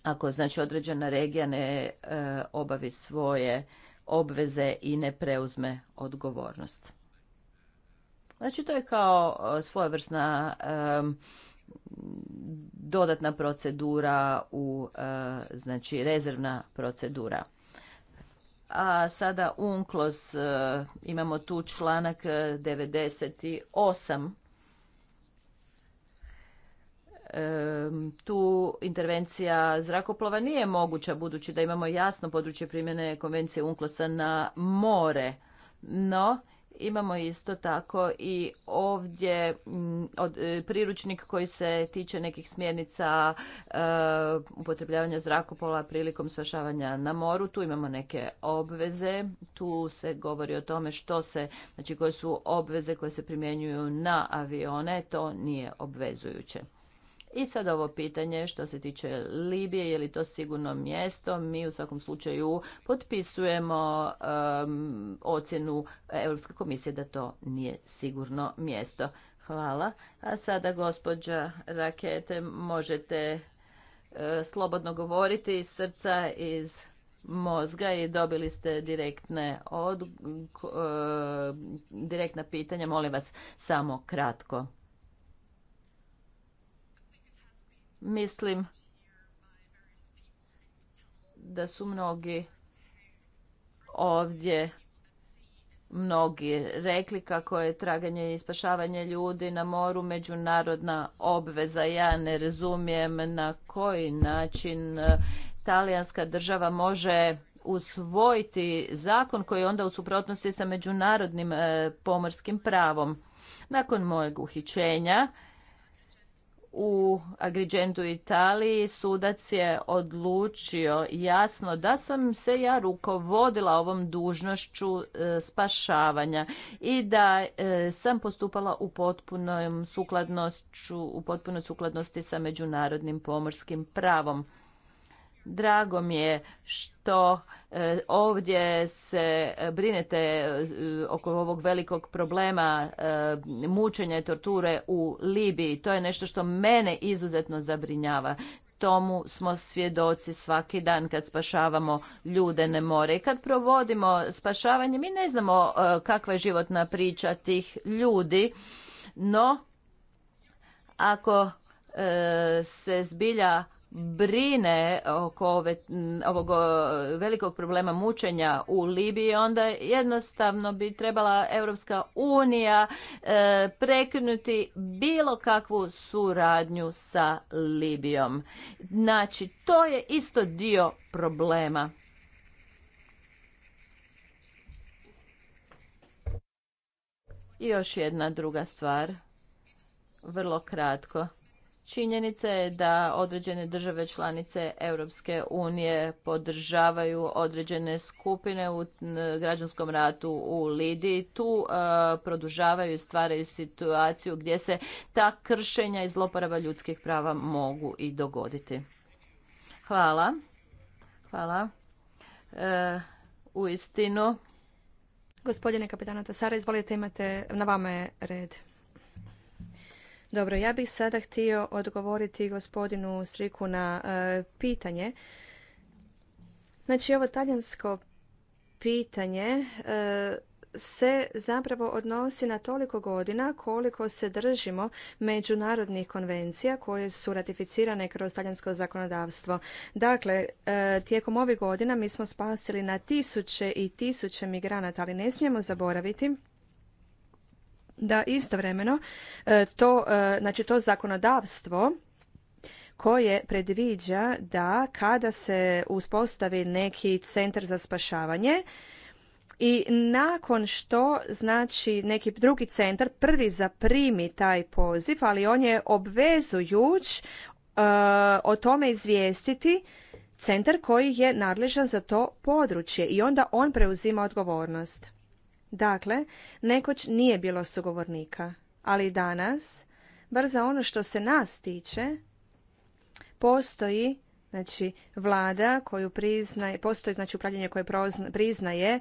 Ako znači određena regija ne e, obavi svoje obveze i ne preuzme odgovornost. Znači to je kao e, svojevrsna e, dodatna procedura u e, znači rezervna procedura. A sada unklos imamo tu članak 98 tu intervencija zrakoplova nije moguća budući da imamo jasno područje primjene konvencije UNCLOS-a na more. No, imamo isto tako i ovdje mm, e, priručnik koji se tiče nekih smjernica e, upotrebljavanja zrakoplova prilikom spašavanja na moru. Tu imamo neke obveze. Tu se govori o tome što se, znači koje su obveze koje se primjenjuju na avione. To nije obvezujuće. I sad ovo pitanje što se tiče Libije, je li to sigurno mjesto? Mi u svakom slučaju potpisujemo um, ocjenu Europske komisije da to nije sigurno mjesto. Hvala. A sada gospođa Rakete, možete e, slobodno govoriti iz srca, iz mozga i dobili ste direktne od, e, direktna pitanja. Molim vas samo kratko. Mislim da su mnogi ovdje mnogi rekli kako je traganje i spašavanje ljudi na moru međunarodna obveza. Ja ne razumijem na koji način e, talijanska država može usvojiti zakon koji je onda u suprotnosti sa međunarodnim e, pomorskim pravom. Nakon mojeg uhićenja u Agrigentu Italiji sudac je odlučio jasno da sam se ja rukovodila ovom dužnošću e, spašavanja i da e, sam postupala u potpunoj u potpunoj sukladnosti sa međunarodnim pomorskim pravom. Drago mi je što e, ovdje se brinete e, oko ovog velikog problema e, mučenja i torture u Libiji. To je nešto što mene izuzetno zabrinjava. Tomu smo svjedoci svaki dan kad spašavamo ljude ne more. I kad provodimo spašavanje, mi ne znamo kakva je životna priča tih ljudi, no ako se zbilja brine oko ovog velikog problema mučenja u Libiji, onda jednostavno bi trebala Europska unija e, prekinuti bilo kakvu suradnju sa Libijom. Znači, to je isto dio problema. I još jedna druga stvar, vrlo kratko. Činjenica je da određene države članice Europske unije podržavaju određene skupine u građanskom ratu u Lidi. Tu e, produžavaju i stvaraju situaciju gdje se ta kršenja i zloporaba ljudskih prava mogu i dogoditi. Hvala. Hvala. E, u istinu. Gospodine kapitana Tasara, izvolite imate na vama red. Dobro, ja bih sada htio odgovoriti gospodinu Striku na e, pitanje. Znači, ovo talijansko pitanje e, se zapravo odnosi na toliko godina koliko se držimo međunarodnih konvencija koje su ratificirane kroz talijansko zakonodavstvo. Dakle, e, tijekom ovih godina mi smo spasili na tisuće i tisuće migranata, ali ne smijemo zaboraviti da istovremeno e, to, e, znači to zakonodavstvo koje predviđa da kada se uspostavi neki centar za spašavanje i nakon što znači neki drugi centar prvi zaprimi taj poziv, ali on je obvezujuć e, o tome izvijestiti centar koji je nadležan za to područje i onda on preuzima odgovornost. Dakle, nekoć nije bilo sugovornika, ali danas, bar za ono što se nas tiče, postoji znači vlada koju priznaje, postoji znači upravljanje koje priznaje e,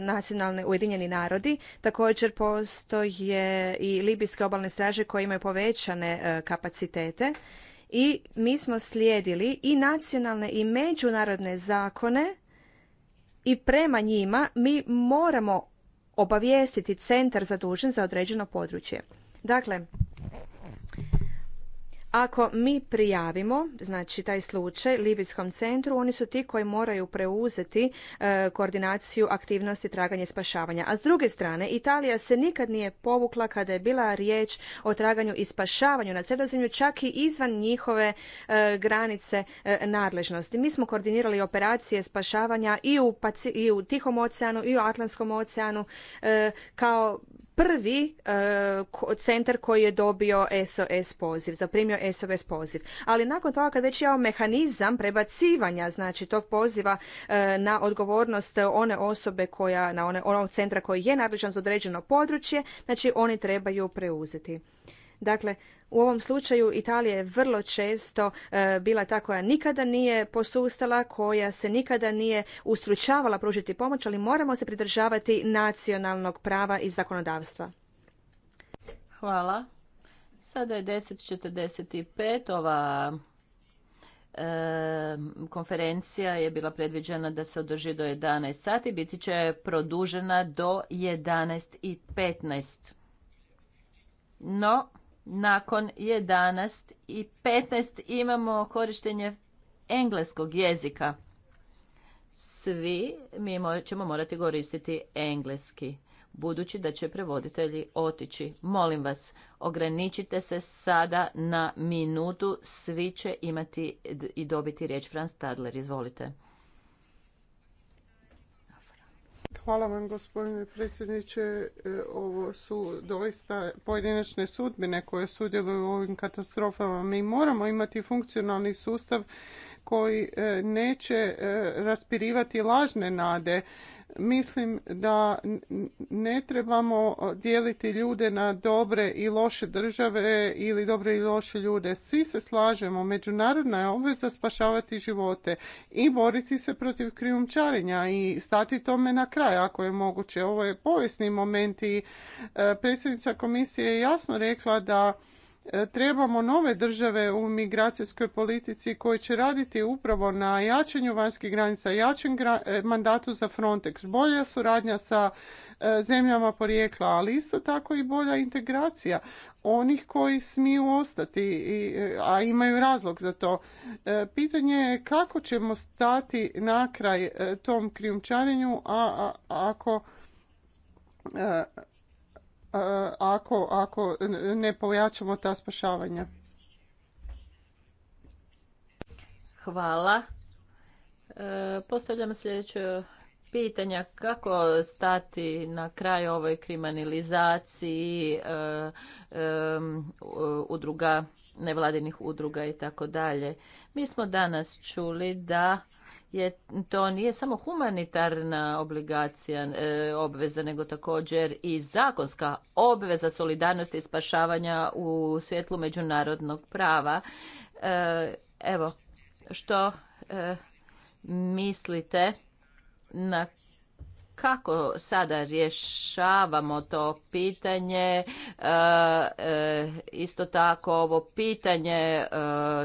nacionalne Ujedinjeni narodi. Također postoje i libijske obalne straže koje imaju povećane e, kapacitete i mi smo slijedili i nacionalne i međunarodne zakone i prema njima mi moramo obavijestiti centar zadužen za određeno područje. Dakle, ako mi prijavimo znači taj slučaj libijskom centru oni su ti koji moraju preuzeti e, koordinaciju aktivnosti traganja i spašavanja a s druge strane italija se nikad nije povukla kada je bila riječ o traganju i spašavanju na sredozemlju čak i izvan njihove e, granice e, nadležnosti mi smo koordinirali operacije spašavanja i u, i u tihom oceanu i u atlantskom oceanu kao prvi e, centar koji je dobio SOS poziv, zaprimio SOS poziv. Ali nakon toga kad već imamo mehanizam prebacivanja znači tog poziva e, na odgovornost one osobe koja, na one, onog centra koji je nadležan za određeno područje, znači oni trebaju preuzeti. Dakle, u ovom slučaju Italija je vrlo često e, bila ta koja nikada nije posustala, koja se nikada nije ustručavala pružiti pomoć, ali moramo se pridržavati nacionalnog prava i zakonodavstva. Hvala. Sada je 10.45. Ova e, konferencija je bila predviđena da se održi do 11 sati. Biti će produžena do 11.15. No, nakon 11 i 15 imamo korištenje engleskog jezika. Svi mi ćemo morati koristiti engleski, budući da će prevoditelji otići. Molim vas, ograničite se sada na minutu, svi će imati i dobiti riječ. Franz Stadler, izvolite. Hvala vam gospodine predsjedniče. E, ovo su doista pojedinačne sudbine koje sudjeluju u ovim katastrofama. Mi moramo imati funkcionalni sustav koji e, neće e, raspirivati lažne nade mislim da ne trebamo dijeliti ljude na dobre i loše države ili dobre i loše ljude. Svi se slažemo, međunarodna je obveza spašavati živote i boriti se protiv krijumčarenja i stati tome na kraj ako je moguće. Ovo je povijesni moment i e, predsjednica komisije je jasno rekla da E, trebamo nove države u migracijskoj politici koje će raditi upravo na jačanju vanjskih granica, jačem e, mandatu za Frontex, bolja suradnja sa e, zemljama porijekla, ali isto tako i bolja integracija onih koji smiju ostati, a imaju razlog za to. Pitanje je kako ćemo stati na kraj tom krijumčarenju, a ako ako, ako ne pojačamo ta spašavanja. Hvala. E, Postavljam sljedeće pitanja. Kako stati na kraj ovoj kriminalizaciji e, e, udruga, nevladinih udruga i tako dalje. Mi smo danas čuli da je to nije samo humanitarna obligacija e, obveza nego također i zakonska obveza solidarnosti i spašavanja u svjetlu međunarodnog prava e, evo što e, mislite na kako sada rješavamo to pitanje, e, e, isto tako ovo pitanje e,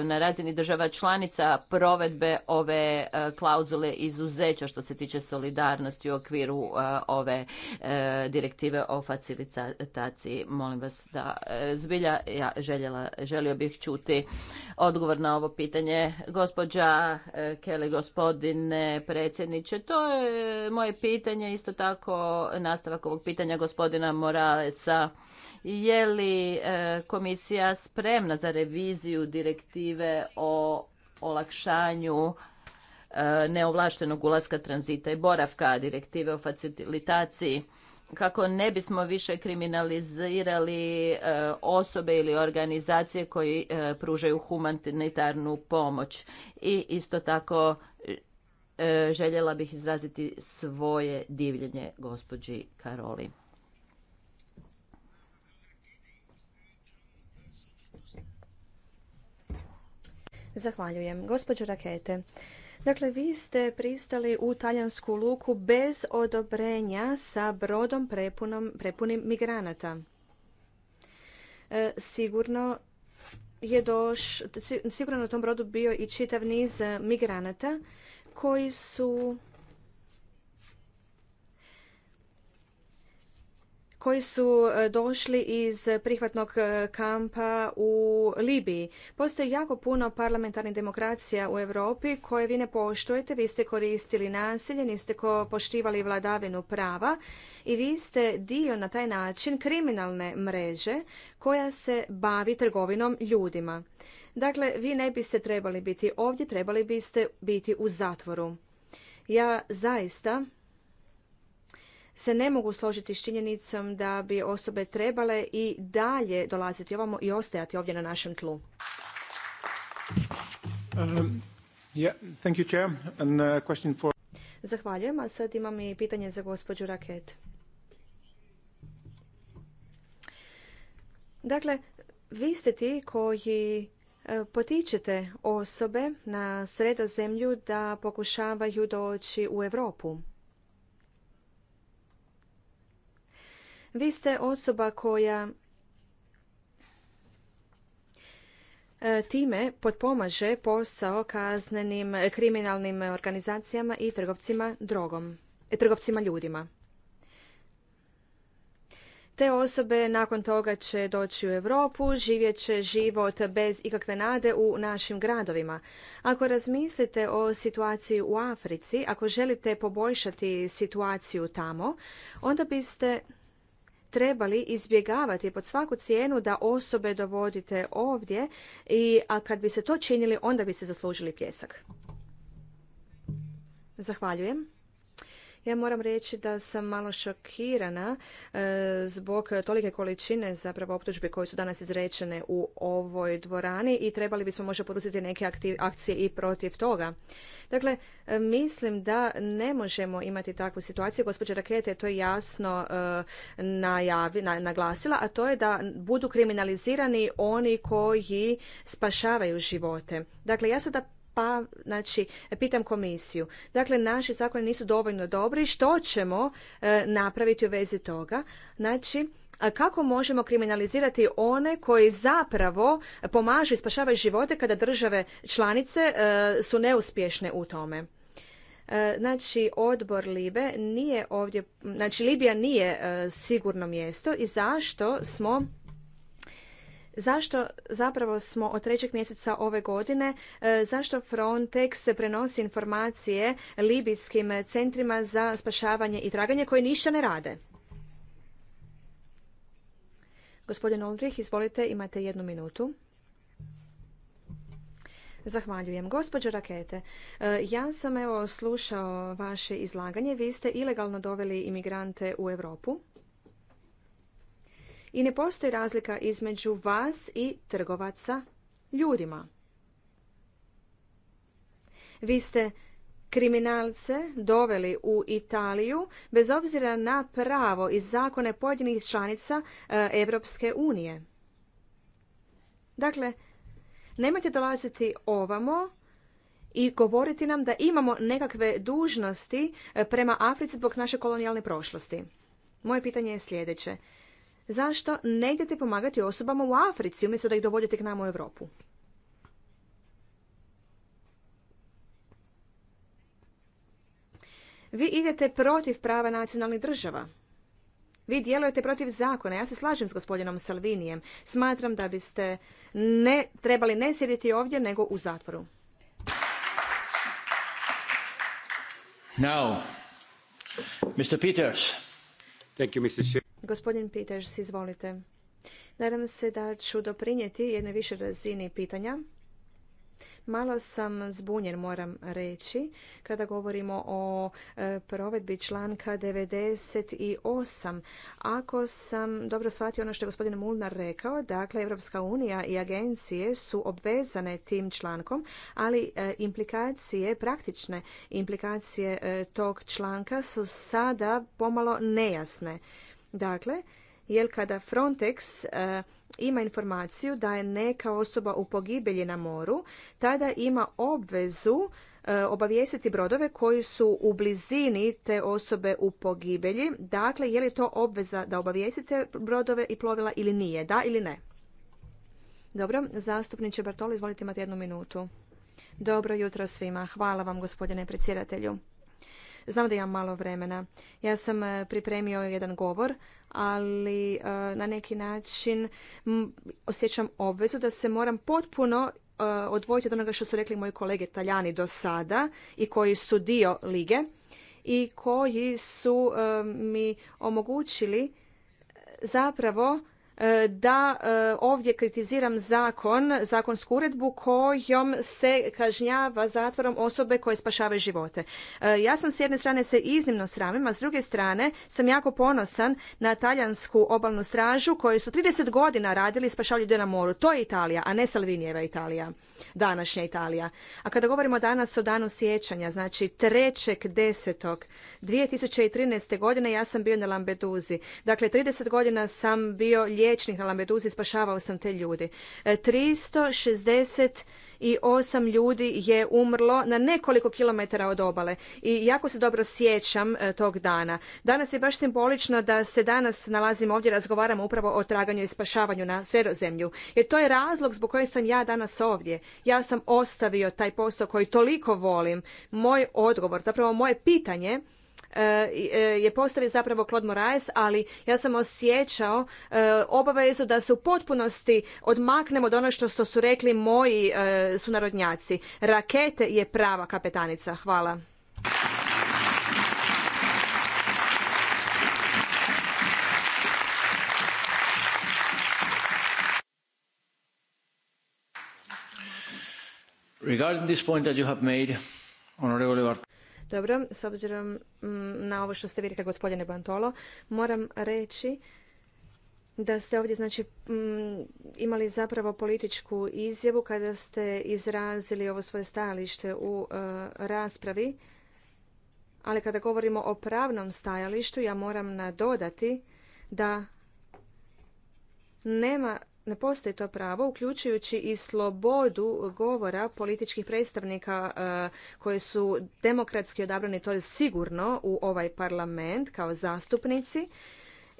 na razini država članica provedbe ove klauzule izuzeća što se tiče solidarnosti u okviru ove direktive o facilitaciji. Molim vas da zbilja, ja željela, želio bih čuti odgovor na ovo pitanje. Gospođa Kelly, gospodine predsjedniče, to je moje pitanje isto tako nastavak ovog pitanja gospodina Moralesa. Je li e, komisija spremna za reviziju direktive o olakšanju e, neovlaštenog ulaska tranzita i boravka direktive o facilitaciji kako ne bismo više kriminalizirali e, osobe ili organizacije koji pružaju humanitarnu pomoć i isto tako E, željela bih izraziti svoje divljenje gospođi Karoli. Zahvaljujem. Gospođo Rakete, Dakle, vi ste pristali u talijansku luku bez odobrenja sa brodom prepunom, prepunim migranata. E, sigurno je doš, sigurno na tom brodu bio i čitav niz migranata koji su koji su e, došli iz prihvatnog e, kampa u Libiji. Postoji jako puno parlamentarnih demokracija u Europi koje vi ne poštujete. Vi ste koristili nasilje, niste poštivali vladavinu prava i vi ste dio na taj način kriminalne mreže koja se bavi trgovinom ljudima. Dakle, vi ne biste trebali biti ovdje, trebali biste biti u zatvoru. Ja zaista se ne mogu složiti s činjenicom da bi osobe trebale i dalje dolaziti ovamo i ostajati ovdje na našem tlu. Um, uh, Zahvaljujem, a sad imam i pitanje za gospođu Raket. Dakle, vi ste ti koji E, potičete osobe na sredozemlju da pokušavaju doći u Europu. Vi ste osoba koja e, time potpomaže posao kaznenim kriminalnim organizacijama i trgovcima drogom, e, trgovcima ljudima. Te osobe nakon toga će doći u Europu, živjet će život bez ikakve nade u našim gradovima. Ako razmislite o situaciji u Africi, ako želite poboljšati situaciju tamo, onda biste trebali izbjegavati pod svaku cijenu da osobe dovodite ovdje i a kad bi se to činili onda bi se zaslužili pljesak. Zahvaljujem. Ja moram reći da sam malo šokirana e, zbog tolike količine zapravo optužbi koje su danas izrečene u ovoj dvorani i trebali bismo možda poduzeti neke akcije i protiv toga. Dakle, e, mislim da ne možemo imati takvu situaciju. Gospođa Rakete je to jasno e, najavi, naglasila, a to je da budu kriminalizirani oni koji spašavaju živote. Dakle, ja sada pa znači pitam komisiju. Dakle, naši zakoni nisu dovoljno dobri. Što ćemo e, napraviti u vezi toga? Znači, kako možemo kriminalizirati one koji zapravo pomažu i spašavaju živote kada države članice e, su neuspješne u tome? E, znači, odbor Libe nije ovdje, znači Libija nije sigurno mjesto i zašto smo zašto zapravo smo od trećeg mjeseca ove godine, e, zašto Frontex prenosi informacije libijskim centrima za spašavanje i traganje koji ništa ne rade? Gospodin Oldrih, izvolite, imate jednu minutu. Zahvaljujem. Gospođo Rakete, e, ja sam evo slušao vaše izlaganje. Vi ste ilegalno doveli imigrante u Europu. I ne postoji razlika između vas i trgovaca ljudima. Vi ste kriminalce doveli u Italiju bez obzira na pravo i zakone pojedinih članica Europske unije. Dakle, nemojte dolaziti ovamo i govoriti nam da imamo nekakve dužnosti e, prema Africi zbog naše kolonijalne prošlosti. Moje pitanje je sljedeće. Zašto ne idete pomagati osobama u Africi umjesto da ih dovodite k nama u Europu? Vi idete protiv prava nacionalnih država. Vi djelujete protiv zakona. Ja se slažem s gospodinom Salvinijem. Smatram da biste ne, trebali ne sjediti ovdje, nego u zatvoru. Now, Mr. Peters. Thank you, Mr. Gospodin Peters, izvolite. Nadam se da ću doprinijeti jednoj više razini pitanja. Malo sam zbunjen, moram reći, kada govorimo o e, provedbi članka 98. Ako sam dobro shvatio ono što je gospodin Mulnar rekao, dakle, Evropska unija i agencije su obvezane tim člankom, ali e, implikacije, praktične implikacije e, tog članka su sada pomalo nejasne. Dakle, jer kada Frontex eh, ima informaciju da je neka osoba u pogibelji na moru, tada ima obvezu e, obavijestiti brodove koji su u blizini te osobe u pogibelji. Dakle, je li to obveza da obavijestite brodove i plovila ili nije? Da ili ne? Dobro, zastupniče Bartoli, izvolite imati jednu minutu. Dobro jutro svima. Hvala vam, gospodine predsjedatelju. Znam da imam malo vremena. Ja sam e, pripremio jedan govor, ali e, na neki način osjećam obvezu da se moram potpuno e, odvojiti od onoga što su rekli moji kolege Taljani do sada i koji su dio lige i koji su mi omogućili zapravo E, da e, ovdje kritiziram zakon, zakonsku uredbu kojom se kažnjava zatvorom osobe koje spašavaju živote. E, ja sam s jedne strane se iznimno sramim, a s druge strane sam jako ponosan na talijansku obalnu stražu koju su 30 godina radili i spašavali na moru. To je Italija, a ne Salvinijeva Italija, današnja Italija. A kada govorimo danas o danu sjećanja, znači 2013. godine ja sam bio na Lambeduzi Dakle, 30 godina sam bio liječnik na Lampedusi, spašavao sam te ljudi. E, 368 ljudi je umrlo na nekoliko kilometara od obale i jako se dobro sjećam e, tog dana. Danas je baš simbolično da se danas nalazimo ovdje, razgovaramo upravo o traganju i spašavanju na sredozemlju. Jer to je razlog zbog kojeg sam ja danas ovdje. Ja sam ostavio taj posao koji toliko volim. Moj odgovor, zapravo moje pitanje E, e, je postavio zapravo Claude Moraes, ali ja sam osjećao e, obavezu da se u potpunosti odmaknemo od ono što su rekli moji sunarodnjaci. Rakete je prava kapetanica. Hvala. Regarding this point that you have made, Honorable dobro, s obzirom mm, na ovo što ste vi rekli, gospodine Bantolo, moram reći da ste ovdje znači mm, imali zapravo političku izjavu kada ste izrazili ovo svoje stajalište u e, raspravi. Ali kada govorimo o pravnom stajalištu, ja moram nadodati da nema ne postoji to pravo, uključujući i slobodu govora političkih predstavnika e, koji su demokratski odabrani, to je sigurno, u ovaj parlament kao zastupnici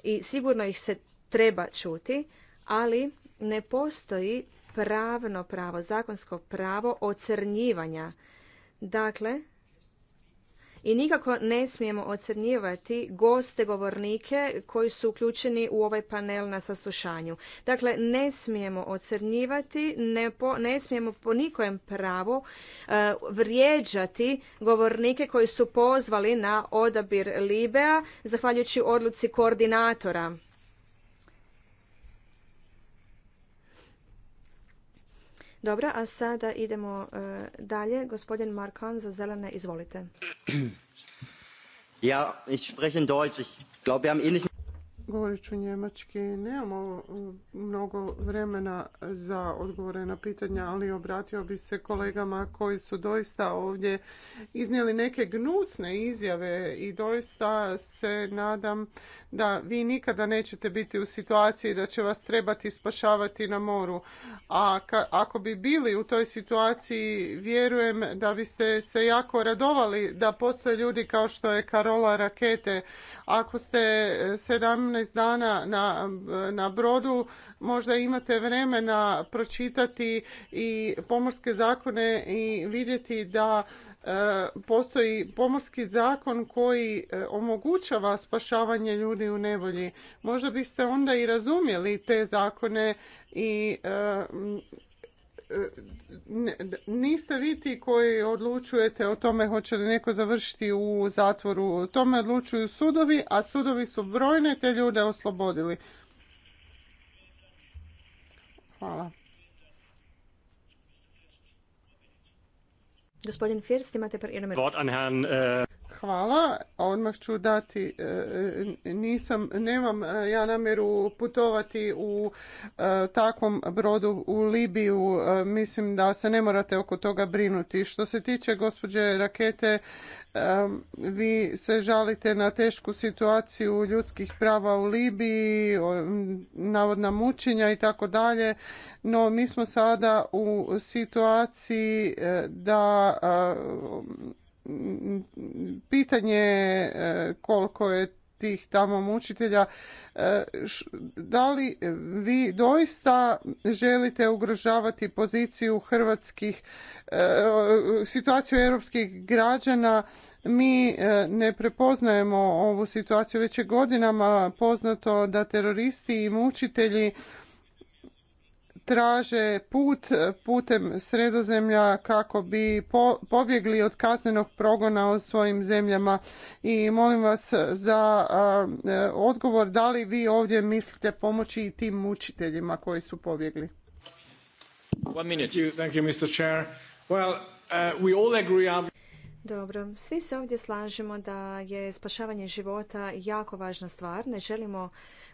i sigurno ih se treba čuti, ali ne postoji pravno pravo, zakonsko pravo ocrnjivanja. Dakle, i nikako ne smijemo ocrnjivati goste govornike koji su uključeni u ovaj panel na saslušanju. Dakle, ne smijemo ocrnjivati, ne, ne smijemo po nikojem pravu e, vrijeđati govornike koji su pozvali na odabir Libea zahvaljujući odluci koordinatora Dobro, a sada idemo e, dalje. Gospodin Markan za zelene, izvolite. Ja, ich spreche in Deutsch. Ich glaube, wir haben eh Govorit ću njemački. Nemamo mm, mnogo vremena za odgovore na pitanja, ali obratio bi se kolegama koji su doista ovdje iznijeli neke gnusne izjave i doista se nadam da vi nikada nećete biti u situaciji da će vas trebati spašavati na moru. A ako bi bili u toj situaciji, vjerujem da biste se jako radovali da postoje ljudi kao što je Karola Rakete. Ako ste 17 eh, dana na, na brodu možda imate vremena pročitati i pomorske zakone i vidjeti da e, postoji pomorski zakon koji e, omogućava spašavanje ljudi u nevolji. Možda biste onda i razumjeli te zakone i e, niste vi ti koji odlučujete o tome hoće li neko završiti u zatvoru. O tome odlučuju sudovi, a sudovi su brojne te ljude oslobodili. Hvala. Gospodin First, imate jednu Hvala. Odmah ću dati, e, nisam, nemam e, ja namjeru putovati u e, takvom brodu u Libiju. Mislim da se ne morate oko toga brinuti. Što se tiče gospođe Rakete, vi se žalite na tešku situaciju ljudskih prava u Libiji, navodna mučenja i tako dalje, no mi smo sada u situaciji da pitanje e, koliko je tih tamo mučitelja. E, da li vi doista želite ugrožavati poziciju hrvatskih, e, situaciju europskih građana? Mi ne prepoznajemo ovu situaciju. Već je godinama poznato da teroristi i mučitelji traže put e, putem sredozemlja kako bi pobjegli od kaznenog progona u svojim zemljama i molim vas za e, odgovor da li vi ovdje mislite pomoći i tim mučiteljima koji su pobjegli. One minute. Thank you, Mr. Chair. Well, uh, we all agree on... Dobro, svi se ovdje slažemo da je spašavanje života jako važna stvar. Ne želimo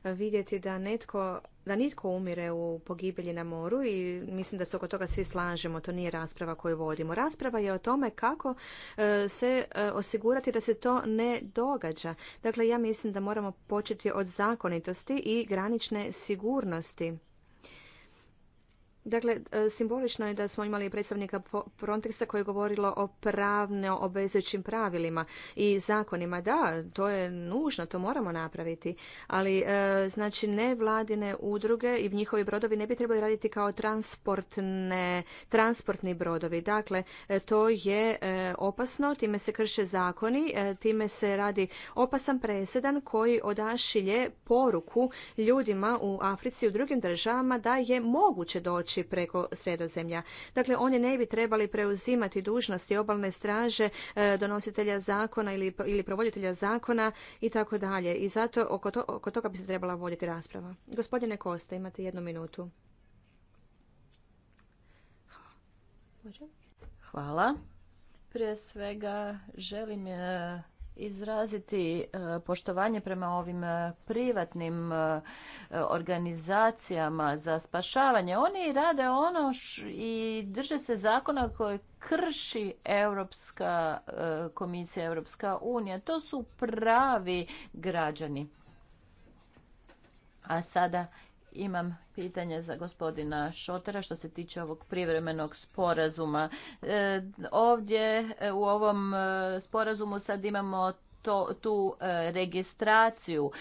e, vidjeti da netko da nitko umire u pogibelji na moru i mislim da se oko toga svi slažemo, to nije rasprava koju vodimo. Rasprava je o tome kako e, se e, osigurati da se to ne događa. Dakle, ja mislim da moramo početi od zakonitosti i granične sigurnosti Dakle, e, simbolično je da smo imali predstavnika Frontexa koji je govorilo o pravno obvezujućim pravilima i zakonima. Da, to je nužno, to moramo napraviti, ali e, znači ne vladine udruge i njihovi brodovi ne bi trebali raditi kao transportne, transportni brodovi. Dakle, e, to je opasno, time se krše zakoni, time se radi opasan presedan koji odašilje poruku ljudima u Africi i u drugim državama da je moguće doći preko sredozemlja. Dakle, oni ne bi trebali preuzimati dužnosti obalne straže, e, donositelja zakona ili, provoditelja zakona i tako dalje. I zato oko, oko toga bi se trebala voditi rasprava. Gospodine Kosta, imate jednu minutu. Hvala. Prije svega želim e, izraziti e, poštovanje prema ovim e, privatnim e, organizacijama za spašavanje. Oni rade ono i drže se zakona koje krši Europska komisija, Europska unija. To su pravi građani. A sada imam pitanje za gospodina Šotera što se tiče ovog privremenog sporazuma. E, ovdje e, u ovom e, sporazumu sad imamo to, tu registraciju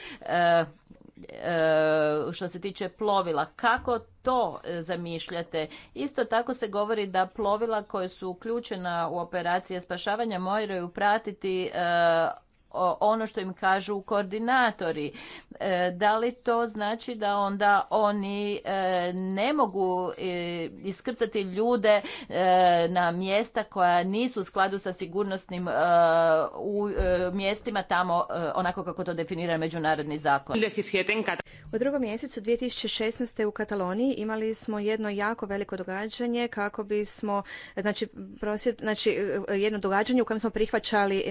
što se tiče plovila. Kako to zamišljate? Isto tako se govori da plovila koje su uključena u operacije spašavanja moraju pratiti ono što im kažu koordinatori. E, da li to znači da onda oni e, ne mogu e, iskrcati ljude na mjesta koja nisu u skladu sa sigurnosnim mjestima tamo onako kako to definira međunarodni zakon. U drugom mjesecu 2016. u Kataloniji imali smo jedno jako veliko događanje kako bismo, znači, prosjet, znači jedno događanje u kojem smo prihvaćali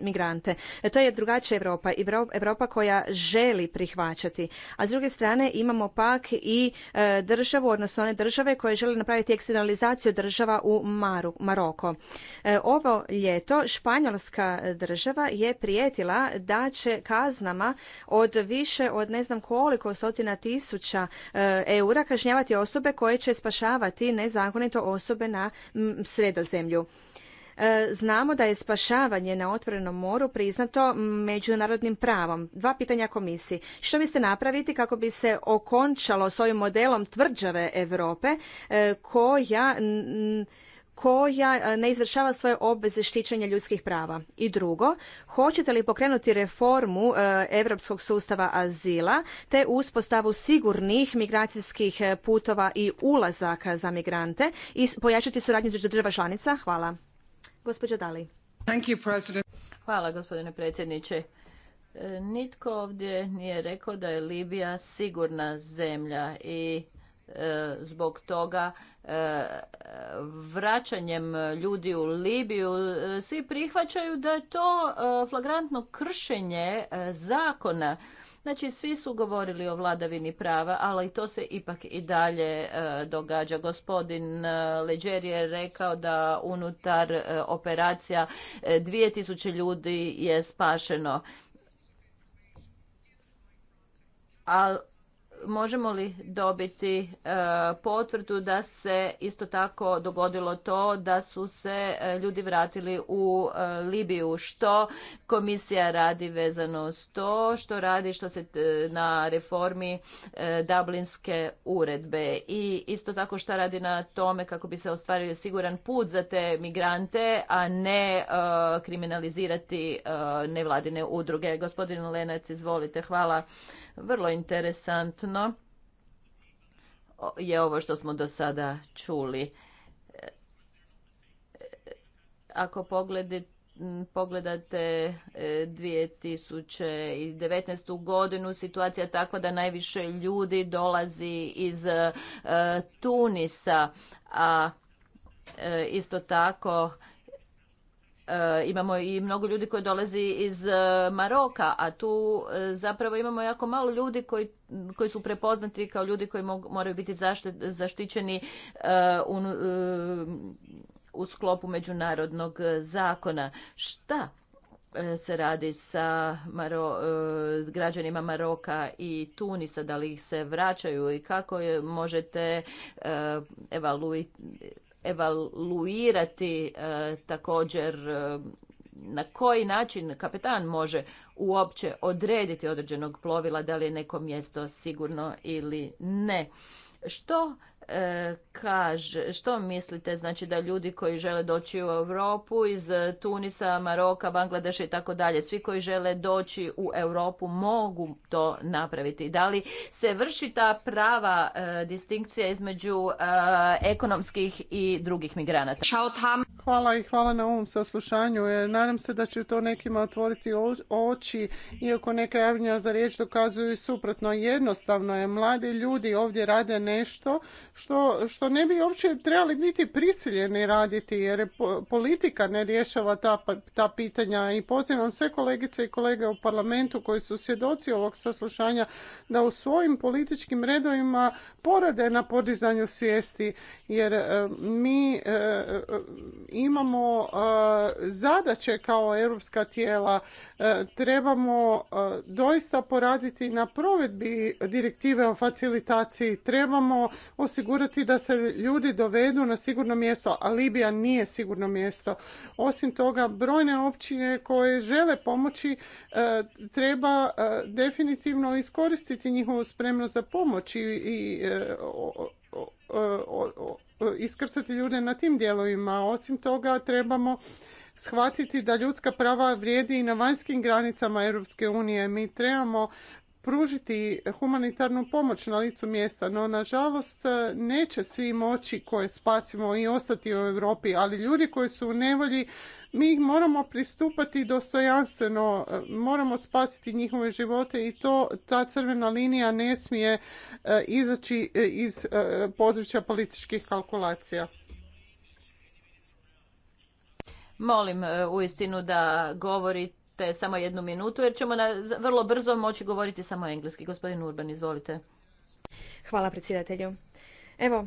migrante. E, to je drugačija Europa, Europa koja želi prihvaćati. A s druge strane imamo pak i e, državu, odnosno one države koje žele napraviti eksternalizaciju država u Maru, Maroko. E, ovo ljeto španjolska država je prijetila da će kaznama od više od ne znam koliko stotina tisuća eura kažnjavati osobe koje će spašavati nezakonito osobe na sredozemlju. E, znamo da je spašavanje na otvorenom moru priznato međunarodnim pravom. Dva pitanja komisiji. Što biste napraviti kako bi se okončalo s ovim modelom tvrđave Europe e, koja koja e, ne izvršava svoje obveze štićenja ljudskih prava. I drugo, hoćete li pokrenuti reformu europskog sustava azila te uspostavu sigurnih migracijskih putova i ulazaka za migrante i pojačati suradnju država članica? Hvala. Hvala gospodine predsjedniče. E, nitko ovdje nije rekao da je Libija sigurna zemlja i e, zbog toga e, vraćanjem ljudi u Libiju svi prihvaćaju da je to flagrantno kršenje zakona Znači, svi su govorili o vladavini prava, ali to se ipak i dalje e, događa. Gospodin e, Leđer je rekao da unutar e, operacija 2000 ljudi je spašeno. Ali možemo li dobiti e, potvrdu da se isto tako dogodilo to da su se e, ljudi vratili u e, Libiju? Što komisija radi vezano s to? Što radi što se na reformi Dublinske uredbe? I isto tako što radi na tome kako bi se ostvario siguran put za te migrante, a ne kriminalizirati nevladine udruge? Gospodin Lenac, izvolite. Hvala vrlo interesantno je ovo što smo do sada čuli. Ako pogledate pogledate 2019. godinu, situacija je takva da najviše ljudi dolazi iz e, Tunisa, a e, isto tako E, imamo i mnogo ljudi koji dolazi iz e, Maroka, a tu e, zapravo imamo jako malo ljudi koji, koji su prepoznati kao ljudi koji moraju biti zaštićeni u, sklopu međunarodnog zakona. Šta se radi sa Maro, građanima Maroka i Tunisa, da li ih se vraćaju i kako je možete evaluirati evaluirati e, također e, na koji način kapetan može uopće odrediti određenog plovila da li je neko mjesto sigurno ili ne. Što E, kaže, što mislite, znači da ljudi koji žele doći u Europu iz Tunisa, Maroka, Bangladeša i tako dalje, svi koji žele doći u Europu mogu to napraviti. Da li se vrši ta prava e, distinkcija između e, ekonomskih i drugih migranata? Hvala i hvala na ovom saslušanju. Nadam se da će to nekima otvoriti oči, iako neka javnja za riječ dokazuju suprotno. Jednostavno je, mladi ljudi ovdje rade nešto što, što ne bi uopće trebali biti prisiljeni raditi jer politika ne rješava ta, ta pitanja i pozivam sve kolegice i kolege u parlamentu koji su svjedoci ovog saslušanja da u svojim političkim redovima porade na podizanju svijesti jer e, mi e, imamo e, zadaće kao europska tijela trebamo doista poraditi na provedbi direktive o facilitaciji trebamo osigurati osigurati da se ljudi dovedu na sigurno mjesto, a Libija nije sigurno mjesto. Osim toga, brojne općine koje žele pomoći e, treba e, definitivno iskoristiti njihovu spremnost za pomoć i e, iskrsati ljude na tim dijelovima. Osim toga, trebamo shvatiti da ljudska prava vrijedi i na vanjskim granicama Europske unije. Mi trebamo pružiti humanitarnu pomoć na licu mjesta, no nažalost e, neće svi moći koje spasimo i ostati u Europi, ali ljudi koji su u nevolji, mi ih moramo pristupati dostojanstveno, e, moramo spasiti njihove živote i to ta crvena linija ne smije e, izaći iz područja političkih kalkulacija. Molim u istinu da govorite samo jednu minutu jer ćemo na, vrlo brzo moći govoriti samo engleski. Gospodin Urban, izvolite. Hvala predsjedatelju. Evo,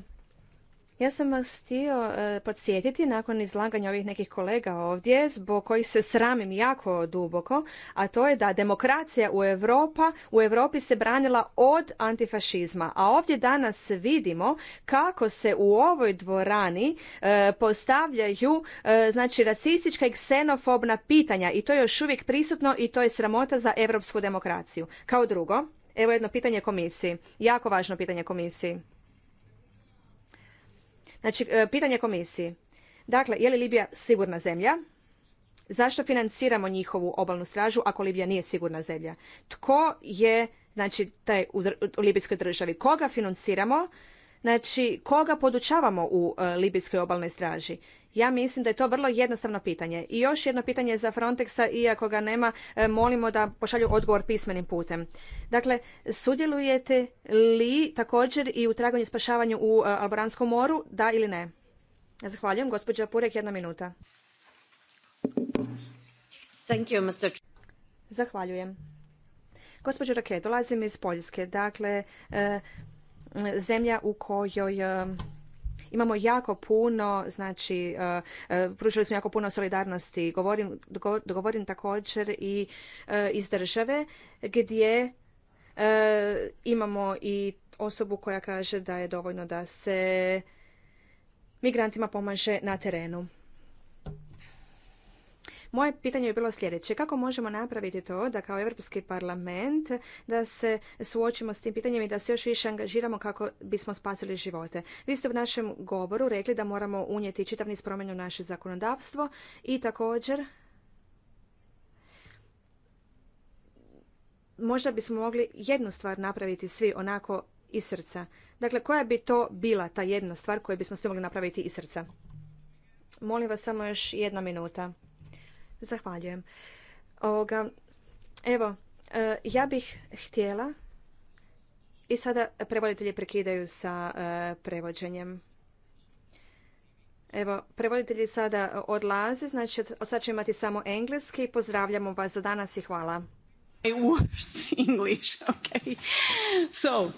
ja sam vas htio e, podsjetiti nakon izlaganja ovih nekih kolega ovdje, zbog kojih se sramim jako duboko, a to je da demokracija u Europa, u Europi se branila od antifašizma, a ovdje danas vidimo kako se u ovoj dvorani e, postavljaju e, znači rasistička i ksenofobna pitanja i to je još uvijek prisutno i to je sramota za europsku demokraciju. Kao drugo, evo jedno pitanje komisiji, jako važno pitanje komisiji Znači, e, pitanje komisiji. Dakle, je li Libija sigurna zemlja? Zašto financiramo njihovu obalnu stražu ako Libija nije sigurna zemlja? Tko je znači, taj u libijskoj državi? Koga financiramo? Znači, koga podučavamo u e, Libijskoj obalnoj straži? Ja mislim da je to vrlo jednostavno pitanje. I još jedno pitanje za Frontexa, iako ga nema, e, molimo da pošalju odgovor pismenim putem. Dakle, sudjelujete li također i u traganju i spašavanju u e, Alboranskom moru, da ili ne? Zahvaljujem. Gospođa Purek, jedna minuta. Thank Zahvaljujem. Gospođo Rake, dolazim iz Poljske. Dakle, zemlja u kojoj e, imamo jako puno, znači e, e, pružili smo jako puno solidarnosti. Govorim, govorim također i iz države gdje imamo i osobu koja kaže da je dovoljno da se migrantima pomaže na terenu. Moje pitanje je bilo sljedeće. Kako možemo napraviti to da kao Europski parlament da se suočimo s tim pitanjem i da se još više angažiramo kako bismo spasili živote? Vi ste u našem govoru rekli da moramo unijeti čitav niz promjena u naše zakonodavstvo i također možda bismo mogli jednu stvar napraviti svi onako iz srca. Dakle, koja bi to bila ta jedna stvar koju bismo svi mogli napraviti iz srca? Molim vas samo još jedna minuta. Zahvaljujem. Ovoga, evo, e, ja bih htjela i sada prevoditelji prekidaju sa e, prevođenjem. Evo, prevoditelji sada odlaze, znači od sad će imati samo engleski. Pozdravljamo vas za danas i hvala. My worst <laughs> English, okay. So,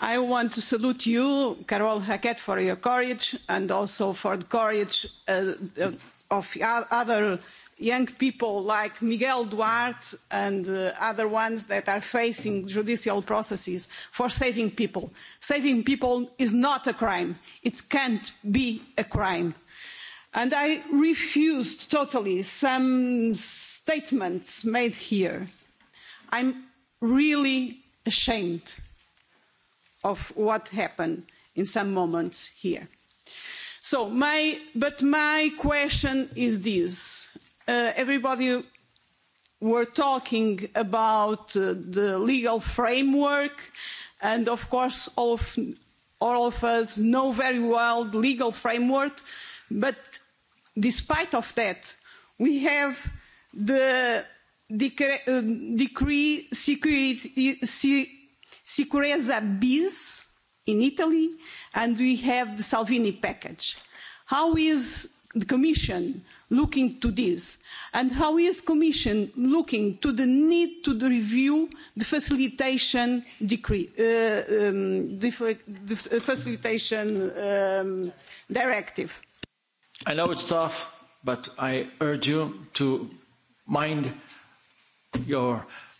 I want to salute you, Carol Hackett, for your courage and also for the courage uh, of other young people like miguel duarte and uh, other ones that are facing judicial processes for saving people. saving people is not a crime it can't be a crime and i refuse totally some statements made here. i'm really ashamed of what happened in some moments here. so my but my question is this Uh, everybody were talking about uh, the legal framework and of course all of, us know very well the legal framework but despite of that we have the uh, decree sicurezza bis in italy and we have the salvini package. how is the commission looking to this and how is the commission looking to the need to review the facilitation decree uh, um, the, uh, facilitation um, directive? i know it's tough but i urge you to mind your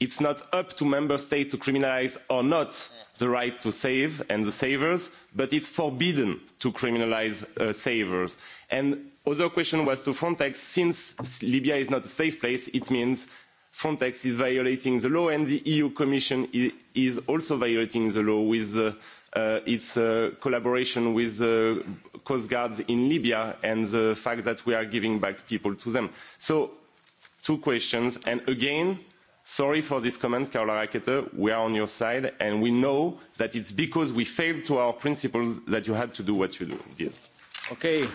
it's not up to member states to criminalise or not the right to save and the savers but it's forbidden to criminalise uh, savers. and other question was to frontex since libya is not a safe place it means frontex is violating the law and the eu commission is also violating the law with uh, uh, its uh, collaboration with the coast guards in libya and the fact that we are giving back people to them. so two questions and again sorry for this comment carola rackete we are on your side and we know that it's because we failed to our principles that you had to do what you do, did. okay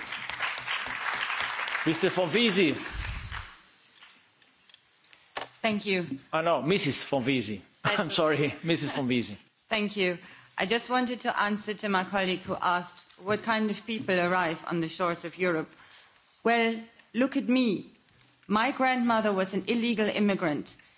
thank you ah, mrs Fonvisi. i'm sorry mrs Fonvisi. thank you i just wanted to answer to my colleague who asked what kind of people arrive on the shores of europe well look at me my grandmother was an illegal immigrant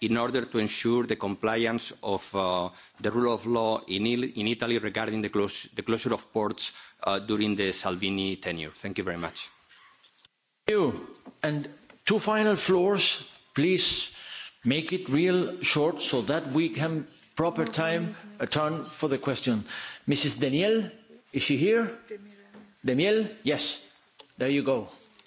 in order to ensure the compliance of uh, the rule of law in, in Italy regarding the, close the closure of ports uh, during the Salvini tenure. Thank you very much. Thank you. And two final floors, please make it real short so that we can proper time a uh, turn for the question. Mrs. Daniel, is she here? Daniel, yes. There you go.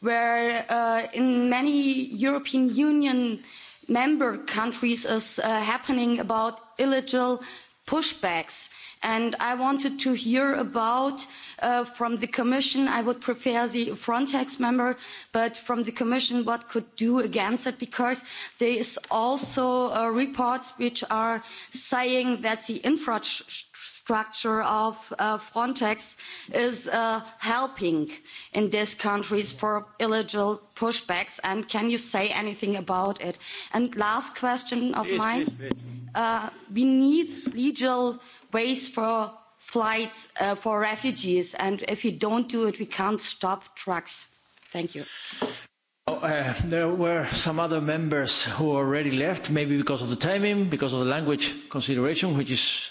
where uh, in many European Union member countries is uh, happening about illegal pushbacks. And I wanted to hear about uh, from the Commission, I would prefer the Frontex member, but from the Commission what could do against it because there is also reports which are saying that the infrastructure structure of uh, Frontex is uh, helping in these countries for illegal pushbacks? And can you say anything about it? And last question of mine. Uh, we need legal ways for flights for refugees. And if you don't do it, we can't stop trucks. Thank you. Oh, there were some other members who already left, maybe because of the timing, because of the language consideration, which is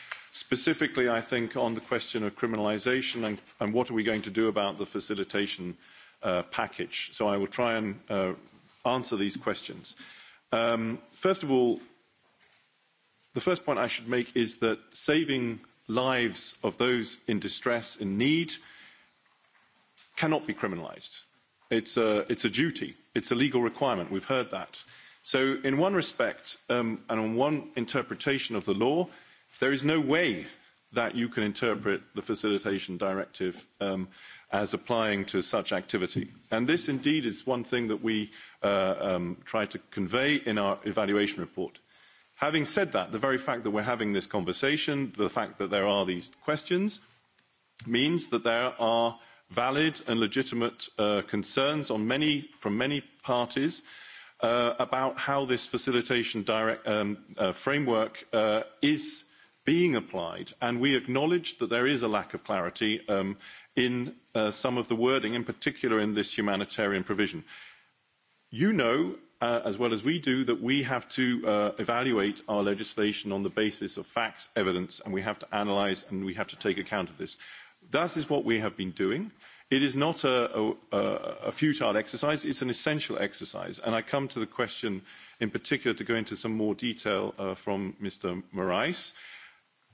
specifically i think on the question of criminalisation and, and what are we going to do about the facilitation uh, package so i will try and uh, answer these questions. Um, first of all the first point i should make is that saving lives of those in distress in need cannot be criminalised. It's a, it's a duty it's a legal requirement we've heard that. so in one respect um, and on one interpretation of the law there is no way that you can interpret the facilitation directive um, as applying to such activity and this indeed is one thing that we uh, um, try to convey in our evaluation report. having said that the very fact that we're having this conversation the fact that there are these questions means that there are valid and legitimate uh, concerns on many, from many parties uh, about how this facilitation direct, um, framework is being applied and we acknowledge that there is a lack of clarity um, in uh, some of the wording in particular in this humanitarian provision. you know uh, as well as we do that we have to uh, evaluate our legislation on the basis of facts evidence and we have to analyse and we have to take account of this. that is what we have been doing. it is not a, a, a futile exercise it's an essential exercise and i come to the question in particular to go into some more detail from mr moraes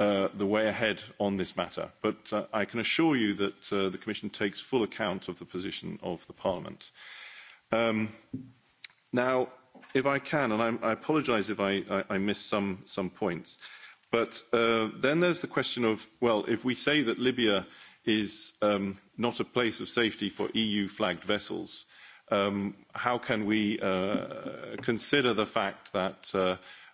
Uh, the way ahead on this matter. But uh, I can assure you that uh, the Commission takes full account of the position of the Parliament. Um, now, if I can, and I, I apologise if I, I, I some, some points, but uh, then there's the question of, well, if we say that Libya is um, not a place of safety for EU-flagged vessels, um, how can we uh, consider the fact that uh,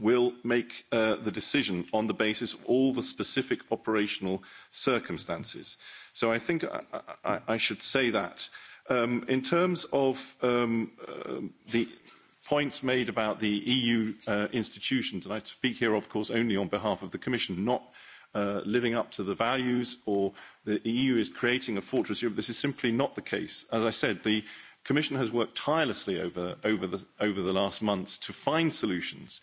will make uh, the decision on the basis of all the specific operational circumstances. So I think I, I, I should say that. Um, in terms of um, um, the points made about the EU uh, institutions, and I speak here, of course, only on behalf of the Commission, not uh, living up to the values or the EU is creating a fortress Europe. This is simply not the case. As I said, the Commission has worked tirelessly over, over, the, over the last months to find solutions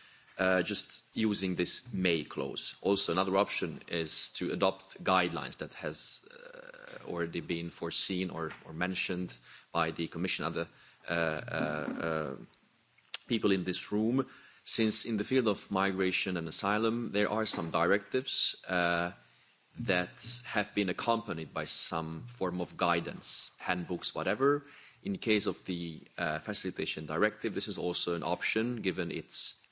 uh, just using this may clause. Also, another option is to adopt guidelines that has uh, already been foreseen or, or mentioned by the Commission, other uh, uh, uh, people in this room. Since in the field of migration and asylum, there are some directives uh, that have been accompanied by some form of guidance, handbooks, whatever. In case of the uh, facilitation directive, this is also an option given its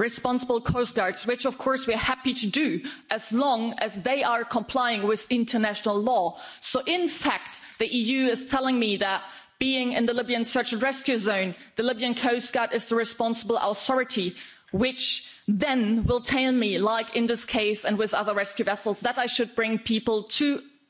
responsible coastguards which of course we are happy to do as long as they are complying with international law. so in fact the eu is telling me that being in the libyan search and rescue zone the libyan Coast Guard is the responsible authority which then will tell me like in this case and with other rescue vessels that i should bring people to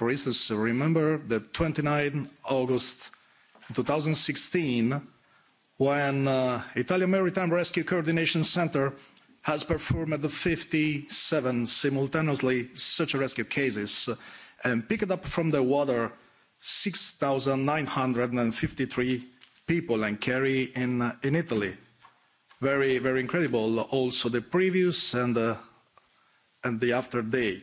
for instance remember the twenty nine august two thousand and sixteen when the uh, italian maritime rescue coordination centre has performed fifty seven simultaneously search and rescue cases and picked up from the water six nine hundred and fifty three people and carry in in italy. very very incredible also the previous and uh, and the after day